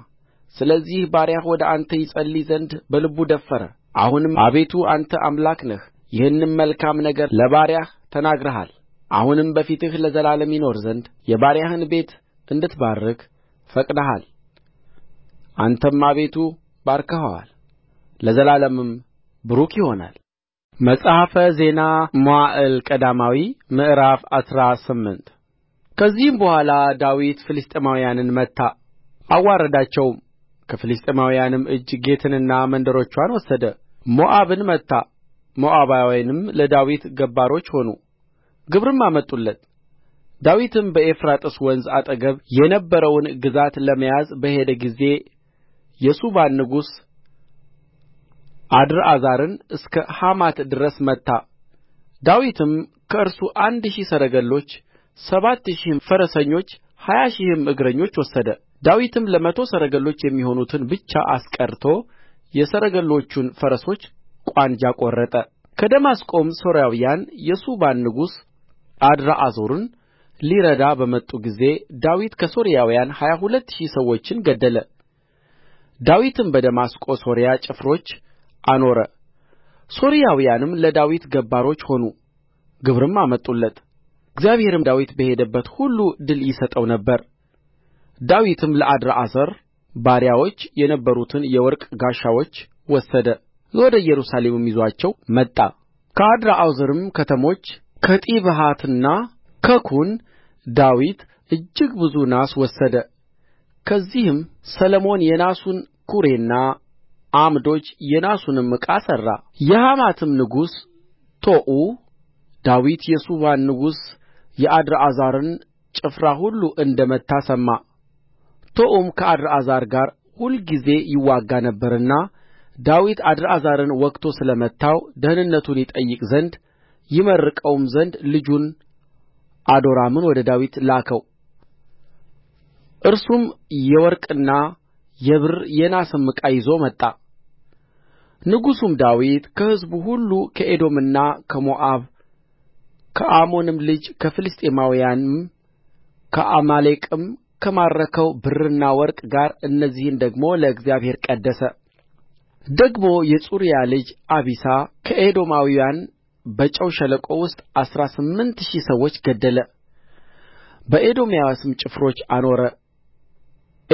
[SPEAKER 1] ስለዚህ ባሪያህ ወደ አንተ ይጸልይ ዘንድ በልቡ ደፈረ አሁንም አቤቱ አንተ አምላክ ነህ ይህንም መልካም ነገር ለባሪያህ ተናግረሃል አሁንም በፊትህ ለዘላለም ይኖር ዘንድ የባሪያህን ቤት እንድትባርክ ፈቅደሃል አንተም አቤቱ ባርከኸዋል ለዘላለምም ቡሩክ ይሆናል መጽሐፈ ዜና መዋዕል ቀዳማዊ ምዕራፍ አስራ ስምንት ከዚህም በኋላ ዳዊት ፍልስጥኤማውያንን መታ አዋረዳቸውም ከፍልስጥኤማውያንም እጅ ጌትንና መንደሮቿን ወሰደ ሞዓብን መታ ሞዓባውያንም ለዳዊት ገባሮች ሆኑ ግብርም አመጡለት ዳዊትም በኤፍራጥስ ወንዝ አጠገብ የነበረውን ግዛት ለመያዝ በሄደ ጊዜ የሱባን ንጉሥ አድርአዛርን እስከ ሐማት ድረስ መታ ዳዊትም ከእርሱ አንድ ሺህ ሰረገሎች ሰባት ሺህም ፈረሰኞች ሀያ ሺህም እግረኞች ወሰደ ዳዊትም ለመቶ ሰረገሎች የሚሆኑትን ብቻ አስቀርቶ የሰረገሎቹን ፈረሶች ቋንጃ ቈረጠ ከደማስቆም ሶርያውያን የሱባን ንጉሥ አድርአዛርን ሊረዳ በመጡ ጊዜ ዳዊት ከሶርያውያን ሀያ ሁለት ሺህ ሰዎችን ገደለ ዳዊትም በደማስቆ ሶርያ ጭፍሮች አኖረ ሶርያውያንም ለዳዊት ገባሮች ሆኑ ግብርም አመጡለት እግዚአብሔርም ዳዊት በሄደበት ሁሉ ድል ይሰጠው ነበር ዳዊትም ለአድርአዛር ባሪያዎች የነበሩትን የወርቅ ጋሻዎች ወሰደ ወደ ኢየሩሳሌምም ይዞአቸው መጣ ከአድርአዛርም ከተሞች ከጢብሐትና ከኩን ዳዊት እጅግ ብዙ ናስ ወሰደ ከዚህም ሰሎሞን የናሱን ኵሬና ዓምዶች የናሱንም ዕቃ ሠራ የሐማትም ንጉሥ ቶዑ ዳዊት የሱባን ንጉሥ የአድርአዛርን ጭፍራ ሁሉ እንደ መታ ሰማ ቶዑም ከአድርአዛር ጋር ሁልጊዜ ይዋጋ ነበርና ዳዊት አድርአዛርን ወግቶ ስለ መታው ደኅንነቱን ይጠይቅ ዘንድ ይመርቀውም ዘንድ ልጁን አዶራምን ወደ ዳዊት ላከው እርሱም የወርቅና የብር የናስም ዕቃ ይዞ መጣ ንጉሡም ዳዊት ከሕዝቡ ሁሉ ከኤዶምና ከሞዓብ ከአሞንም ልጅ ከፍልስጥኤማውያንም ከአማሌቅም ከማረከው ብርና ወርቅ ጋር እነዚህን ደግሞ ለእግዚአብሔር ቀደሰ ደግሞ የጽሩያ ልጅ አቢሳ ከኤዶማውያን በጨው ሸለቆ ውስጥ አሥራ ስምንት ሺህ ሰዎች ገደለ በኤዶምያስም ጭፍሮች አኖረ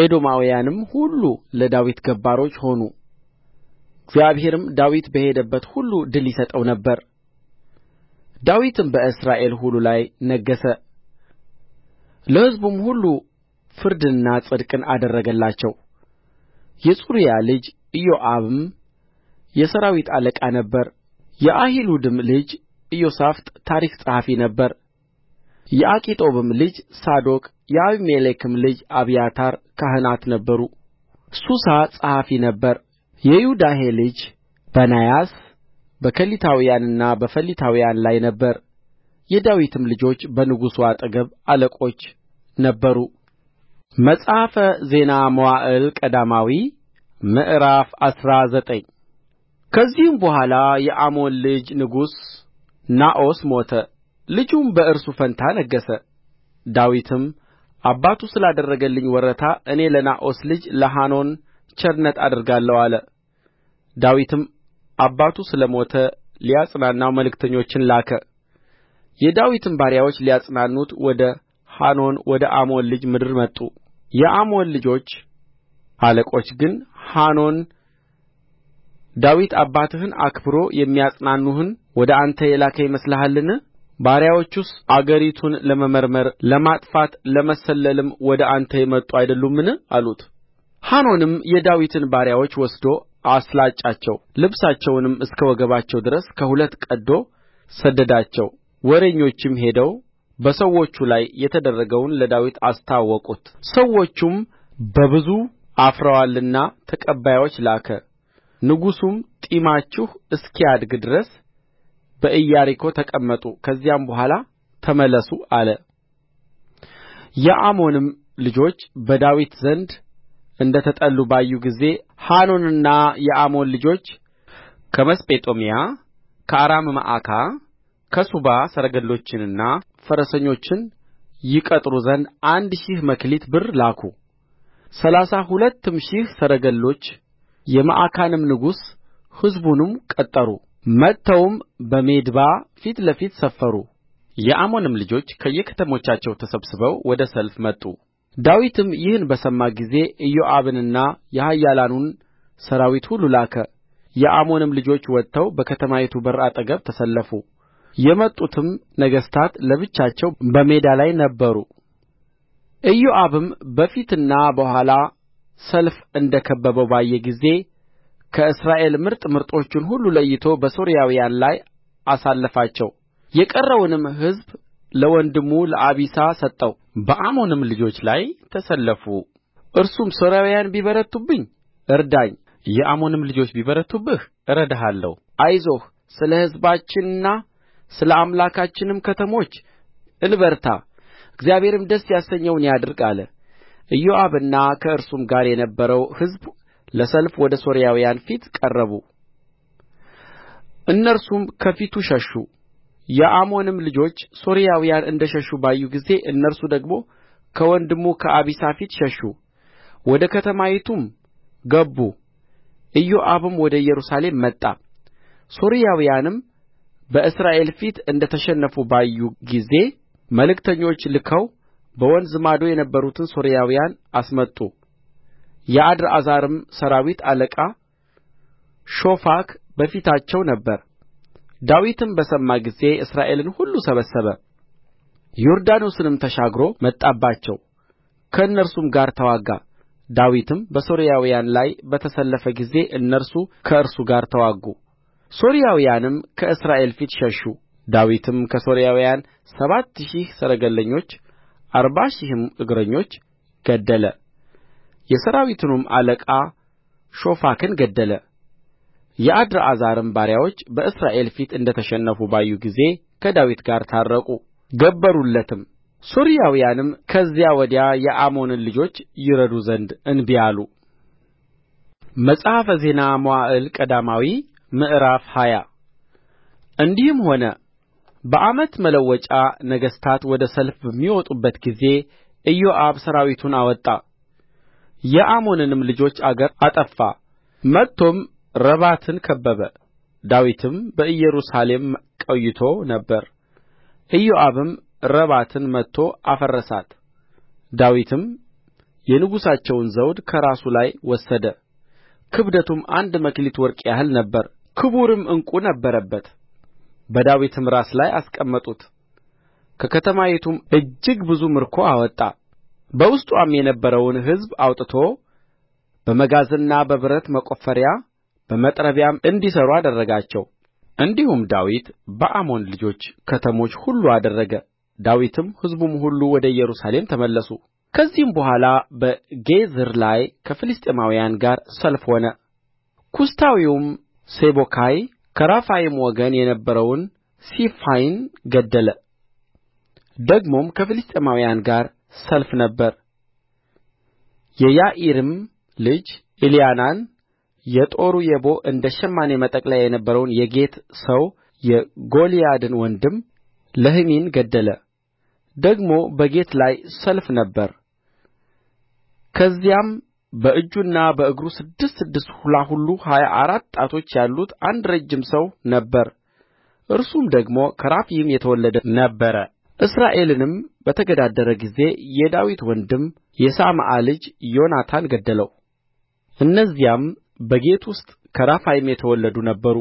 [SPEAKER 1] ኤዶማውያንም ሁሉ ለዳዊት ገባሮች ሆኑ እግዚአብሔርም ዳዊት በሄደበት ሁሉ ድል ይሰጠው ነበር ዳዊትም በእስራኤል ሁሉ ላይ ነገሠ ለሕዝቡም ሁሉ ፍርድንና ጽድቅን አደረገላቸው የጽሩያ ልጅ ኢዮአብም የሠራዊት አለቃ ነበረ የአሒሉድም ልጅ ኢዮሣፍጥ ታሪክ ጸሐፊ ነበረ የአኪጦብም ልጅ ሳዶቅ የአቢሜሌክም ልጅ አብያታር ካህናት ነበሩ ሱሳ ጸሐፊ ነበረ የዮዳሄ ልጅ በናያስ በከሊታውያንና በፈሊታውያን ላይ ነበረ የዳዊትም ልጆች በንጉሡ አጠገብ አለቆች ነበሩ መጽሐፈ ዜና መዋዕል ቀዳማዊ ምዕራፍ አስራ ዘጠኝ ከዚህም በኋላ የአሞን ልጅ ንጉሥ ናዖስ ሞተ ልጁም በእርሱ ፋንታ ነገሠ ዳዊትም አባቱ ስላደረገልኝ ወረታ እኔ ለናዖስ ልጅ ለሐኖን ቸርነት አደርጋለሁ አለ ዳዊትም አባቱ ስለ ሞተ ሊያጽናናው መልእክተኞችን ላከ የዳዊትም ባሪያዎች ሊያጽናኑት ወደ ሐኖን ወደ አሞን ልጆች ምድር መጡ የአሞን ልጆች አለቆች ግን ሐኖን ዳዊት አባትህን አክብሮ የሚያጽናኑህን ወደ አንተ የላከ ይመስልሃልን ባሪያዎቹስ አገሪቱን ለመመርመር ለማጥፋት ለመሰለልም ወደ አንተ የመጡ አይደሉምን አሉት ሐኖንም የዳዊትን ባሪያዎች ወስዶ አስላጫቸው ልብሳቸውንም እስከ ወገባቸው ድረስ ከሁለት ቀድዶ ሰደዳቸው ወሬኞችም ሄደው በሰዎቹ ላይ የተደረገውን ለዳዊት አስታወቁት ሰዎቹም በብዙ አፍረዋልና ተቀባዮች ላከ ንጉሡም ጢማችሁ እስኪያድግ ድረስ በኢያሪኮ ተቀመጡ ከዚያም በኋላ ተመለሱ አለ የአሞንም ልጆች በዳዊት ዘንድ እንደ ተጠሉ ባዩ ጊዜ ሐኖንና የአሞን ልጆች ከመስጴጦምያ መዓካ ከሱባ ሰረገሎችንና ፈረሰኞችን ይቀጥሩ ዘንድ አንድ ሺህ መክሊት ብር ላኩ ሠላሳ ሁለትም ሺህ ሰረገሎች የመዓካንም ንጉሥ ሕዝቡንም ቀጠሩ መጥተውም በሜድባ ፊት ለፊት ሰፈሩ የአሞንም ልጆች ከየከተሞቻቸው ተሰብስበው ወደ ሰልፍ መጡ ዳዊትም ይህን በሰማ ጊዜ ኢዮአብንና የኃያላኑን ሠራዊት ሁሉ ላከ የአሞንም ልጆች ወጥተው በከተማይቱ በር አጠገብ ተሰለፉ የመጡትም ነገሥታት ለብቻቸው በሜዳ ላይ ነበሩ ኢዮአብም በፊትና በኋላ ሰልፍ እንደ ከበበው ባየ ጊዜ ከእስራኤል ምርጥ ምርጦቹን ሁሉ ለይቶ በሶርያውያን ላይ አሳለፋቸው። የቀረውንም ሕዝብ ለወንድሙ ለአቢሳ ሰጠው። በአሞንም ልጆች ላይ ተሰለፉ። እርሱም ሶርያውያን ቢበረቱብኝ እርዳኝ፣ የአሞንም ልጆች ቢበረቱብህ እረዳሃለሁ፣ አይዞህ፣ ስለ ሕዝባችንና ስለ አምላካችንም ከተሞች እንበርታ፣ እግዚአብሔርም ደስ ያሰኘውን ያድርግ አለ። ኢዮአብና ከእርሱም ጋር የነበረው ሕዝብ ለሰልፍ ወደ ሶርያውያን ፊት ቀረቡ እነርሱም ከፊቱ ሸሹ የአሞንም ልጆች ሶርያውያን እንደ ሸሹ ባዩ ጊዜ እነርሱ ደግሞ ከወንድሙ ከአቢሳ ፊት ሸሹ ወደ ከተማይቱም ገቡ ኢዮአብም ወደ ኢየሩሳሌም መጣ ሶርያውያንም በእስራኤል ፊት እንደ ተሸነፉ ባዩ ጊዜ መልእክተኞች ልከው በወንዝ ማዶ የነበሩትን ሶርያውያን አስመጡ የአድርአዛርም ሠራዊት አለቃ ሾፋክ በፊታቸው ነበረ ዳዊትም በሰማ ጊዜ እስራኤልን ሁሉ ሰበሰበ ዮርዳኖስንም ተሻግሮ መጣባቸው ከእነርሱም ጋር ተዋጋ ዳዊትም በሶርያውያን ላይ በተሰለፈ ጊዜ እነርሱ ከእርሱ ጋር ተዋጉ ሶርያውያንም ከእስራኤል ፊት ሸሹ ዳዊትም ከሶርያውያን ሰባት ሺህ ሰረገለኞች አርባ ሺህም እግረኞች ገደለ የሠራዊቱንም አለቃ ሾፋክን ገደለ የአድርአዛርም ባሪያዎች በእስራኤል ፊት እንደ ተሸነፉ ባዩ ጊዜ ከዳዊት ጋር ታረቁ ገበሩለትም ሶርያውያንም ከዚያ ወዲያ የአሞንን ልጆች ይረዱ ዘንድ እንቢ አሉ መጽሐፈ ዜና መዋዕል ቀዳማዊ ምዕራፍ ሃያ እንዲህም ሆነ በዓመት መለወጫ ነገሥታት ወደ ሰልፍ በሚወጡበት ጊዜ ኢዮአብ ሠራዊቱን አወጣ የአሞንንም ልጆች አገር አጠፋ መጥቶም ረባትን ከበበ ዳዊትም በኢየሩሳሌም ቈይቶ ነበር ኢዮአብም ረባትን መትቶ አፈረሳት ዳዊትም የንጉሣቸውን ዘውድ ከራሱ ላይ ወሰደ ክብደቱም አንድ መክሊት ወርቅ ያህል ነበረ ክቡርም ዕንቍ ነበረበት በዳዊትም ራስ ላይ አስቀመጡት ከከተማይቱም እጅግ ብዙ ምርኮ አወጣ በውስጥዋም የነበረውን ሕዝብ አውጥቶ በመጋዝና በብረት መቈፈሪያ በመጥረቢያም እንዲሠሩ አደረጋቸው እንዲሁም ዳዊት በአሞን ልጆች ከተሞች ሁሉ አደረገ ዳዊትም ሕዝቡም ሁሉ ወደ ኢየሩሳሌም ተመለሱ ከዚህም በኋላ በጌዝር ላይ ከፍልስጥኤማውያን ጋር ሰልፍ ሆነ ኩሳታዊውም ሴቦካይ ከራፋይም ወገን የነበረውን ሲፋይን ገደለ ደግሞም ከፍልስጥኤማውያን ጋር ሰልፍ ነበረ የያኢርም ልጅ ኤልያናን የጦሩ የቦ እንደ ሸማኔ መጠቅለያ የነበረውን የጌት ሰው የጎልያድን ወንድም ለሕሚን ገደለ ደግሞ በጌት ላይ ሰልፍ ነበረ ከዚያም በእጁና በእግሩ ስድስት ስድስት ሁላሁሉ ሀያ አራት ጣቶች ያሉት አንድ ረጅም ሰው ነበረ እርሱም ደግሞ ከራፋይም የተወለደ ነበረ እስራኤልንም በተገዳደረ ጊዜ የዳዊት ወንድም የሳምዓ ልጅ ዮናታን ገደለው እነዚያም በጌት ውስጥ ከራፋይም የተወለዱ ነበሩ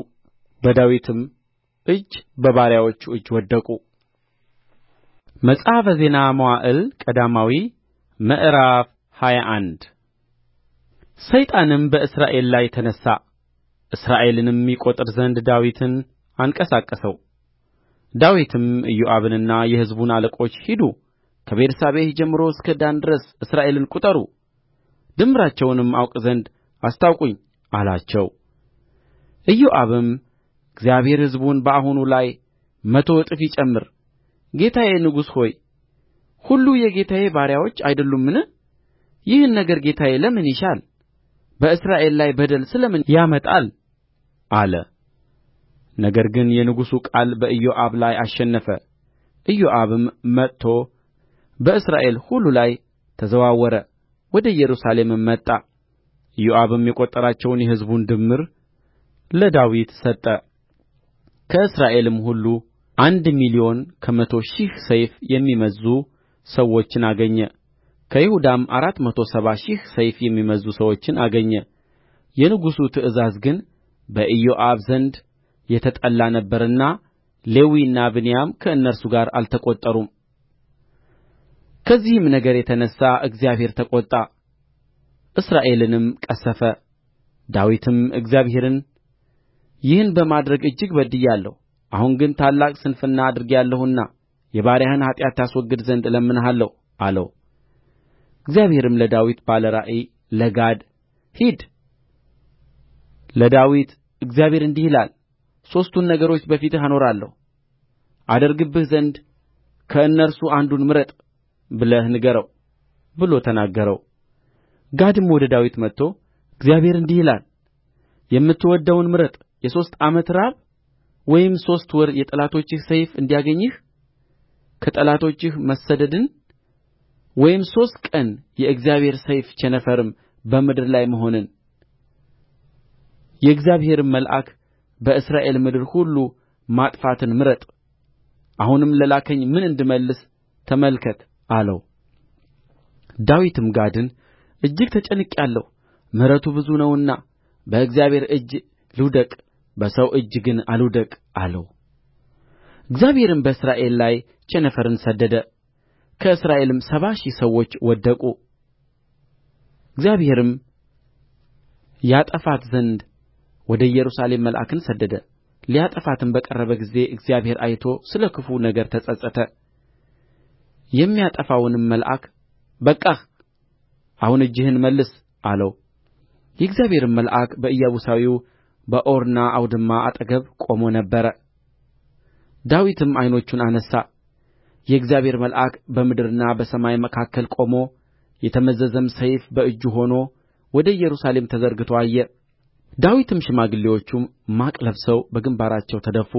[SPEAKER 1] በዳዊትም እጅ በባሪያዎቹ እጅ ወደቁ መጽሐፈ ዜና መዋዕል ቀዳማዊ ምዕራፍ ሃያ አንድ ሰይጣንም በእስራኤል ላይ ተነሣ እስራኤልንም ይቈጥር ዘንድ ዳዊትን አንቀሳቀሰው ዳዊትም ኢዮአብንና የሕዝቡን አለቆች ሂዱ ከቤርሳቤህ ጀምሮ እስከ ዳን ድረስ እስራኤልን ቍጠሩ ድምራቸውንም አውቅ ዘንድ አስታውቁኝ አላቸው ኢዮአብም እግዚአብሔር ሕዝቡን በአሁኑ ላይ መቶ እጥፍ ይጨምር ጌታዬ ንጉሥ ሆይ ሁሉ የጌታዬ ባሪያዎች አይደሉምን ይህን ነገር ጌታዬ ለምን ይሻል በእስራኤል ላይ በደል ስለ ምን ያመጣል አለ ነገር ግን የንጉሡ ቃል በኢዮአብ ላይ አሸነፈ ኢዮአብም መጥቶ በእስራኤል ሁሉ ላይ ተዘዋወረ ወደ ኢየሩሳሌምም መጣ ኢዮአብም የቈጠራቸውን የሕዝቡን ድምር ለዳዊት ሰጠ ከእስራኤልም ሁሉ አንድ ሚሊዮን ከመቶ ሺህ ሰይፍ የሚመዝዙ ሰዎችን አገኘ ከይሁዳም አራት መቶ ሰባ ሺህ ሰይፍ የሚመዝዙ ሰዎችን አገኘ የንጉሡ ትእዛዝ ግን በኢዮአብ ዘንድ የተጠላ ነበርና ሌዊና ብንያም ከእነርሱ ጋር አልተቈጠሩም ከዚህም ነገር የተነሣ እግዚአብሔር ተቈጣ እስራኤልንም ቀሠፈ ዳዊትም እግዚአብሔርን ይህን በማድረግ እጅግ በድያለሁ አሁን ግን ታላቅ ስንፍና አድርጌአለሁና የባሪያህን ኃጢአት ታስወግድ ዘንድ እለምንሃለሁ አለው እግዚአብሔርም ለዳዊት ባለ ራእይ ለጋድ ሂድ ለዳዊት እግዚአብሔር እንዲህ ይላል ሦስቱን ነገሮች በፊትህ አኖራለሁ አደርግብህ ዘንድ ከእነርሱ አንዱን ምረጥ ብለህ ንገረው ብሎ ተናገረው ጋድም ወደ ዳዊት መጥቶ እግዚአብሔር እንዲህ ይላል የምትወደውን ምረጥ የሦስት ዓመት ራብ ወይም ሦስት ወር የጠላቶችህ ሰይፍ እንዲያገኝህ ከጠላቶችህ መሰደድን ወይም ሦስት ቀን የእግዚአብሔር ሰይፍ ቸነፈርም በምድር ላይ መሆንን የእግዚአብሔርም መልአክ በእስራኤል ምድር ሁሉ ማጥፋትን ምረጥ አሁንም ለላከኝ ምን እንድመልስ ተመልከት አለው ዳዊትም ጋድን እጅግ ተጨንቄአለሁ ምሕረቱ ብዙ ነውና በእግዚአብሔር እጅ ልውደቅ በሰው እጅ ግን አልውደቅ አለው እግዚአብሔርም በእስራኤል ላይ ቸነፈርን ሰደደ ከእስራኤልም ሰባ ሺህ ሰዎች ወደቁ እግዚአብሔርም ያጠፋት ዘንድ ወደ ኢየሩሳሌም መልአክን ሰደደ ሊያጠፋትም በቀረበ ጊዜ እግዚአብሔር አይቶ ስለ ክፉ ነገር ተጸጸተ የሚያጠፋውንም መልአክ በቃህ አሁን እጅህን መልስ አለው የእግዚአብሔርም መልአክ በኢያቡሳዊው በኦርና አውድማ አጠገብ ቆሞ ነበር ዳዊትም ዓይኖቹን አነሣ የእግዚአብሔር መልአክ በምድርና በሰማይ መካከል ቆሞ የተመዘዘም ሰይፍ በእጁ ሆኖ ወደ ኢየሩሳሌም ተዘርግቶ አየ ዳዊትም ሽማግሌዎቹም ማቅ ለብሰው በግምባራቸው ተደፉ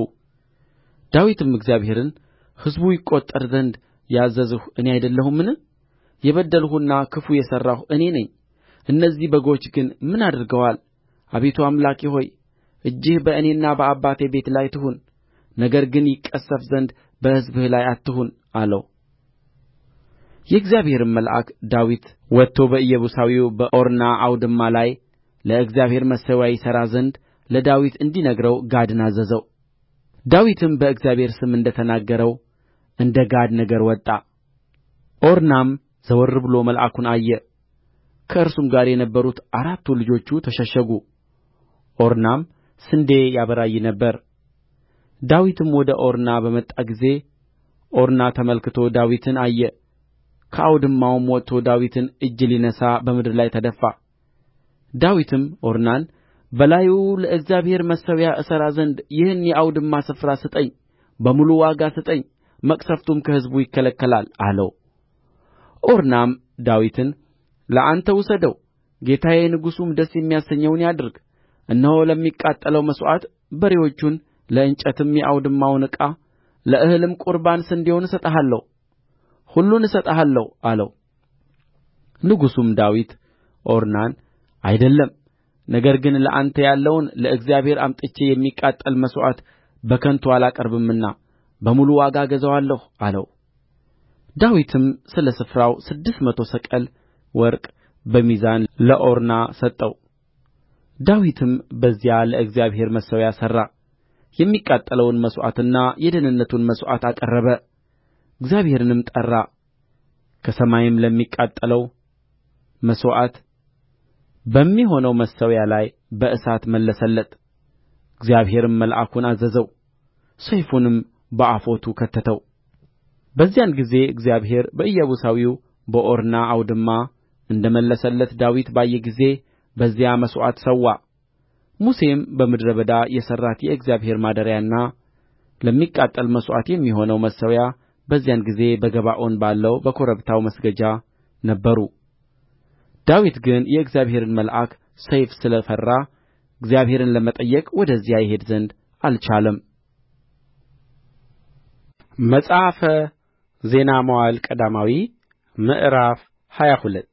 [SPEAKER 1] ዳዊትም እግዚአብሔርን ሕዝቡ ይቈጠር ዘንድ ያዘዝሁ እኔ አይደለሁምን የበደልሁና ክፉ የሠራሁ እኔ ነኝ እነዚህ በጎች ግን ምን አድርገዋል አቤቱ አምላኬ ሆይ እጅህ በእኔና በአባቴ ቤት ላይ ትሁን ነገር ግን ይቀሠፍ ዘንድ በሕዝብህ ላይ አትሁን አለው የእግዚአብሔርም መልአክ ዳዊት ወጥቶ በኢያቡሳዊው በኦርና አውድማ ላይ ለእግዚአብሔር መሠዊያ ይሠራ ዘንድ ለዳዊት እንዲነግረው ጋድን አዘዘው ዳዊትም በእግዚአብሔር ስም እንደ ተናገረው እንደ ጋድ ነገር ወጣ ኦርናም ዘወር ብሎ መልአኩን አየ ከእርሱም ጋር የነበሩት አራቱ ልጆቹ ተሸሸጉ ኦርናም ስንዴ ያበራይ ነበር ዳዊትም ወደ ኦርና በመጣ ጊዜ ኦርና ተመልክቶ ዳዊትን አየ ከአውድማውም ወጥቶ ዳዊትን እጅ ሊነሣ በምድር ላይ ተደፋ ዳዊትም ኦርናን በላዩ ለእግዚአብሔር መሠዊያ እሠራ ዘንድ ይህን የአውድማ ስፍራ ስጠኝ በሙሉ ዋጋ ስጠኝ መቅሠፍቱም ከሕዝቡ ይከለከላል አለው ኦርናም ዳዊትን ለአንተ ውሰደው ጌታዬ ንጉሡም ደስ የሚያሰኘውን ያድርግ እነሆ ለሚቃጠለው መሥዋዕት በሬዎቹን ለእንጨትም የአውድማውን ዕቃ ለእህልም ቍርባን ስንዴውን እሰጥሃለሁ ሁሉን እሰጥሃለሁ አለው ንጉሡም ዳዊት ኦርናን አይደለም ነገር ግን ለአንተ ያለውን ለእግዚአብሔር አምጥቼ የሚቃጠል መሥዋዕት በከንቱ አላቀርብምና በሙሉ ዋጋ እገዛዋለሁ አለው ዳዊትም ስለ ስፍራው ስድስት መቶ ሰቅል ወርቅ በሚዛን ለኦርና ሰጠው ዳዊትም በዚያ ለእግዚአብሔር መሠዊያ ሠራ የሚቃጠለውን መሥዋዕትና የደኅንነቱን መሥዋዕት አቀረበ እግዚአብሔርንም ጠራ ከሰማይም ለሚቃጠለው መሥዋዕት በሚሆነው መሠዊያ ላይ በእሳት መለሰለት እግዚአብሔርም መልአኩን አዘዘው ሰይፉንም በአፎቱ ከተተው በዚያን ጊዜ እግዚአብሔር በኢያቡሳዊው በኦርና አውድማ እንደ መለሰለት ዳዊት ባየ ጊዜ በዚያ መሥዋዕት ሠዋ ሙሴም በምድረ በዳ የሠራት የእግዚአብሔር ማደሪያና ለሚቃጠል መሥዋዕት የሚሆነው መሠዊያ በዚያን ጊዜ በገባዖን ባለው በኮረብታው መስገጃ ነበሩ ዳዊት ግን የእግዚአብሔርን መልአክ ሰይፍ ስለ ፈራ እግዚአብሔርን ለመጠየቅ ወደዚያ ይሄድ ዘንድ አልቻለም መጽሐፈ ዜና መዋዕል ቀዳማዊ ምዕራፍ ሃያ ሁለት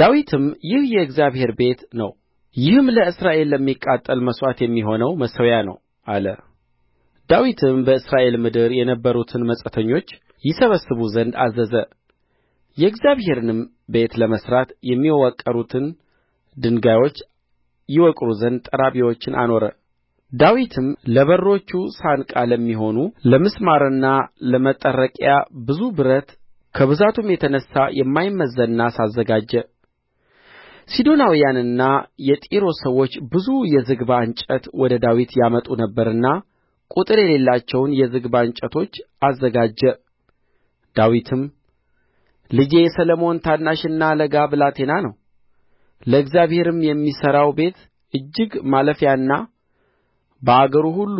[SPEAKER 1] ዳዊትም ይህ የእግዚአብሔር ቤት ነው ይህም ለእስራኤል ለሚቃጠል መሥዋዕት የሚሆነው መሠዊያ ነው አለ ዳዊትም በእስራኤል ምድር የነበሩትን መጻተኞች ይሰበስቡ ዘንድ አዘዘ የእግዚአብሔርንም ቤት ለመሥራት የሚወቀሩትን ድንጋዮች ይወቅሩ ዘንድ ጠራቢዎችን አኖረ ዳዊትም ለበሮቹ ሳንቃ ለሚሆኑ ለምስማርና ለመጠረቂያ ብዙ ብረት ከብዛቱም የተነሣ የማይመዘን ናስ አዘጋጀ ሲዶናውያንና የጢሮስ ሰዎች ብዙ የዝግባ እንጨት ወደ ዳዊት ያመጡ ነበርና ቍጥር የሌላቸውን የዝግባ እንጨቶች አዘጋጀ ዳዊትም ልጄ ሰሎሞን ታናሽና ለጋ ብላቴና ነው ለእግዚአብሔርም የሚሠራው ቤት እጅግ ማለፊያና በአገሩ ሁሉ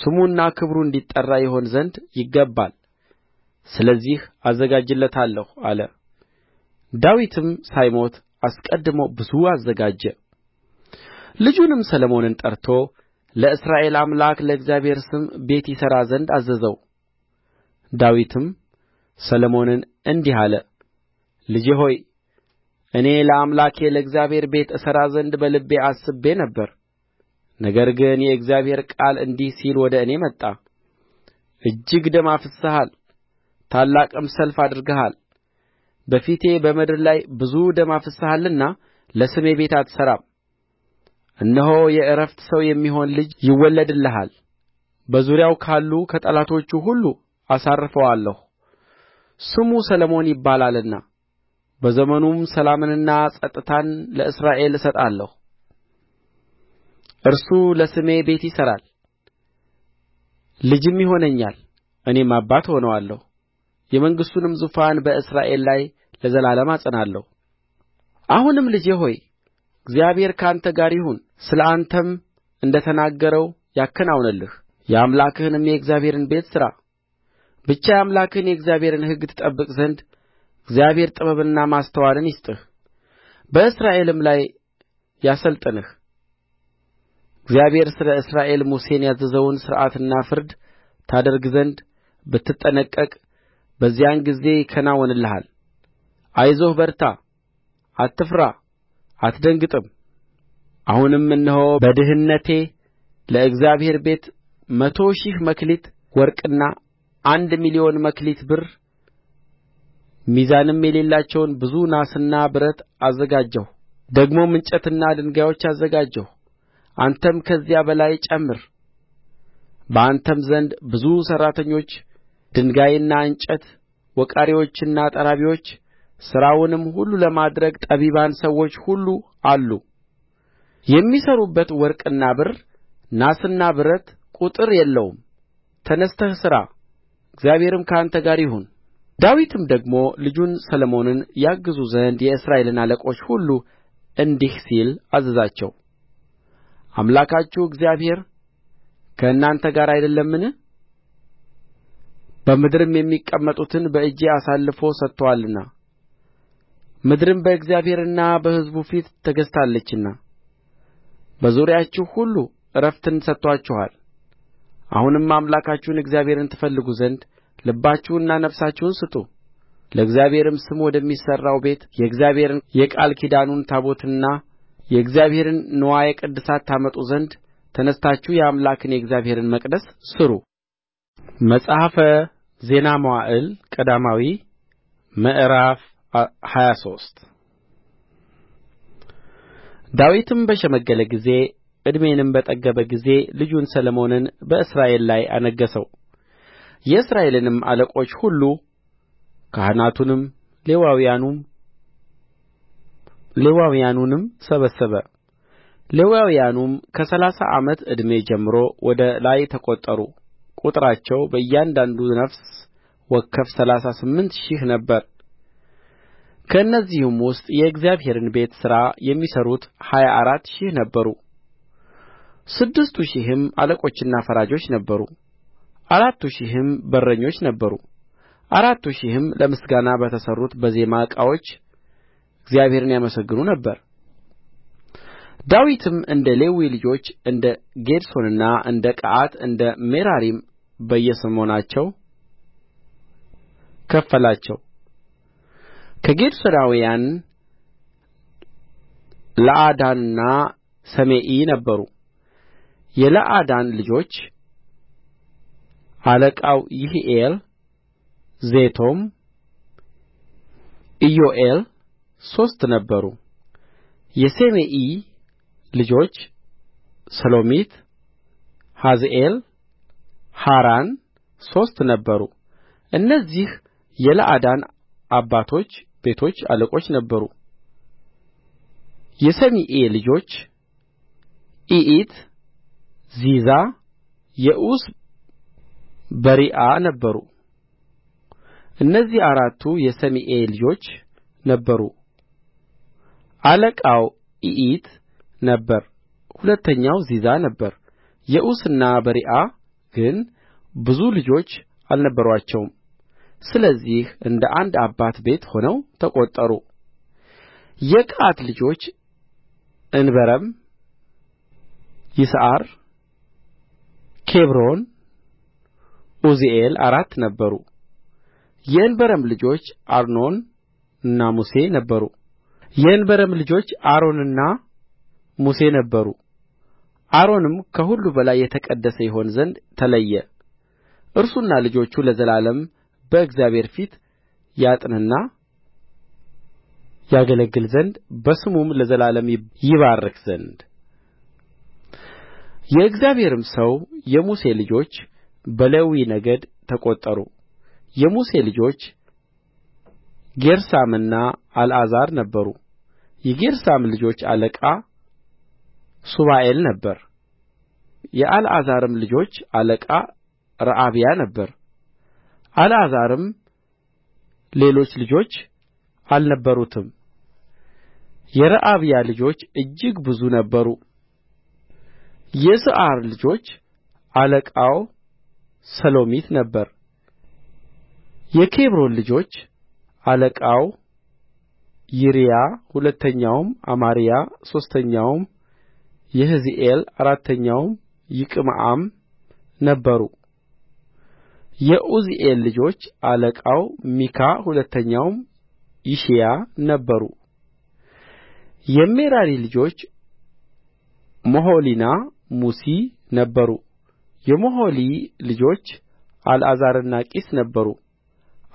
[SPEAKER 1] ስሙና ክብሩ እንዲጠራ ይሆን ዘንድ ይገባል ስለዚህ አዘጋጅለታለሁ አለ ዳዊትም ሳይሞት አስቀድሞ ብዙ አዘጋጀ ልጁንም ሰሎሞንን ጠርቶ ለእስራኤል አምላክ ለእግዚአብሔር ስም ቤት ይሠራ ዘንድ አዘዘው ዳዊትም ሰሎሞንን እንዲህ አለ ልጄ ሆይ እኔ ለአምላኬ ለእግዚአብሔር ቤት እሠራ ዘንድ በልቤ አስቤ ነበር ነገር ግን የእግዚአብሔር ቃል እንዲህ ሲል ወደ እኔ መጣ እጅግ ደም አፍስሰሃል ታላቅም ሰልፍ አድርገሃል በፊቴ በምድር ላይ ብዙ ደም አፍስሰሃልና ለስሜ ቤት አትሠራም እነሆ የዕረፍት ሰው የሚሆን ልጅ ይወለድልሃል በዙሪያው ካሉ ከጠላቶቹ ሁሉ አሳርፈዋለሁ ስሙ ሰሎሞን ይባላልና በዘመኑም ሰላምንና ጸጥታን ለእስራኤል እሰጣለሁ እርሱ ለስሜ ቤት ይሠራል ልጅም ይሆነኛል እኔም አባት እሆነዋለሁ የመንግሥቱንም ዙፋን በእስራኤል ላይ ለዘላለም አጸናለሁ አሁንም ልጄ ሆይ እግዚአብሔር ከአንተ ጋር ይሁን ስለ አንተም እንደ ተናገረው ያከናውንልህ የአምላክህንም የእግዚአብሔርን ቤት ሥራ ብቻ የአምላክህን የእግዚአብሔርን ሕግ ትጠብቅ ዘንድ እግዚአብሔር ጥበብንና ማስተዋልን ይስጥህ በእስራኤልም ላይ ያሠልጥንህ እግዚአብሔር ስለ እስራኤል ሙሴን ያዘዘውን ሥርዓትና ፍርድ ታደርግ ዘንድ ብትጠነቀቅ በዚያን ጊዜ ይከናወንልሃል አይዞህ በርታ አትፍራ አትደንግጥም አሁንም እነሆ በድህነቴ ለእግዚአብሔር ቤት መቶ ሺህ መክሊት ወርቅና አንድ ሚሊዮን መክሊት ብር ሚዛንም የሌላቸውን ብዙ ናስና ብረት አዘጋጀሁ ደግሞም እንጨትና ድንጋዮች አዘጋጀሁ አንተም ከዚያ በላይ ጨምር በአንተም ዘንድ ብዙ ሠራተኞች ድንጋይና እንጨት ወቃሪዎችና ጠራቢዎች ሥራውንም ሁሉ ለማድረግ ጠቢባን ሰዎች ሁሉ አሉ የሚሠሩበት ወርቅና ብር ናስና ብረት ቍጥር የለውም ተነሥተህ ሥራ እግዚአብሔርም ከአንተ ጋር ይሁን ዳዊትም ደግሞ ልጁን ሰሎሞንን ያግዙ ዘንድ የእስራኤልን አለቆች ሁሉ እንዲህ ሲል አዘዛቸው አምላካችሁ እግዚአብሔር ከእናንተ ጋር አይደለምን በምድርም የሚቀመጡትን በእጄ አሳልፎ ሰጥቶአልና ምድርም በእግዚአብሔርና በሕዝቡ ፊት ተገዝታለችና በዙሪያችሁ ሁሉ ዕረፍትን ሰጥቶአችኋል አሁንም አምላካችሁን እግዚአብሔርን ትፈልጉ ዘንድ ልባችሁንና ነፍሳችሁን ስጡ ለእግዚአብሔርም ስም ወደሚሠራው ቤት የእግዚአብሔርን የቃል ኪዳኑን ታቦትና የእግዚአብሔርን ንዋየ ቅድሳት ታመጡ ዘንድ ተነሥታችሁ የአምላክን የእግዚአብሔርን መቅደስ ሥሩ መጽሐፈ ዜና መዋዕል ቀዳማዊ ምዕራፍ ሃያ ሶስት ዳዊትም በሸመገለ ጊዜ ዕድሜንም በጠገበ ጊዜ ልጁን ሰሎሞንን በእስራኤል ላይ አነገሠው። የእስራኤልንም አለቆች ሁሉ ካህናቱንም ሌዋውያኑም ሌዋውያኑንም ሰበሰበ። ሌዋውያኑም ከሠላሳ ዓመት ዕድሜ ጀምሮ ወደ ላይ ተቈጠሩ ቍጥራቸው በእያንዳንዱ ነፍስ ወከፍ ሠላሳ ስምንት ሺህ ነበረ ከእነዚህም ውስጥ የእግዚአብሔርን ቤት ሥራ የሚሠሩት ሀያ አራት ሺህ ነበሩ ስድስቱ ሺህም አለቆችና ፈራጆች ነበሩ አራቱ ሺህም በረኞች ነበሩ አራቱ ሺህም ለምስጋና በተሠሩት በዜማ ዕቃዎች እግዚአብሔርን ያመሰግኑ ነበር ዳዊትም እንደ ሌዊ ልጆች እንደ ጌድሶንና እንደ ቀዓት እንደ ሜራሪም በየሰሞናቸው ከፈላቸው ከጌድሶናውያን ለአዳንና ሰሜኢ ነበሩ የለአዳን ልጆች አለቃው ይሒኤል፣ ዜቶም፣ ኢዮኤል ሦስት ነበሩ። የሰሜኢ ልጆች ሰሎሚት፣ ሐዝኤል ሐራን ሦስት ነበሩ እነዚህ የለአዳን አባቶች ቤቶች አለቆች ነበሩ የሰሜኢ ልጆች ኢኢት ዚዛ የዑስ በሪዓ ነበሩ እነዚህ አራቱ የሰሜኢ ልጆች ነበሩ አለቃው ኢኢት ነበረ ሁለተኛው ዚዛ ነበረ የዑስና በሪዓ ግን ብዙ ልጆች አልነበሩአቸውም ስለዚህ እንደ አንድ አባት ቤት ሆነው ተቈጠሩ የቀዓት ልጆች እንበረም ይስዓር ኬብሮን ዑዝኤል አራት ነበሩ የእንበረም ልጆች አርኖንና ሙሴ ነበሩ የእንበረም ልጆች አሮንና ሙሴ ነበሩ አሮንም ከሁሉ በላይ የተቀደሰ ይሆን ዘንድ ተለየ እርሱና ልጆቹ ለዘላለም በእግዚአብሔር ፊት ያጥንና ያገለግል ዘንድ በስሙም ለዘላለም ይባርክ ዘንድ የእግዚአብሔርም ሰው የሙሴ ልጆች በሌዊ ነገድ ተቈጠሩ የሙሴ ልጆች ጌርሳምና አልዓዛር ነበሩ የጌርሳም ልጆች አለቃ ሱባኤል ነበረ የአልዓዛርም ልጆች አለቃ ረዓብያ ነበረ አልዓዛርም ሌሎች ልጆች አልነበሩትም የረዓብያ ልጆች እጅግ ብዙ ነበሩ የይስዓር ልጆች አለቃው ሰሎሚት ነበረ የኬብሮን ልጆች አለቃው ይሪያ ሁለተኛውም አማርያ ሦስተኛውም የሕዚኤል አራተኛው ይቅምዓም ነበሩ የዑዝኤል ልጆች አለቃው ሚካ ሁለተኛው ይሺያ ነበሩ የሜራሪ ልጆች ሞሖሊና ሙሲ ነበሩ የሞሖሊ ልጆች አልዓዛርና ቂስ ነበሩ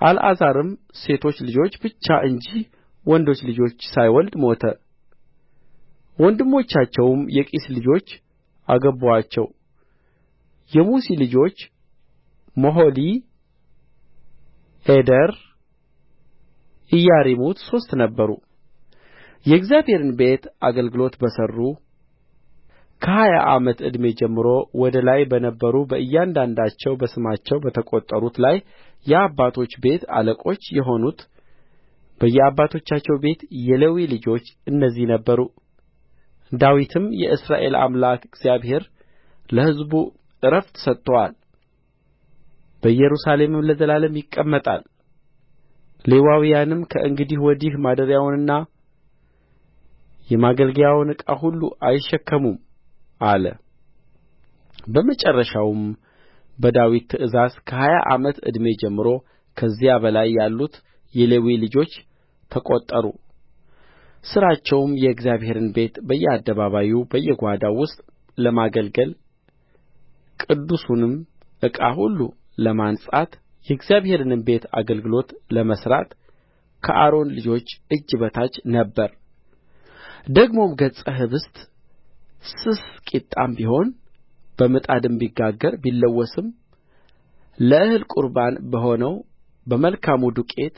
[SPEAKER 1] አልዓዛርም ሴቶች ልጆች ብቻ እንጂ ወንዶች ልጆች ሳይወልድ ሞተ ወንድሞቻቸውም የቂስ ልጆች አገቡአቸው የሙሲ ልጆች ሞሖሊ ዔደር ኢያሪሙት ሦስት ነበሩ የእግዚአብሔርን ቤት አገልግሎት በሠሩ ከሀያ ዓመት ዕድሜ ጀምሮ ወደ ላይ በነበሩ በእያንዳንዳቸው በስማቸው በተቈጠሩት ላይ የአባቶች ቤት አለቆች የሆኑት በየአባቶቻቸው ቤት የሌዊ ልጆች እነዚህ ነበሩ ዳዊትም የእስራኤል አምላክ እግዚአብሔር ለሕዝቡ ዕረፍት ሰጥቶአል በኢየሩሳሌምም ለዘላለም ይቀመጣል ሌዋውያንም ከእንግዲህ ወዲህ ማደሪያውንና የማገልገያውን ዕቃ ሁሉ አይሸከሙም አለ በመጨረሻውም በዳዊት ትእዛዝ ከሀያ ዓመት ዕድሜ ጀምሮ ከዚያ በላይ ያሉት የሌዊ ልጆች ተቈጠሩ ሥራቸውም የእግዚአብሔርን ቤት በየአደባባዩ በየጓዳው ውስጥ ለማገልገል ቅዱሱንም ዕቃ ሁሉ ለማንጻት የእግዚአብሔርንም ቤት አገልግሎት ለመሥራት ከአሮን ልጆች እጅ በታች ነበረ ደግሞም ገጸ ኅብስት ስስ ቂጣም ቢሆን በምጣድም ቢጋገር ቢለወስም ለእህል ቍርባን በሆነው በመልካሙ ዱቄት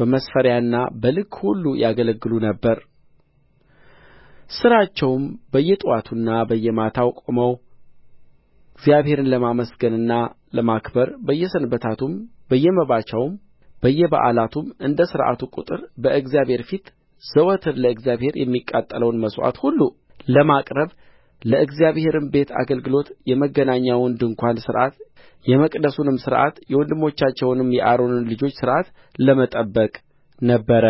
[SPEAKER 1] በመስፈሪያና በልክ ሁሉ ያገለግሉ ነበር ሥራቸውም በየጥዋቱና በየማታው ቆመው እግዚአብሔርን ለማመስገንና ለማክበር በየሰንበታቱም በየመባቻዎቹም በየበዓላቱም እንደ ሥርዓቱ ቍጥር በእግዚአብሔር ፊት ዘወትር ለእግዚአብሔር የሚቃጠለውን መሥዋዕት ሁሉ ለማቅረብ ለእግዚአብሔርም ቤት አገልግሎት የመገናኛውን ድንኳን ሥርዓት የመቅደሱንም ሥርዓት የወንድሞቻቸውንም የአሮንን ልጆች ሥርዓት ለመጠበቅ ነበረ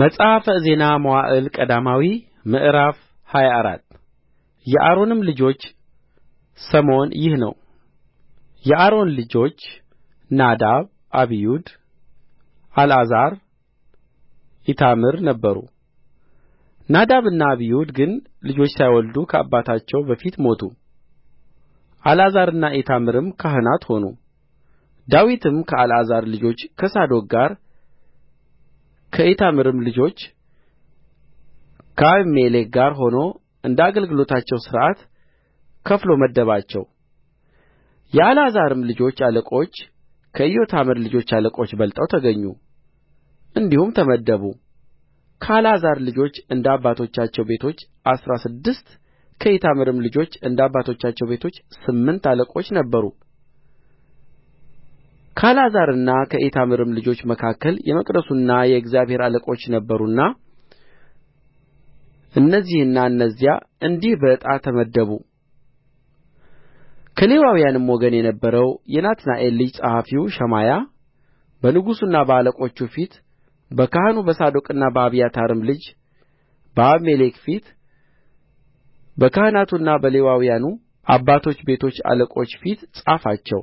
[SPEAKER 1] መጽሐፈ ዜና መዋዕል ቀዳማዊ ምዕራፍ ሃያ አራት የአሮንም ልጆች ሰሞን ይህ ነው የአሮን ልጆች ናዳብ አብዩድ አልዓዛር ኢታምር ነበሩ ናዳብና አብዩድ ግን ልጆች ሳይወልዱ ከአባታቸው በፊት ሞቱ አልዓዛርና ኢታምርም ካህናት ሆኑ ዳዊትም ከአልዓዛር ልጆች ከሳዶቅ ጋር ከኢታምርም ልጆች ከአቢሜሌክ ጋር ሆኖ እንደ አገልግሎታቸው ሥርዓት ከፍሎ መደባቸው የአልዓዛርም ልጆች አለቆች ከኢታምር ልጆች አለቆች በልጠው ተገኙ እንዲሁም ተመደቡ ከአልዓዛር ልጆች እንደ አባቶቻቸው ቤቶች አሥራ ስድስት ከኢታምርም ልጆች እንደ አባቶቻቸው ቤቶች ስምንት አለቆች ነበሩ ከአልዓዛርና ከኢታምርም ልጆች መካከል የመቅደሱና የእግዚአብሔር አለቆች ነበሩና እነዚህና እነዚያ እንዲህ በዕጣ ተመደቡ ከሌዋውያንም ወገን የነበረው የናትናኤል ልጅ ጸሐፊው ሸማያ በንጉሡና በአለቆቹ ፊት በካህኑ በሳዶቅና በአብያታርም ልጅ በአቢሜሌክ ፊት በካህናቱና በሌዋውያኑ አባቶች ቤቶች አለቆች ፊት ጻፋቸው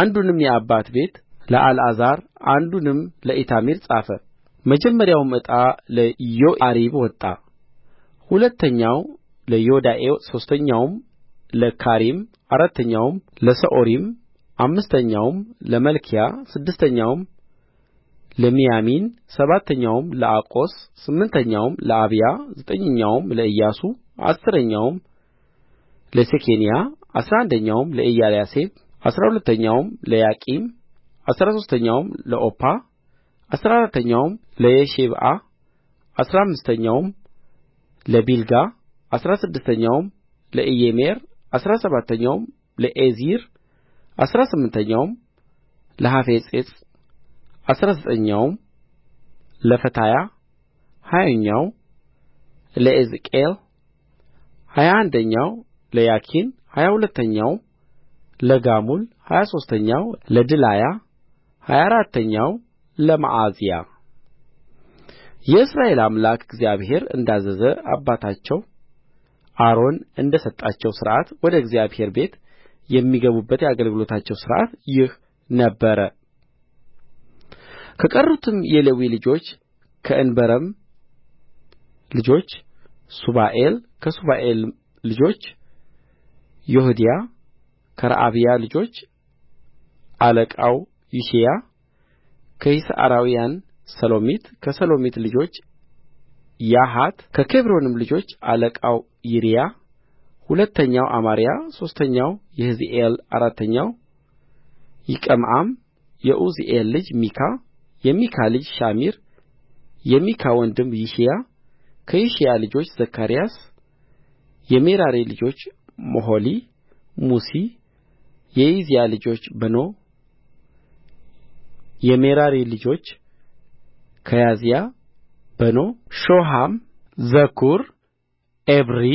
[SPEAKER 1] አንዱንም የአባት ቤት ለአልዓዛር አንዱንም ለኢታምር ጻፈ መጀመሪያውም ዕጣ ለዮአሪብ ወጣ ሁለተኛው ለዮዳኤ ሦስተኛው ለካሪም አራተኛው ለሰኦሪም፣ አምስተኛው ለመልክያ ስድስተኛው ለሚያሚን ሰባተኛው ለአቆስ ስምንተኛው ለአብያ ዘጠኝኛው ለኢያሱ አሥረኛው ለሴኬንያ አሥራ አንደኛው ለኤልያሴብ አሥራ ሁለተኛው ለያቂም አሥራ ሦስተኛው ለኦፓ አሥራ አራተኛው ለየሼብአብ አሥራ አምስተኛው ለቢልጋ አሥራ ስድስተኛው ለኢሜር አሥራ ሰባተኛው ለኤዚር አሥራ ስምንተኛው ለሃፊጼጽ አሥራ ዘጠኝኛው ለፈታያ ሀያኛው ለኤዜቄል ሀያ አንደኛው ለያኪን ሀያ ሁለተኛው ለጋሙል ሀያ ሦስተኛው ለድላያ ሀያ አራተኛው ለመዓዝያ የእስራኤል አምላክ እግዚአብሔር እንዳዘዘ አባታቸው አሮን እንደ ሰጣቸው ሥርዓት ወደ እግዚአብሔር ቤት የሚገቡበት የአገልግሎታቸው ሥርዓት ይህ ነበረ። ከቀሩትም የሌዊ ልጆች ከእንበረም ልጆች ሱባኤል ከሱባኤል ልጆች ይሁዲያ ከረዓብያ ልጆች አለቃው ይሺያ ከይስዓራውያን ሰሎሚት ከሰሎሚት ልጆች ያሐት ከኬብሮንም ልጆች አለቃው ይሪያ ሁለተኛው አማርያ ሦስተኛው የሕዚኤል አራተኛው ይቀምዓም የዑዝኤል ልጅ ሚካ የሚካ ልጅ ሻሚር የሚካ ወንድም ይሺያ ከይሺያ ልጆች ዘካርያስ የሜራሪ ልጆች ሞሖሊ ሙሲ የያዝያ ልጆች በኖ የሜራሪ ልጆች ከያዝያ በኖ ሾሃም ዘኩር ኤብሪ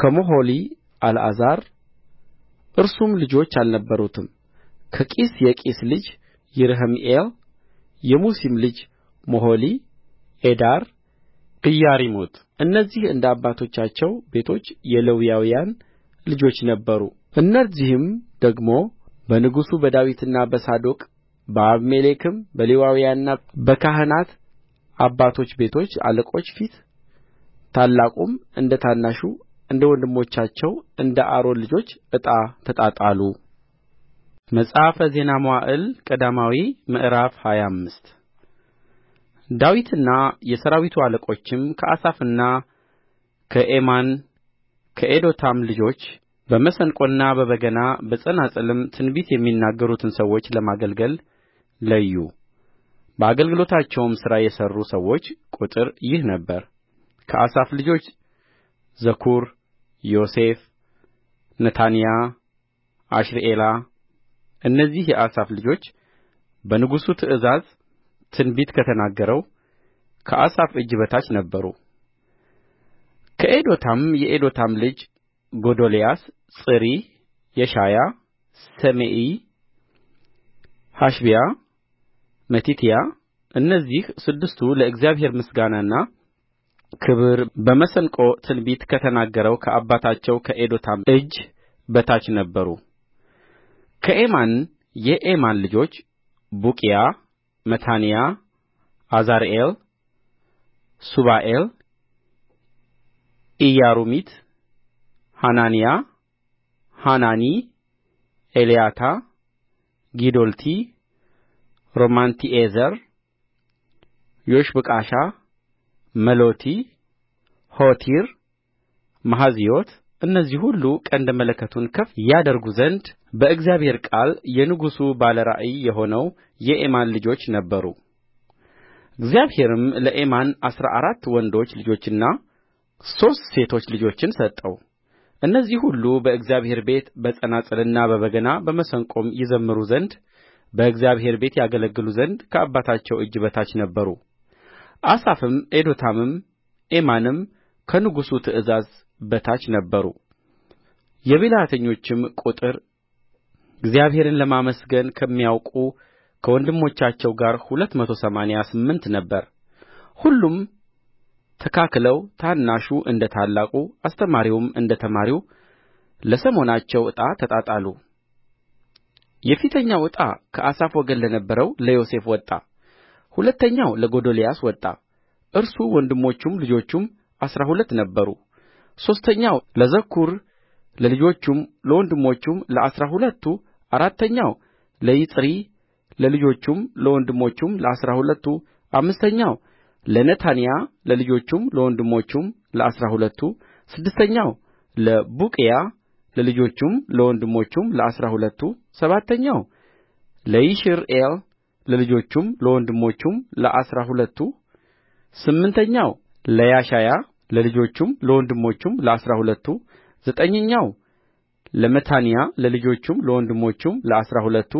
[SPEAKER 1] ከሞሖሊ አልዓዛር እርሱም ልጆች አልነበሩትም ከቂስ የቂስ ልጅ ይረሕምኤል የሙሲም ልጅ ሞሖሊ ዔዳር ኢያሪሙት እነዚህ እንደ አባቶቻቸው ቤቶች የሌዋውያን ልጆች ነበሩ እነዚህም ደግሞ በንጉሡ በዳዊትና በሳዶቅ በአቢሜሌክም በሌዋውያንና በካህናት አባቶች ቤቶች አለቆች ፊት ታላቁም እንደ ታናሹ እንደ ወንድሞቻቸው እንደ አሮን ልጆች ዕጣ ተጣጣሉ መጽሐፈ ዜና መዋዕል ቀዳማዊ ምዕራፍ ሃያ አምስት ዳዊትና የሠራዊቱ አለቆችም ከአሳፍና ከኤማን ከኤዶታም ልጆች በመሰንቆና በበገና በጸናጽልም ትንቢት የሚናገሩትን ሰዎች ለማገልገል ለዩ በአገልግሎታቸውም ሥራ የሠሩ ሰዎች ቍጥር ይህ ነበረ ከአሳፍ ልጆች ዘኩር ዮሴፍ ነታንያ አሽርኤላ እነዚህ የአሳፍ ልጆች በንጉሡ ትእዛዝ ትንቢት ከተናገረው ከአሳፍ እጅ በታች ነበሩ ከኤዶታም የኤዶታም ልጅ ጎዶልያስ ጽሪ የሻያ ሰሜኢ ሐሸቢያ መቲትያ እነዚህ ስድስቱ ለእግዚአብሔር ምስጋናና ክብር በመሰንቆ ትንቢት ከተናገረው ከአባታቸው ከኤዶታም እጅ በታች ነበሩ ከኤማን የኤማን ልጆች ቡቅያ መታንያ፣ ዓዛርኤል፣ ሱባኤል፣ ኢያሪሙት፣ ሐናንያ፣ ሐናኒ፣ ኤልያታ፣ ጊዶልቲ፣ ሮማንቲዔዘር፣ ዮሽብቃሻ፣ መሎቲ፣ ሆቲር፣ መሐዝዮት እነዚህ ሁሉ ቀንደ መለከቱን ከፍ ያደርጉ ዘንድ በእግዚአብሔር ቃል የንጉሡ ባለ ራእይ የሆነው የኤማን ልጆች ነበሩ እግዚአብሔርም ለኤማን አሥራ አራት ወንዶች ልጆችና ሦስት ሴቶች ልጆችን ሰጠው እነዚህ ሁሉ በእግዚአብሔር ቤት በጸናጽልና በበገና በመሰንቆም ይዘምሩ ዘንድ በእግዚአብሔር ቤት ያገለግሉ ዘንድ ከአባታቸው እጅ በታች ነበሩ አሳፍም ኤዶታምም ኤማንም ከንጉሡ ትእዛዝ በታች ነበሩ የብልሃተኞችም ቍጥር እግዚአብሔርን ለማመስገን ከሚያውቁ ከወንድሞቻቸው ጋር ሁለት መቶ ሰማንያ ስምንት ነበር ሁሉም ተካክለው ታናሹ እንደ ታላቁ አስተማሪውም እንደ ተማሪው ለሰሞናቸው ዕጣ ተጣጣሉ የፊተኛው ዕጣ ከአሳፍ ወገን ለነበረው ለዮሴፍ ወጣ ሁለተኛው ለጎዶልያስ ወጣ እርሱ ወንድሞቹም ልጆቹም አሥራ ሁለት ነበሩ ሦስተኛው ለዘኩር ለልጆቹም ለወንድሞቹም ለአሥራ ሁለቱ አራተኛው ለይጽሪ ለልጆቹም ለወንድሞቹም ለአሥራ ሁለቱ አምስተኛው ለነታንያ ለልጆቹም ለወንድሞቹም ለአሥራ ሁለቱ ስድስተኛው ለቡቅያ ለልጆቹም ለወንድሞቹም ለአሥራ ሁለቱ ሰባተኛው ለይሽርኤል ለልጆቹም ለወንድሞቹም ለአሥራ ሁለቱ ስምንተኛው ለያሻያ ለልጆቹም ለወንድሞቹም ለአሥራ ሁለቱ ዘጠኝኛው ለመታንያ ለልጆቹም ለወንድሞቹም ለአሥራ ሁለቱ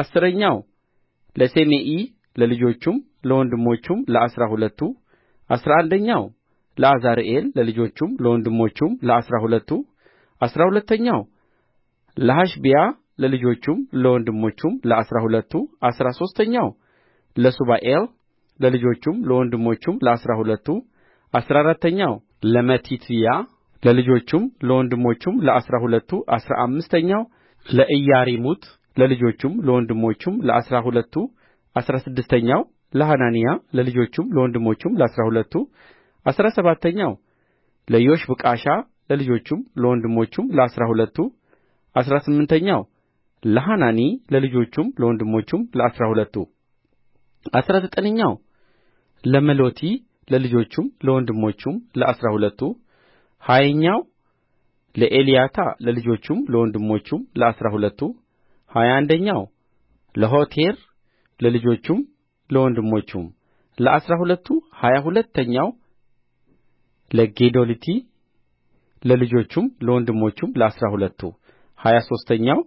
[SPEAKER 1] አሥረኛው ለሰሜኢ ለልጆቹም ለወንድሞቹም ለአሥራ ሁለቱ አሥራ አንደኛው ለዓዛርኤል ለልጆቹም ለወንድሞቹም ለአሥራ ሁለቱ አሥራ ሁለተኛው ለሐሸቢያ ለልጆቹም ለወንድሞቹም ለአሥራ ሁለቱ አሥራ ሦስተኛው ለሱባኤል ለልጆቹም ለወንድሞቹም ለአሥራ ሁለቱ አሥራ አራተኛው ለመቲትያ ለልጆቹም ለወንድሞቹም ለአሥራ ሁለቱ አሥራ አምስተኛው ለኢያሪሙት ለልጆቹም ለወንድሞቹም ለአሥራ ሁለቱ አሥራ ስድስተኛው ለሐናንያ ለልጆቹም ለወንድሞቹም ለአሥራ ሁለቱ አሥራ ሰባተኛው ለዮሽብቃሻ ለልጆቹም ለወንድሞቹም ለአሥራ ሁለቱ አሥራ ስምንተኛው ለሐናኒ ለልጆቹም ለወንድሞቹም ለአሥራ ሁለቱ አሥራ ዘጠነኛው ለመሎቲ ለልጆቹም ለወንድሞቹም ለአሥራ ሁለቱ ሀያኛው ለኤልያታ ለልጆቹም ለወንድሞቹም ለአሥራ ሁለቱ ሀያ አንደኛው ለሆቲር ለልጆቹም ለወንድሞቹም ለአሥራ ሁለቱ ሀያ ሁለተኛው ለጌዶልቲ ለልጆቹም ለወንድሞቹም ለአሥራ ሁለቱ ሀያ ሦስተኛው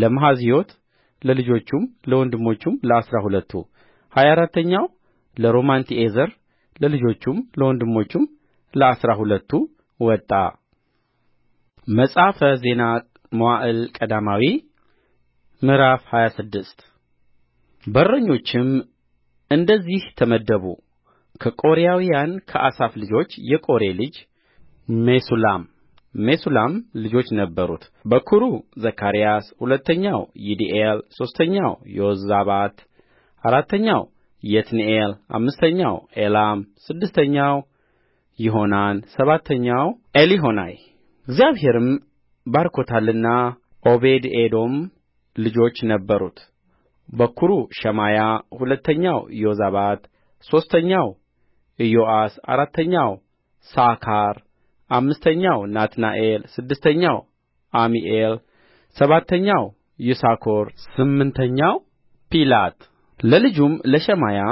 [SPEAKER 1] ለመሐዝዮት ለልጆቹም ለወንድሞቹም ለአሥራ ሁለቱ ሀያ አራተኛው ለሮማንቲዔዘር ለልጆቹም ለወንድሞቹም ለአሥራ ሁለቱ ወጣ። መጽሐፈ ዜና መዋዕል ቀዳማዊ ምዕራፍ ሃያ ስድስት በረኞችም እንደዚህ ተመደቡ። ከቆሬያውያን ከአሳፍ ልጆች የቆሬ ልጅ ሜሱላም ሜሱላም ልጆች ነበሩት። በኵሩ ዘካርያስ፣ ሁለተኛው ይዲኤል፣ ሦስተኛው ዮዛባት፣ አራተኛው የትኒኤል፣ አምስተኛው ኤላም፣ ስድስተኛው ይሆናን ሰባተኛው ኤሊሆዔናይ እግዚአብሔርም ባርኮታልና ኦቤድ ኤዶም ልጆች ነበሩት በኵሩ ሸማያ ሁለተኛው ዮዛባት ሦስተኛው ኢዮአስ አራተኛው ሳካር አምስተኛው ናትናኤል ስድስተኛው ዓሚኤል ሰባተኛው ይሳኮር ስምንተኛው ፒላቲ ለልጁም ለሸማያ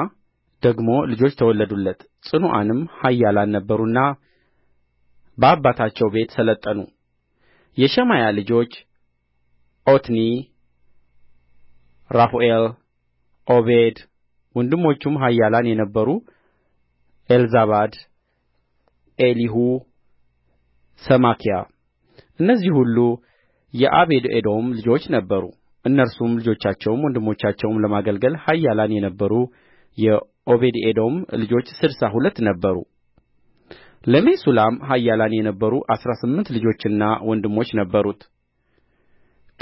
[SPEAKER 1] ደግሞ ልጆች ተወለዱለት ጽኑዓንም ኃያላን ነበሩና በአባታቸው ቤት ሠለጠኑ የሸማያ ልጆች ዖትኒ ራፋኤል ዖቤድ ወንድሞቹም ኃያላን የነበሩ ኤልዛባድ ኤሊሁ ሰማክያ እነዚህ ሁሉ የአቤድኤዶም ልጆች ነበሩ እነርሱም ልጆቻቸውም ወንድሞቻቸውም ለማገልገል ኃያላን የነበሩ ዖቤድኤዶም ልጆች ስድሳ ሁለት ነበሩ ለሜሱላም ኃያላን የነበሩ አሥራ ስምንት ልጆችና ወንድሞች ነበሩት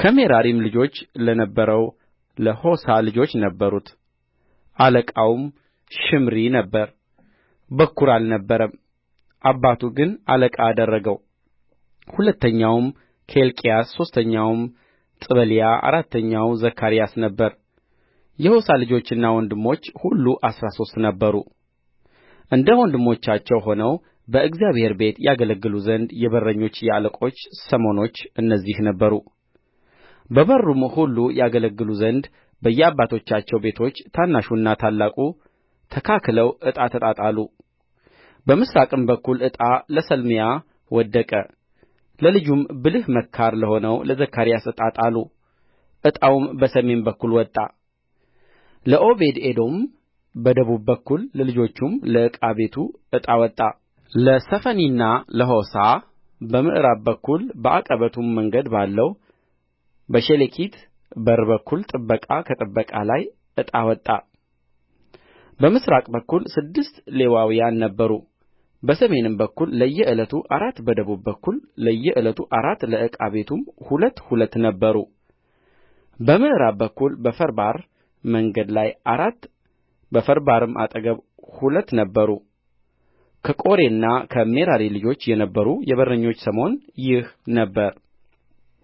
[SPEAKER 1] ከሜራሪም ልጆች ለነበረው ለሖሳ ልጆች ነበሩት አለቃውም ሽምሪ ነበረ በኵር አልነበረም አባቱ ግን አለቃ አደረገው ሁለተኛውም ኬልቅያስ ሦስተኛው ጥበልያ አራተኛው ዘካርያስ ነበረ የሖሳ ልጆችና ወንድሞች ሁሉ አሥራ ሦስት ነበሩ እንደ ወንድሞቻቸው ሆነው በእግዚአብሔር ቤት ያገለግሉ ዘንድ የበረኞች የአለቆች ሰሞነኞች እነዚህ ነበሩ በበሩም ሁሉ ያገለግሉ ዘንድ በየአባቶቻቸው ቤቶች ታናሹና ታላቁ ተካክለው ዕጣ ተጣጣሉ በምሥራቅም በኩል ዕጣ ለሰሌምያ ወደቀ ለልጁም ብልህ መካር ለሆነው ለዘካርያስ ዕጣ ጣሉ ዕጣውም በሰሜን በኩል ወጣ ለዖቤድኤዶም በደቡብ በኩል ለልጆቹም ለዕቃ ቤቱ ዕጣ ወጣ ለሰፊንና ለሖሳ በምዕራብ በኩል በዐቀበቱም መንገድ ባለው በሸሌኬት በር በኩል ጥበቃ ከጥበቃ ላይ ዕጣ ወጣ በምሥራቅ በኩል ስድስት ሌዋውያን ነበሩ በሰሜን በኩል ለየዕለቱ አራት በደቡብ በኩል ለየዕለቱ አራት ለዕቃ ቤቱም ሁለት ሁለት ነበሩ በምዕራብ በኩል በፈርባር መንገድ ላይ አራት በፈርባርም አጠገብ ሁለት ነበሩ ከቆሬና ከሜራሪ ልጆች የነበሩ የበረኞች ሰሞን ይህ ነበረ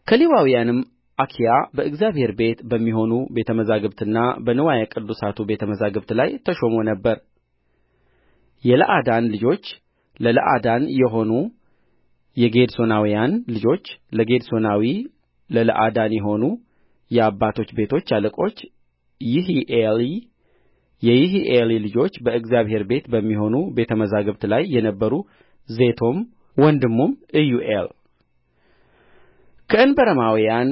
[SPEAKER 1] ከሌዋውያንም አኪያ በእግዚአብሔር ቤት በሚሆኑ ቤተ መዛግብትና በንዋየ ቅድሳቱ ቤተ መዛግብት ላይ ተሾሞ ነበር የለአዳን ልጆች ለለአዳን የሆኑ የጌድሶናውያን ልጆች ለጌድሶናዊ ለለአዳን የሆኑ የአባቶች ቤቶች አለቆች ይሒኤሊ የይሒኤሊ ልጆች በእግዚአብሔር ቤት በሚሆኑ ቤተ መዛግብት ላይ የነበሩ ዜቶም ወንድሙም ኢዩኤል ከእንበረማውያን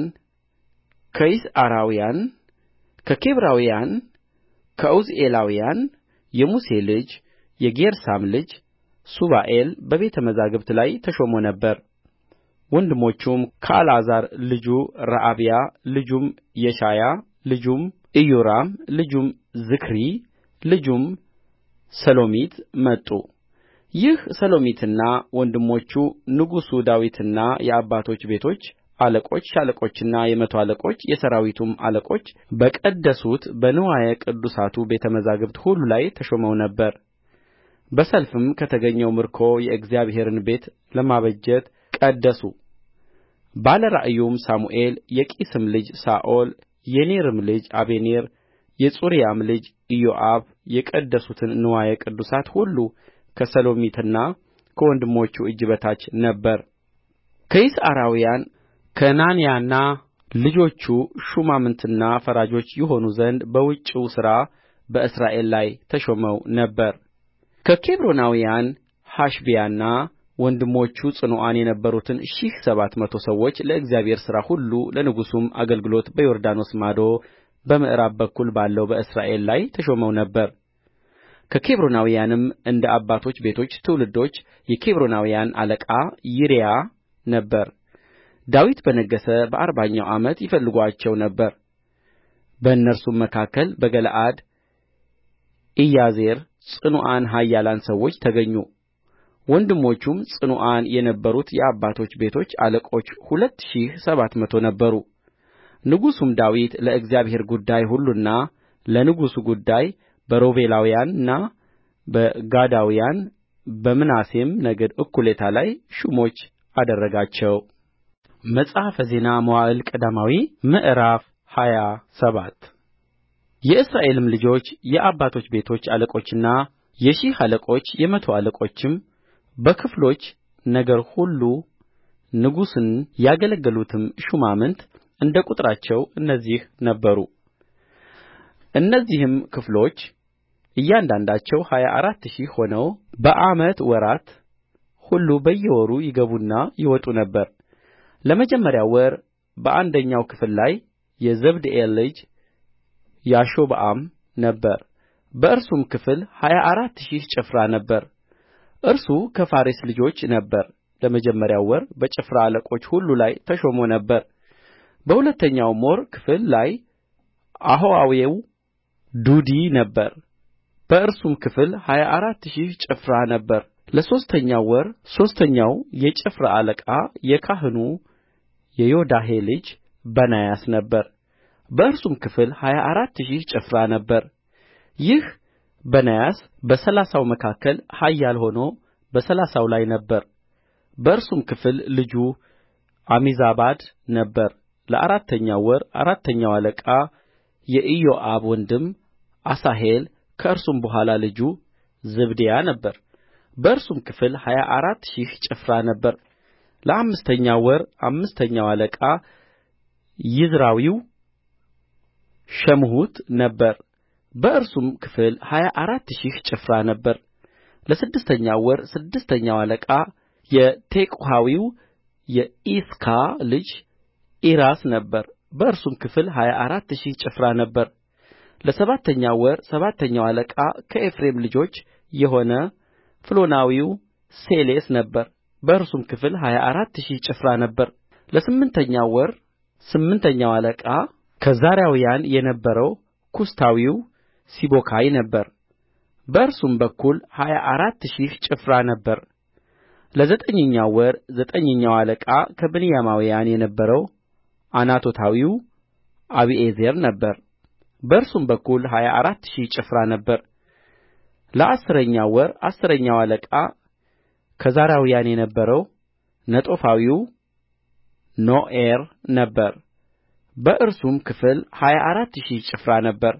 [SPEAKER 1] ከይስዓራውያን ከኬብሮናውያን ከዑዝኤላውያን የሙሴ ልጅ የጌርሳም ልጅ ሱባኤል በቤተ መዛግብት ላይ ተሾሞ ነበር። ወንድሞቹም ከአልዓዛር ልጁ ረዓብያ ልጁም የሻያ ልጁም ኢዮራም ልጁም ዝክሪ ልጁም ሰሎሚት መጡ ይህ ሰሎሚትና ወንድሞቹ ንጉሡ ዳዊትና የአባቶች ቤቶች አለቆች ሻለቆችና የመቶ አለቆች የሠራዊቱም አለቆች በቀደሱት በንዋየ ቅድሳቱ ቤተ መዛግብት ሁሉ ላይ ተሾመው ነበር በሰልፍም ከተገኘው ምርኮ የእግዚአብሔርን ቤት ለማበጀት ቀደሱ ባለ ራእዩም ሳሙኤል የቂስም ልጅ ሳኦል የኔርም ልጅ አበኔር የጽሩያም ልጅ ኢዮአብ የቀደሱትን ንዋየ ቅድሳት ሁሉ ከሰሎሚትና ከወንድሞቹ እጅ በታች ነበረ ከይስዓራውያን ከናንያና ልጆቹ ሹማምትና ፈራጆች ይሆኑ ዘንድ በውጭው ሥራ በእስራኤል ላይ ተሾመው ነበር ከኬብሮናውያን ሐሸቢያና ወንድሞቹ ጽኑዓን የነበሩትን ሺህ ሰባት መቶ ሰዎች ለእግዚአብሔር ሥራ ሁሉ ለንጉሡም አገልግሎት በዮርዳኖስ ማዶ በምዕራብ በኩል ባለው በእስራኤል ላይ ተሾመው ነበር ከኬብሮናውያንም እንደ አባቶች ቤቶች ትውልዶች የኬብሮናውያን አለቃ ይርያ ነበረ ዳዊት በነገሠ በአርባኛው ዓመት ይፈልጉአቸው ነበር በእነርሱም መካከል በገለዓድ ኢያዜር ጽኑዓን ኃያላን ሰዎች ተገኙ ወንድሞቹም ጽኑዓን የነበሩት የአባቶች ቤቶች አለቆች ሁለት ሺህ ሰባት መቶ ነበሩ ንጉሡም ዳዊት ለእግዚአብሔር ጉዳይ ሁሉና ለንጉሡ ጉዳይ በሮቤላውያንና በጋዳውያን በምናሴም ነገድ እኩሌታ ላይ ሹሞች አደረጋቸው መጽሐፈ ዜና መዋዕል ቀዳማዊ ምዕራፍ ሃያ ሰባት የእስራኤልም ልጆች የአባቶች ቤቶች አለቆችና የሺህ አለቆች የመቶ አለቆችም በክፍሎች ነገር ሁሉ ንጉሡን ያገለገሉትም ሹማምት እንደ ቍጥራቸው እነዚህ ነበሩ እነዚህም ክፍሎች እያንዳንዳቸው ሀያ አራት ሺህ ሆነው በዓመት ወራት ሁሉ በየወሩ ይገቡና ይወጡ ነበር ለመጀመሪያው ወር በአንደኛው ክፍል ላይ የዘብድኤል ልጅ ያሾብዓም ነበረ በእርሱም ክፍል ሀያ አራት ሺህ ጭፍራ ነበረ እርሱ ከፋሬስ ልጆች ነበረ ለመጀመሪያው ወር በጭፍራ አለቆች ሁሉ ላይ ተሾሞ ነበር በሁለተኛውም ወር ክፍል ላይ አሆሃዊው ዱዲ ነበረ በእርሱም ክፍል ሀያ አራት ሺህ ጭፍራ ነበረ ለሦስተኛው ወር ሦስተኛው የጭፍራ አለቃ የካህኑ የዮዳሄ ልጅ በናያስ ነበረ በእርሱም ክፍል ሀያ አራት ሺህ ጭፍራ ነበረ ይህ በናያስ በሠላሳው መካከል ኃያል ሆኖ በሠላሳው ላይ ነበረ በእርሱም ክፍል ልጁ ዓሚዛባድ ነበረ ለአራተኛው ወር አራተኛው አለቃ የኢዮአብ ወንድም አሣሄል ከእርሱም በኋላ ልጁ ዝባድያ ነበረ በእርሱም ክፍል ሀያ አራት ሺህ ጭፍራ ነበረ ለአምስተኛው ወር አምስተኛው አለቃ ይዝራዊው ሸምሁት ነበረ በእርሱም ክፍል ሀያ አራት ሺህ ጭፍራ ነበረ ለስድስተኛው ወር ስድስተኛው አለቃ የቴቁሐዊው የዒስካ ልጅ ዒራስ ነበረ በእርሱም ክፍል ሀያ አራት ሺህ ጭፍራ ነበረ ለሰባተኛው ወር ሰባተኛው አለቃ ከኤፍሬም ልጆች የሆነ ፍሎናዊው ሴሌስ ነበረ በእርሱም ክፍል ሀያ አራት ሺህ ጭፍራ ነበረ ለስምንተኛው ወር ስምንተኛው አለቃ ከዛራውያን የነበረው ኩሳታዊው ሲቦካይ ነበረ በእርሱም በኩል ሀያ አራት ሺህ ጭፍራ ነበረ ለዘጠኝኛው ወር ዘጠኝኛው አለቃ ከብንያማውያን የነበረው ዓናቶታዊው አቢዔዜር ነበረ በእርሱም በኩል ሀያ አራት ሺህ ጭፍራ ነበረ ለአሥረኛው ወር አሥረኛው አለቃ ከዛራውያን የነበረው ነጦፋዊው ኖኤሬ ነበረ በእርሱም ክፍል ሀያ አራት ሺህ ጭፍራ ነበረ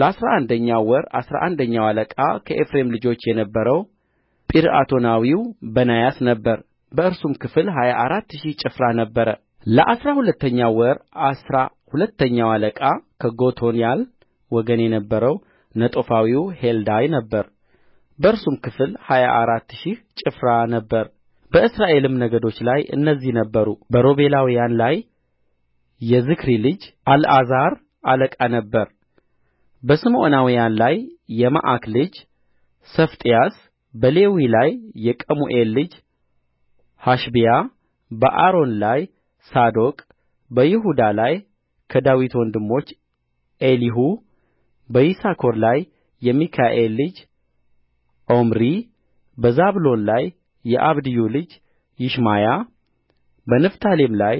[SPEAKER 1] ለአሥራ አንደኛው ወር አሥራ አንደኛው አለቃ ከኤፍሬም ልጆች የነበረው ጲርዓቶናዊው በናያስ ነበረ በእርሱም ክፍል ሀያ አራት ሺህ ጭፍራ ነበረ ለአሥራ ሁለተኛው ወር አሥራ ሁለተኛው አለቃ ከጎቶንያል ወገን የነበረው ነጦፋዊው ሔልዳይ ነበረ በእርሱም ክፍል ሀያ አራት ሺህ ጭፍራ ነበረ በእስራኤልም ነገዶች ላይ እነዚህ ነበሩ በሮቤላውያን ላይ የዝክሪ ልጅ አልዓዛር አለቃ ነበረ በስምዖናውያን ላይ የመዓካ ልጅ ሰፋጥያስ በሌዊ ላይ የቀሙኤል ልጅ ሐሸቢያ በአሮን ላይ ሳዶቅ በይሁዳ ላይ ከዳዊት ወንድሞች ኤሊሁ በይሳኮር ላይ የሚካኤል ልጅ ዖምሪ በዛብሎን ላይ የአብድዩ ልጅ ይሽማያ በንፍታሌም ላይ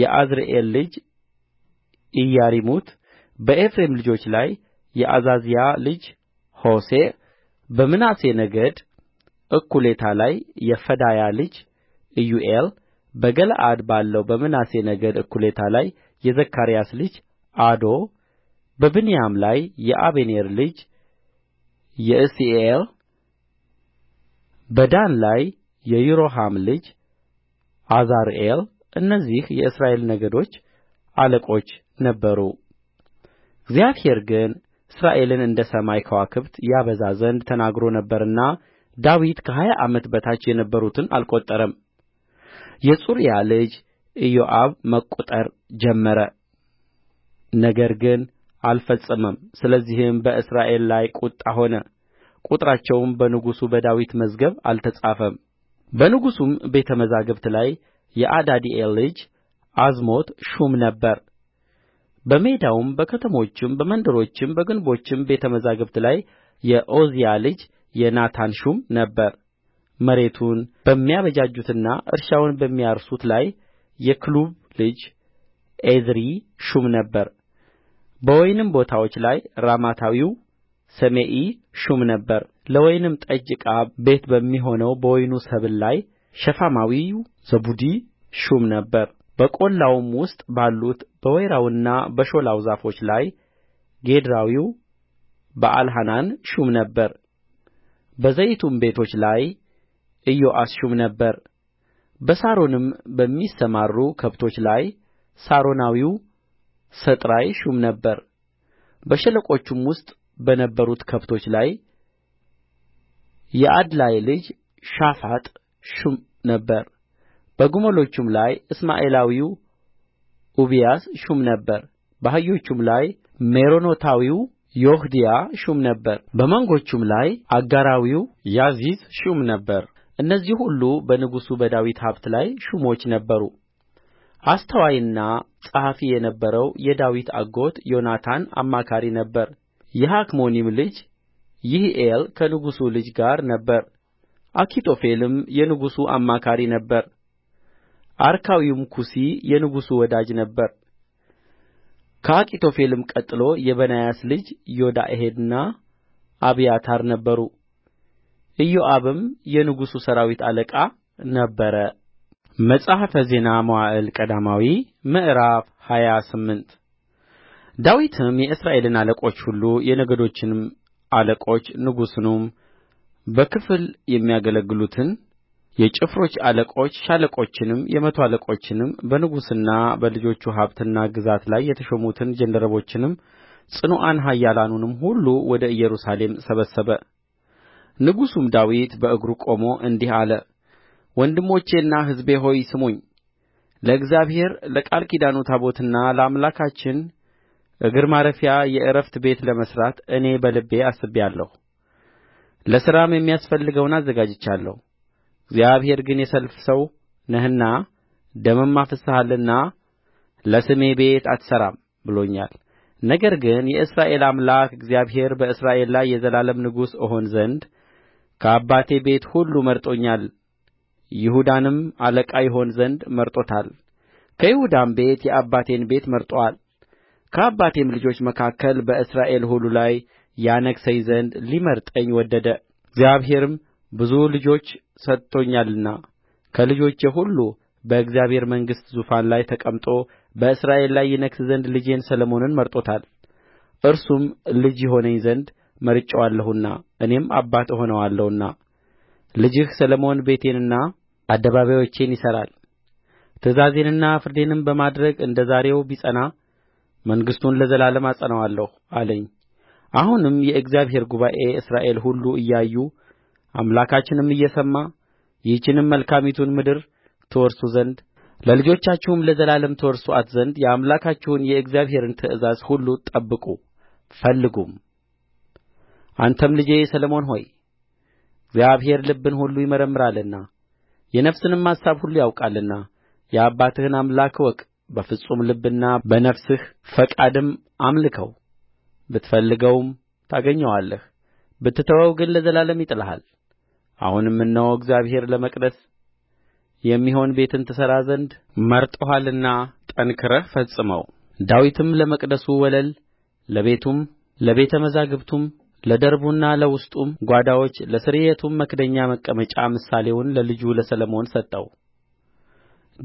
[SPEAKER 1] የዓዝሪኤል ልጅ ኢያሪሙት በኤፍሬም ልጆች ላይ የዓዛዝያ ልጅ ሆሴዕ በምናሴ ነገድ እኩሌታ ላይ የፈዳያ ልጅ ኢዮኤል በገለዓድ ባለው በምናሴ ነገድ እኩሌታ ላይ የዘካርያስ ልጅ አዶ በብንያም ላይ የአበኔር ልጅ የዕሢኤል በዳን ላይ የይሮሐም ልጅ ዓዛርኤል እነዚህ የእስራኤል ነገዶች አለቆች ነበሩ እግዚአብሔር ግን እስራኤልን እንደ ሰማይ ከዋክብት ያበዛ ዘንድ ተናግሮ ነበርና ዳዊት ከሀያ ዓመት በታች የነበሩትን አልቈጠረም። የጽሩያ ልጅ ኢዮአብ መቍጠር ጀመረ፣ ነገር ግን አልፈጸመም። ስለዚህም በእስራኤል ላይ ቍጣ ሆነ፣ ቍጥራቸውም በንጉሡ በዳዊት መዝገብ አልተጻፈም። በንጉሡም ቤተ መዛግብት ላይ የዓዲኤል ልጅ ዓዝሞት ሹም ነበረ። በሜዳውም በከተሞችም በመንደሮችም በግንቦችም ቤተ መዛግብት ላይ የዖዝያ ልጅ የናታን ሹም ነበረ መሬቱን በሚያበጃጁትና እርሻውን በሚያርሱት ላይ የክሉብ ልጅ ኤዝሪ ሹም ነበረ በወይንም ቦታዎች ላይ ራማታዊው ሰሜኢ ሹም ነበረ ለወይንም ጠጅ ዕቃ ቤት በሚሆነው በወይኑ ሰብል ላይ ሸፋማዊው ዘብዲ ሹም ነበረ በቈላውም ውስጥ ባሉት በወይራውና በሾላው ዛፎች ላይ ጌድራዊው በአልሐናን ሹም ነበረ በዘይቱም ቤቶች ላይ ኢዮአስ ሹም ነበረ በሳሮንም በሚሰማሩ ከብቶች ላይ ሳሮናዊው ሰጥራይ ሹም ነበረ በሸለቆቹም ውስጥ በነበሩት ከብቶች ላይ የዓድላይ ልጅ ሻፋጥ ሹም ነበረ በግመሎቹም ላይ እስማኤላዊው ኡቢያስ ሹም ነበረ በአህዮቹም ላይ ሜሮኖታዊው ይሕድያ ሹም ነበረ በመንጎቹም ላይ አጋራዊው ያዚዝ ሹም ነበረ እነዚህ ሁሉ በንጉሡ በዳዊት ሀብት ላይ ሹሞች ነበሩ አስተዋይና ጸሐፊ የነበረው የዳዊት አጎት ዮናታን አማካሪ ነበረ የሐክሞኒም ልጅ ይሒኤል ከንጉሡ ልጅ ጋር ነበረ አኪጦፌልም የንጉሡ አማካሪ ነበረ አርካዊውም ኩሲ የንጉሡ ወዳጅ ነበረ ከአኪጦፌልም ቀጥሎ የበናያስ ልጅ ዮዳሄና አብያታር ነበሩ ኢዮአብም የንጉሡ ሠራዊት አለቃ ነበረ መጽሐፈ ዜና መዋዕል ቀዳማዊ ምዕራፍ ሃያ ስምንት ዳዊትም የእስራኤልን አለቆች ሁሉ የነገዶችንም አለቆች ንጉሡንም በክፍል የሚያገለግሉትን የጭፍሮች አለቆች ሻለቆችንም የመቶ አለቆችንም በንጉሡና በልጆቹ ሀብትና ግዛት ላይ የተሾሙትን ጃንደረቦችንም ጽኑዓን ኃያላኑንም ሁሉ ወደ ኢየሩሳሌም ሰበሰበ ንጉሡም ዳዊት በእግሩ ቆሞ እንዲህ አለ ወንድሞቼና ሕዝቤ ሆይ ስሙኝ ለእግዚአብሔር ለቃል ኪዳኑ ታቦትና ለአምላካችን እግር ማረፊያ የዕረፍት ቤት ለመሥራት እኔ በልቤ አስቤአለሁ ለሥራም የሚያስፈልገውን አዘጋጅቻለሁ እግዚአብሔር ግን የሰልፍ ሰው ነህና ደምም አፍስሰሃልና ለስሜ ቤት አትሠራም ብሎኛል ነገር ግን የእስራኤል አምላክ እግዚአብሔር በእስራኤል ላይ የዘላለም ንጉሥ እሆን ዘንድ ከአባቴ ቤት ሁሉ መርጦኛል ይሁዳንም አለቃ ይሆን ዘንድ መርጦታል ከይሁዳም ቤት የአባቴን ቤት መርጦአል ከአባቴም ልጆች መካከል በእስራኤል ሁሉ ላይ ያነግሠኝ ዘንድ ሊመርጠኝ ወደደ እግዚአብሔርም ብዙ ልጆች ሰጥቶኛልና ከልጆቼ ሁሉ በእግዚአብሔር መንግሥት ዙፋን ላይ ተቀምጦ በእስራኤል ላይ ይነግሥ ዘንድ ልጄን ሰሎሞንን መርጦታል እርሱም ልጅ ይሆነኝ ዘንድ መርጬዋለሁና እኔም አባት እሆነዋለሁና ልጅህ ሰሎሞን ቤቴንና አደባባዮቼን ይሠራል ትእዛዜንና ፍርዴንም በማድረግ እንደ ዛሬው ቢጸና መንግሥቱን ለዘላለም አጸናዋለሁ አለኝ አሁንም የእግዚአብሔር ጉባኤ እስራኤል ሁሉ እያዩ አምላካችንም እየሰማ ይህችንም መልካሚቱን ምድር ትወርሱ ዘንድ ለልጆቻችሁም ለዘላለም ትወርሱአት ዘንድ የአምላካችሁን የእግዚአብሔርን ትእዛዝ ሁሉ ጠብቁ ፈልጉም አንተም ልጄ ሰሎሞን ሆይ እግዚአብሔር ልብን ሁሉ ይመረምራልና የነፍስንም አሳብ ሁሉ ያውቃልና የአባትህን አምላክ እወቅ በፍጹም ልብና በነፍስህ ፈቃድም አምልከው ብትፈልገውም ታገኘዋለህ ብትተወው ግን ለዘላለም ይጥልሃል አሁንም እነሆ እግዚአብሔር ለመቅደስ የሚሆን ቤትን ትሠራ ዘንድ መርጦሃልና ጠንክረህ ፈጽመው ዳዊትም ለመቅደሱ ወለል ለቤቱም ለቤተ መዛግብቱም ለደርቡና ለውስጡም ጓዳዎች ለስርየቱም መክደኛ መቀመጫ ምሳሌውን ለልጁ ለሰሎሞን ሰጠው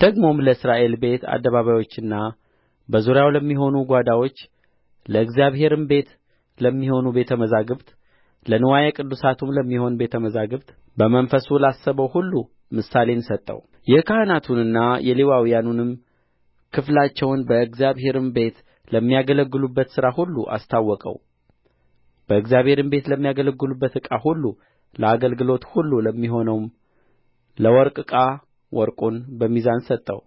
[SPEAKER 1] ደግሞም ለእስራኤል ቤት አደባባዮችና በዙሪያው ለሚሆኑ ጓዳዎች ለእግዚአብሔርም ቤት ለሚሆኑ ቤተ መዛግብት ለንዋየ ቅድሳቱም ለሚሆን ቤተ መዛግብት በመንፈሱ ላሰበው ሁሉ ምሳሌን ሰጠው የካህናቱንና የሌዋውያኑንም ክፍላቸውን በእግዚአብሔርም ቤት ለሚያገለግሉበት ሥራ ሁሉ አስታወቀው በእግዚአብሔርም ቤት ለሚያገለግሉበት ዕቃ ሁሉ ለአገልግሎት ሁሉ ለሚሆነውም ለወርቅ ዕቃ ወርቁን በሚዛን ሰጠው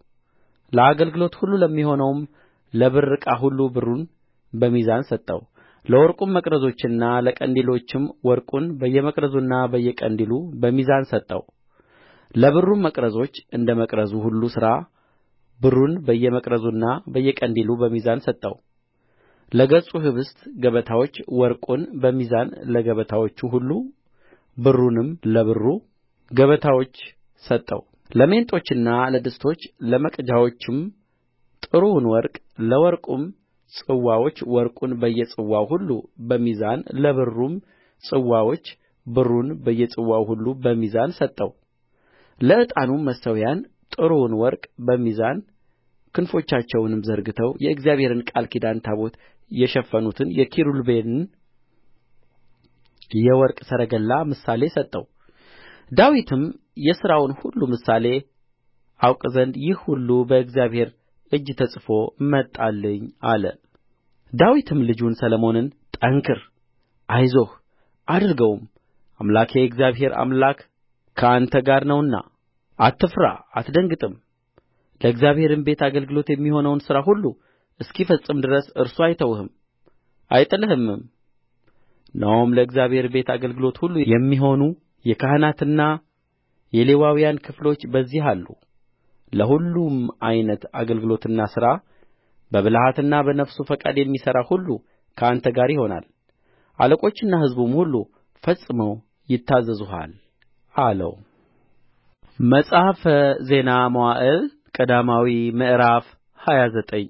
[SPEAKER 1] ለአገልግሎት ሁሉ ለሚሆነውም ለብር ዕቃ ሁሉ ብሩን በሚዛን ሰጠው ለወርቁም መቅረዞችና ለቀንዲሎችም ወርቁን በየመቅረዙና በየቀንዲሉ በሚዛን ሰጠው ለብሩም መቅረዞች እንደ መቅረዙ ሁሉ ሥራ ብሩን በየመቅረዙና በየቀንዲሉ በሚዛን ሰጠው ለገጹ ኅብስት ገበታዎች ወርቁን በሚዛን ለገበታዎቹ ሁሉ ብሩንም ለብሩ ገበታዎች ሰጠው ለሜንጦችና ለድስቶች ለመቅጃዎቹም ጥሩውን ወርቅ ለወርቁም ጽዋዎች ወርቁን በየጽዋው ሁሉ በሚዛን ለብሩም ጽዋዎች ብሩን በየጽዋው ሁሉ በሚዛን ሰጠው ለዕጣኑም መሠዊያን ጥሩውን ወርቅ በሚዛን ክንፎቻቸውንም ዘርግተው የእግዚአብሔርን ቃል ኪዳን ታቦት የሸፈኑትን የኪሩቤልን የወርቅ ሰረገላ ምሳሌ ሰጠው። ዳዊትም የሥራውን ሁሉ ምሳሌ አውቅ ዘንድ ይህ ሁሉ በእግዚአብሔር እጅ ተጽፎ መጣልኝ አለ። ዳዊትም ልጁን ሰሎሞንን ጠንክር አይዞህ አድርገውም አምላኬ እግዚአብሔር አምላክ ከአንተ ጋር ነውና አትፍራ አትደንግጥም ለእግዚአብሔርም ቤት አገልግሎት የሚሆነውን ሥራ ሁሉ እስኪፈጽም ድረስ እርሱ አይተውህም አይጥልህምም እነሆም ለእግዚአብሔር ቤት አገልግሎት ሁሉ የሚሆኑ የካህናትና የሌዋውያን ክፍሎች በዚህ አሉ ለሁሉም ዓይነት አገልግሎትና ሥራ በብልሃትና በነፍሱ ፈቃድ የሚሠራ ሁሉ ከአንተ ጋር ይሆናል አለቆችና ሕዝቡም ሁሉ ፈጽመው ይታዘዙሃል አለው መጽሐፈ ዜና መዋዕል ቀዳማዊ ምዕራፍ ሃያ ዘጠኝ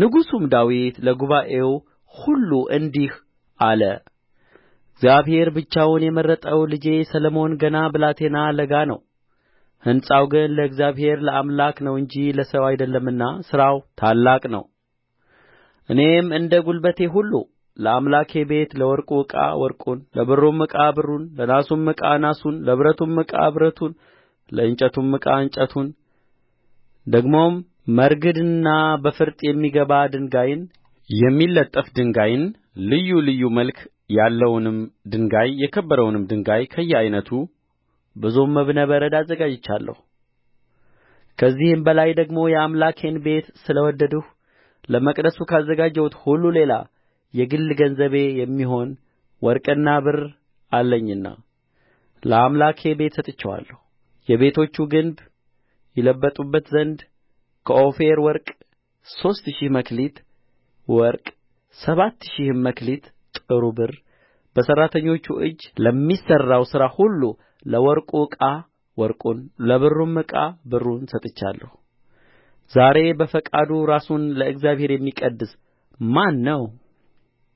[SPEAKER 1] ንጉሡም ዳዊት ለጉባኤው ሁሉ እንዲህ አለ እግዚአብሔር ብቻውን የመረጠው ልጄ ሰሎሞን ገና ብላቴና ለጋ ነው ሕንጻው ግን ለእግዚአብሔር ለአምላክ ነው እንጂ ለሰው አይደለምና ሥራው ታላቅ ነው እኔም እንደ ጕልበቴ ሁሉ ለአምላኬ ቤት ለወርቁ ዕቃ ወርቁን ለብሩም ዕቃ ብሩን ለናሱም ዕቃ ናሱን ለብረቱም ዕቃ ብረቱን ለእንጨቱም ዕቃ እንጨቱን ደግሞም መረግድንና በፈርጥ የሚገባ ድንጋይን የሚለጠፍ ድንጋይን ልዩ ልዩ መልክ ያለውንም ድንጋይ የከበረውንም ድንጋይ ከየዓይነቱ ብዙም እብነ በረድ አዘጋጅቻለሁ ከዚህም በላይ ደግሞ የአምላኬን ቤት ስለ ወደድሁ ለመቅደሱ ካዘጋጀሁት ሁሉ ሌላ የግል ገንዘቤ የሚሆን ወርቅና ብር አለኝና ለአምላኬ ቤት ሰጥቼዋለሁ። የቤቶቹ ግንብ ይለበጡበት ዘንድ ከኦፊር ወርቅ ሦስት ሺህ መክሊት ወርቅ፣ ሰባት ሺህም መክሊት ጥሩ ብር በሠራተኞቹ እጅ ለሚሠራው ሥራ ሁሉ ለወርቁ ዕቃ ወርቁን ለብሩም ዕቃ ብሩን ሰጥቻለሁ ዛሬ በፈቃዱ ራሱን ለእግዚአብሔር የሚቀድስ ማን ነው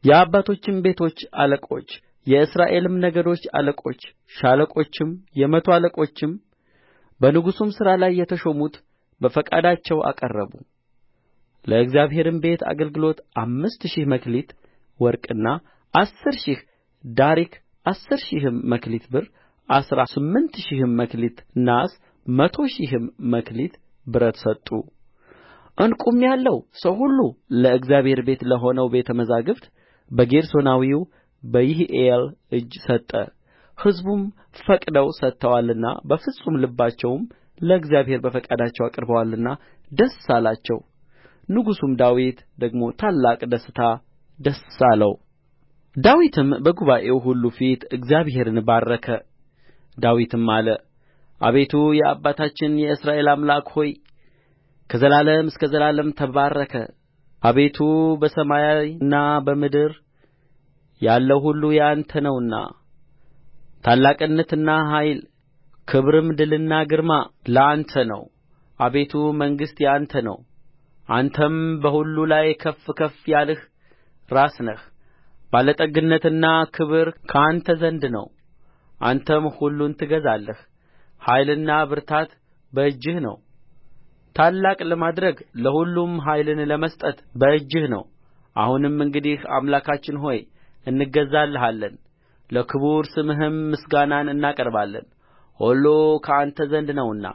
[SPEAKER 1] የአባቶችም ቤቶች አለቆች የእስራኤልም ነገዶች አለቆች ሻለቆችም የመቶ አለቆችም በንጉሡም ሥራ ላይ የተሾሙት በፈቃዳቸው አቀረቡ ለእግዚአብሔርም ቤት አገልግሎት አምስት ሺህ መክሊት ወርቅና አሥር ሺህ ዳሪክ አሥር ሺህም መክሊት ብር አሥራ ስምንት ሺህም መክሊት ናስ መቶ ሺህም መክሊት ብረት ሰጡ ዕንቍም ያለው ሰው ሁሉ ለእግዚአብሔር ቤት ለሆነው ቤተ መዛግብት በጌድሶናዊው በይሒኤል እጅ ሰጠ ሕዝቡም ፈቅደው ሰጥተዋልና በፍጹም ልባቸውም ለእግዚአብሔር በፈቃዳቸው አቅርበዋልና ደስ አላቸው ንጉሡም ዳዊት ደግሞ ታላቅ ደስታ ደስ አለው ዳዊትም በጉባኤው ሁሉ ፊት እግዚአብሔርን ባረከ ዳዊትም አለ አቤቱ የአባታችን የእስራኤል አምላክ ሆይ ከዘላለም እስከ ዘላለም ተባረከ አቤቱ በሰማይና በምድር ያለው ሁሉ የአንተ ነውና ታላቅነትና ኃይል ክብርም ድልና ግርማ ለአንተ ነው አቤቱ መንግሥት የአንተ ነው አንተም በሁሉ ላይ ከፍ ከፍ ያልህ ራስ ነህ ባለጠግነትና ክብር ከአንተ ዘንድ ነው አንተም ሁሉን ትገዛለህ ኃይልና ብርታት በእጅህ ነው ታላቅ ለማድረግ ለሁሉም ኃይልን ለመስጠት በእጅህ ነው አሁንም እንግዲህ አምላካችን ሆይ እንገዛልሃለን ለክቡር ስምህም ምስጋናን እናቀርባለን ሁሉ ከአንተ ዘንድ ነውና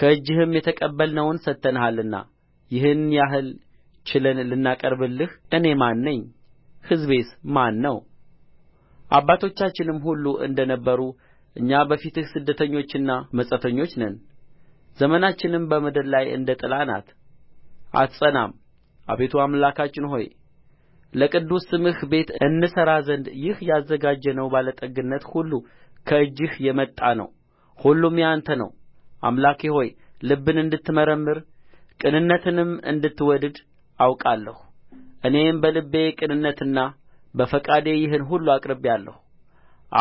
[SPEAKER 1] ከእጅህም የተቀበልነውን ሰጥተንሃልና ይህን ያህል ችለን ልናቀርብልህ እኔ ማን ነኝ ሕዝቤስ ማን ነው አባቶቻችንም ሁሉ እንደ ነበሩ እኛ በፊትህ ስደተኞችና መጻተኞች ነን ዘመናችንም በምድር ላይ እንደ ጥላ ናት አትጸናም አቤቱ አምላካችን ሆይ ለቅዱስ ስምህ ቤት እንሠራ ዘንድ ይህ ያዘጋጀነው ባለጠግነት ሁሉ ከእጅህ የመጣ ነው ሁሉም የአንተ ነው አምላኬ ሆይ ልብን እንድትመረምር ቅንነትንም እንድትወድድ አውቃለሁ እኔም በልቤ ቅንነትና በፈቃዴ ይህን ሁሉ አቅርቤአለሁ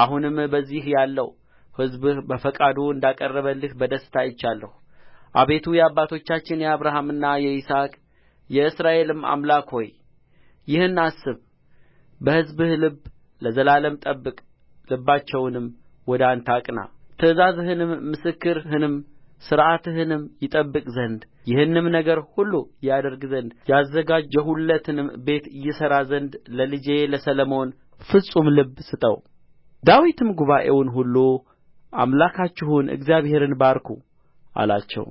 [SPEAKER 1] አሁንም በዚህ ያለው ሕዝብህ በፈቃዱ እንዳቀረበልህ በደስታ አይቻለሁ አቤቱ የአባቶቻችን የአብርሃምና የይስሐቅ የእስራኤልም አምላክ ሆይ ይህን አስብ በሕዝብህ ልብ ለዘላለም ጠብቅ ልባቸውንም ወደ አንተ አቅና ትእዛዝህንም ምስክርህንም ሥርዓትህንም ይጠብቅ ዘንድ ይህንም ነገር ሁሉ ያደርግ ዘንድ ያዘጋጀሁለትንም ቤት ይሠራ ዘንድ ለልጄ ለሰሎሞን ፍጹም ልብ ስጠው ዳዊትም ጉባኤውን ሁሉ አምላካችሁን እግዚአብሔርን ባርኩ አላቸው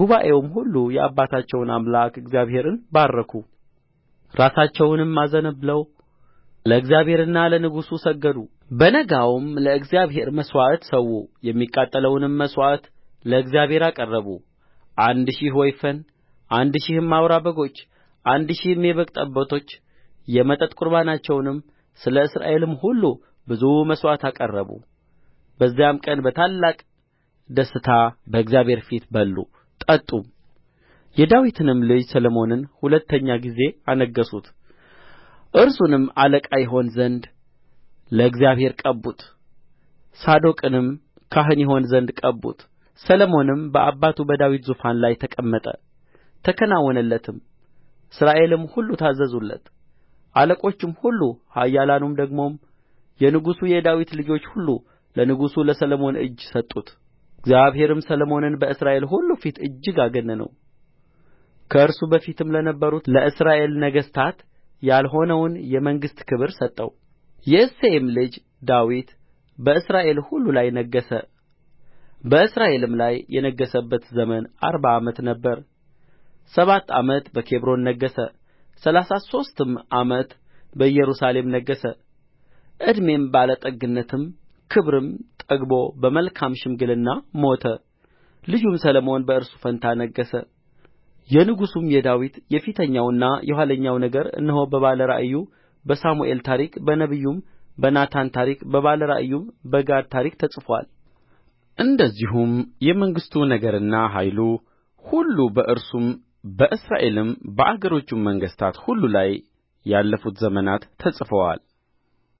[SPEAKER 1] ጉባኤውም ሁሉ የአባታቸውን አምላክ እግዚአብሔርን ባረኩ ራሳቸውንም አዘነብለው ለእግዚአብሔርና ለንጉሡ ሰገዱ በነጋውም ለእግዚአብሔር መሥዋዕት ሠዉ የሚቃጠለውንም መሥዋዕት ለእግዚአብሔር አቀረቡ አንድ ሺህ ወይፈን አንድ ሺህም አውራ በጎች አንድ ሺህም የበግ ጠቦቶች የመጠጥ ቍርባናቸውንም ስለ እስራኤልም ሁሉ ብዙ መሥዋዕት አቀረቡ በዚያም ቀን በታላቅ ደስታ በእግዚአብሔር ፊት በሉ ጠጡም የዳዊትንም ልጅ ሰሎሞንን ሁለተኛ ጊዜ አነገሡት እርሱንም አለቃ ይሆን ዘንድ ለእግዚአብሔር ቀቡት ሳዶቅንም ካህን ይሆን ዘንድ ቀቡት ሰሎሞንም በአባቱ በዳዊት ዙፋን ላይ ተቀመጠ ተከናወነለትም እስራኤልም ሁሉ ታዘዙለት አለቆቹም ሁሉ ኃያላኑም ደግሞም የንጉሡ የዳዊት ልጆች ሁሉ ለንጉሡ ለሰሎሞን እጅ ሰጡት እግዚአብሔርም ሰሎሞንን በእስራኤል ሁሉ ፊት እጅግ አገነነው ከእርሱ በፊትም ለነበሩት ለእስራኤል ነገሥታት ያልሆነውን የመንግሥት ክብር ሰጠው የእሴይም ልጅ ዳዊት በእስራኤል ሁሉ ላይ ነገሠ በእስራኤልም ላይ የነገሠበት ዘመን አርባ ዓመት ነበረ ሰባት ዓመት በኬብሮን ነገሠ ሠላሳ ሦስትም ዓመት በኢየሩሳሌም ነገሠ ዕድሜም ባለጠግነትም ክብርም ጠግቦ በመልካም ሽምግልና ሞተ ልጁም ሰሎሞን በእርሱ ፋንታ ነገሠ የንጉሡም የዳዊት የፊተኛውና የኋለኛው ነገር እነሆ በባለ ራእዩ በሳሙኤል ታሪክ በነቢዩም በናታን ታሪክ በባለ ራእዩም በጋድ ታሪክ ተጽፎአል እንደዚሁም የመንግሥቱ ነገርና ኃይሉ ሁሉ በእርሱም በእስራኤልም በአገሮቹም መንግሥታት ሁሉ ላይ ያለፉት ዘመናት ተጽፈዋል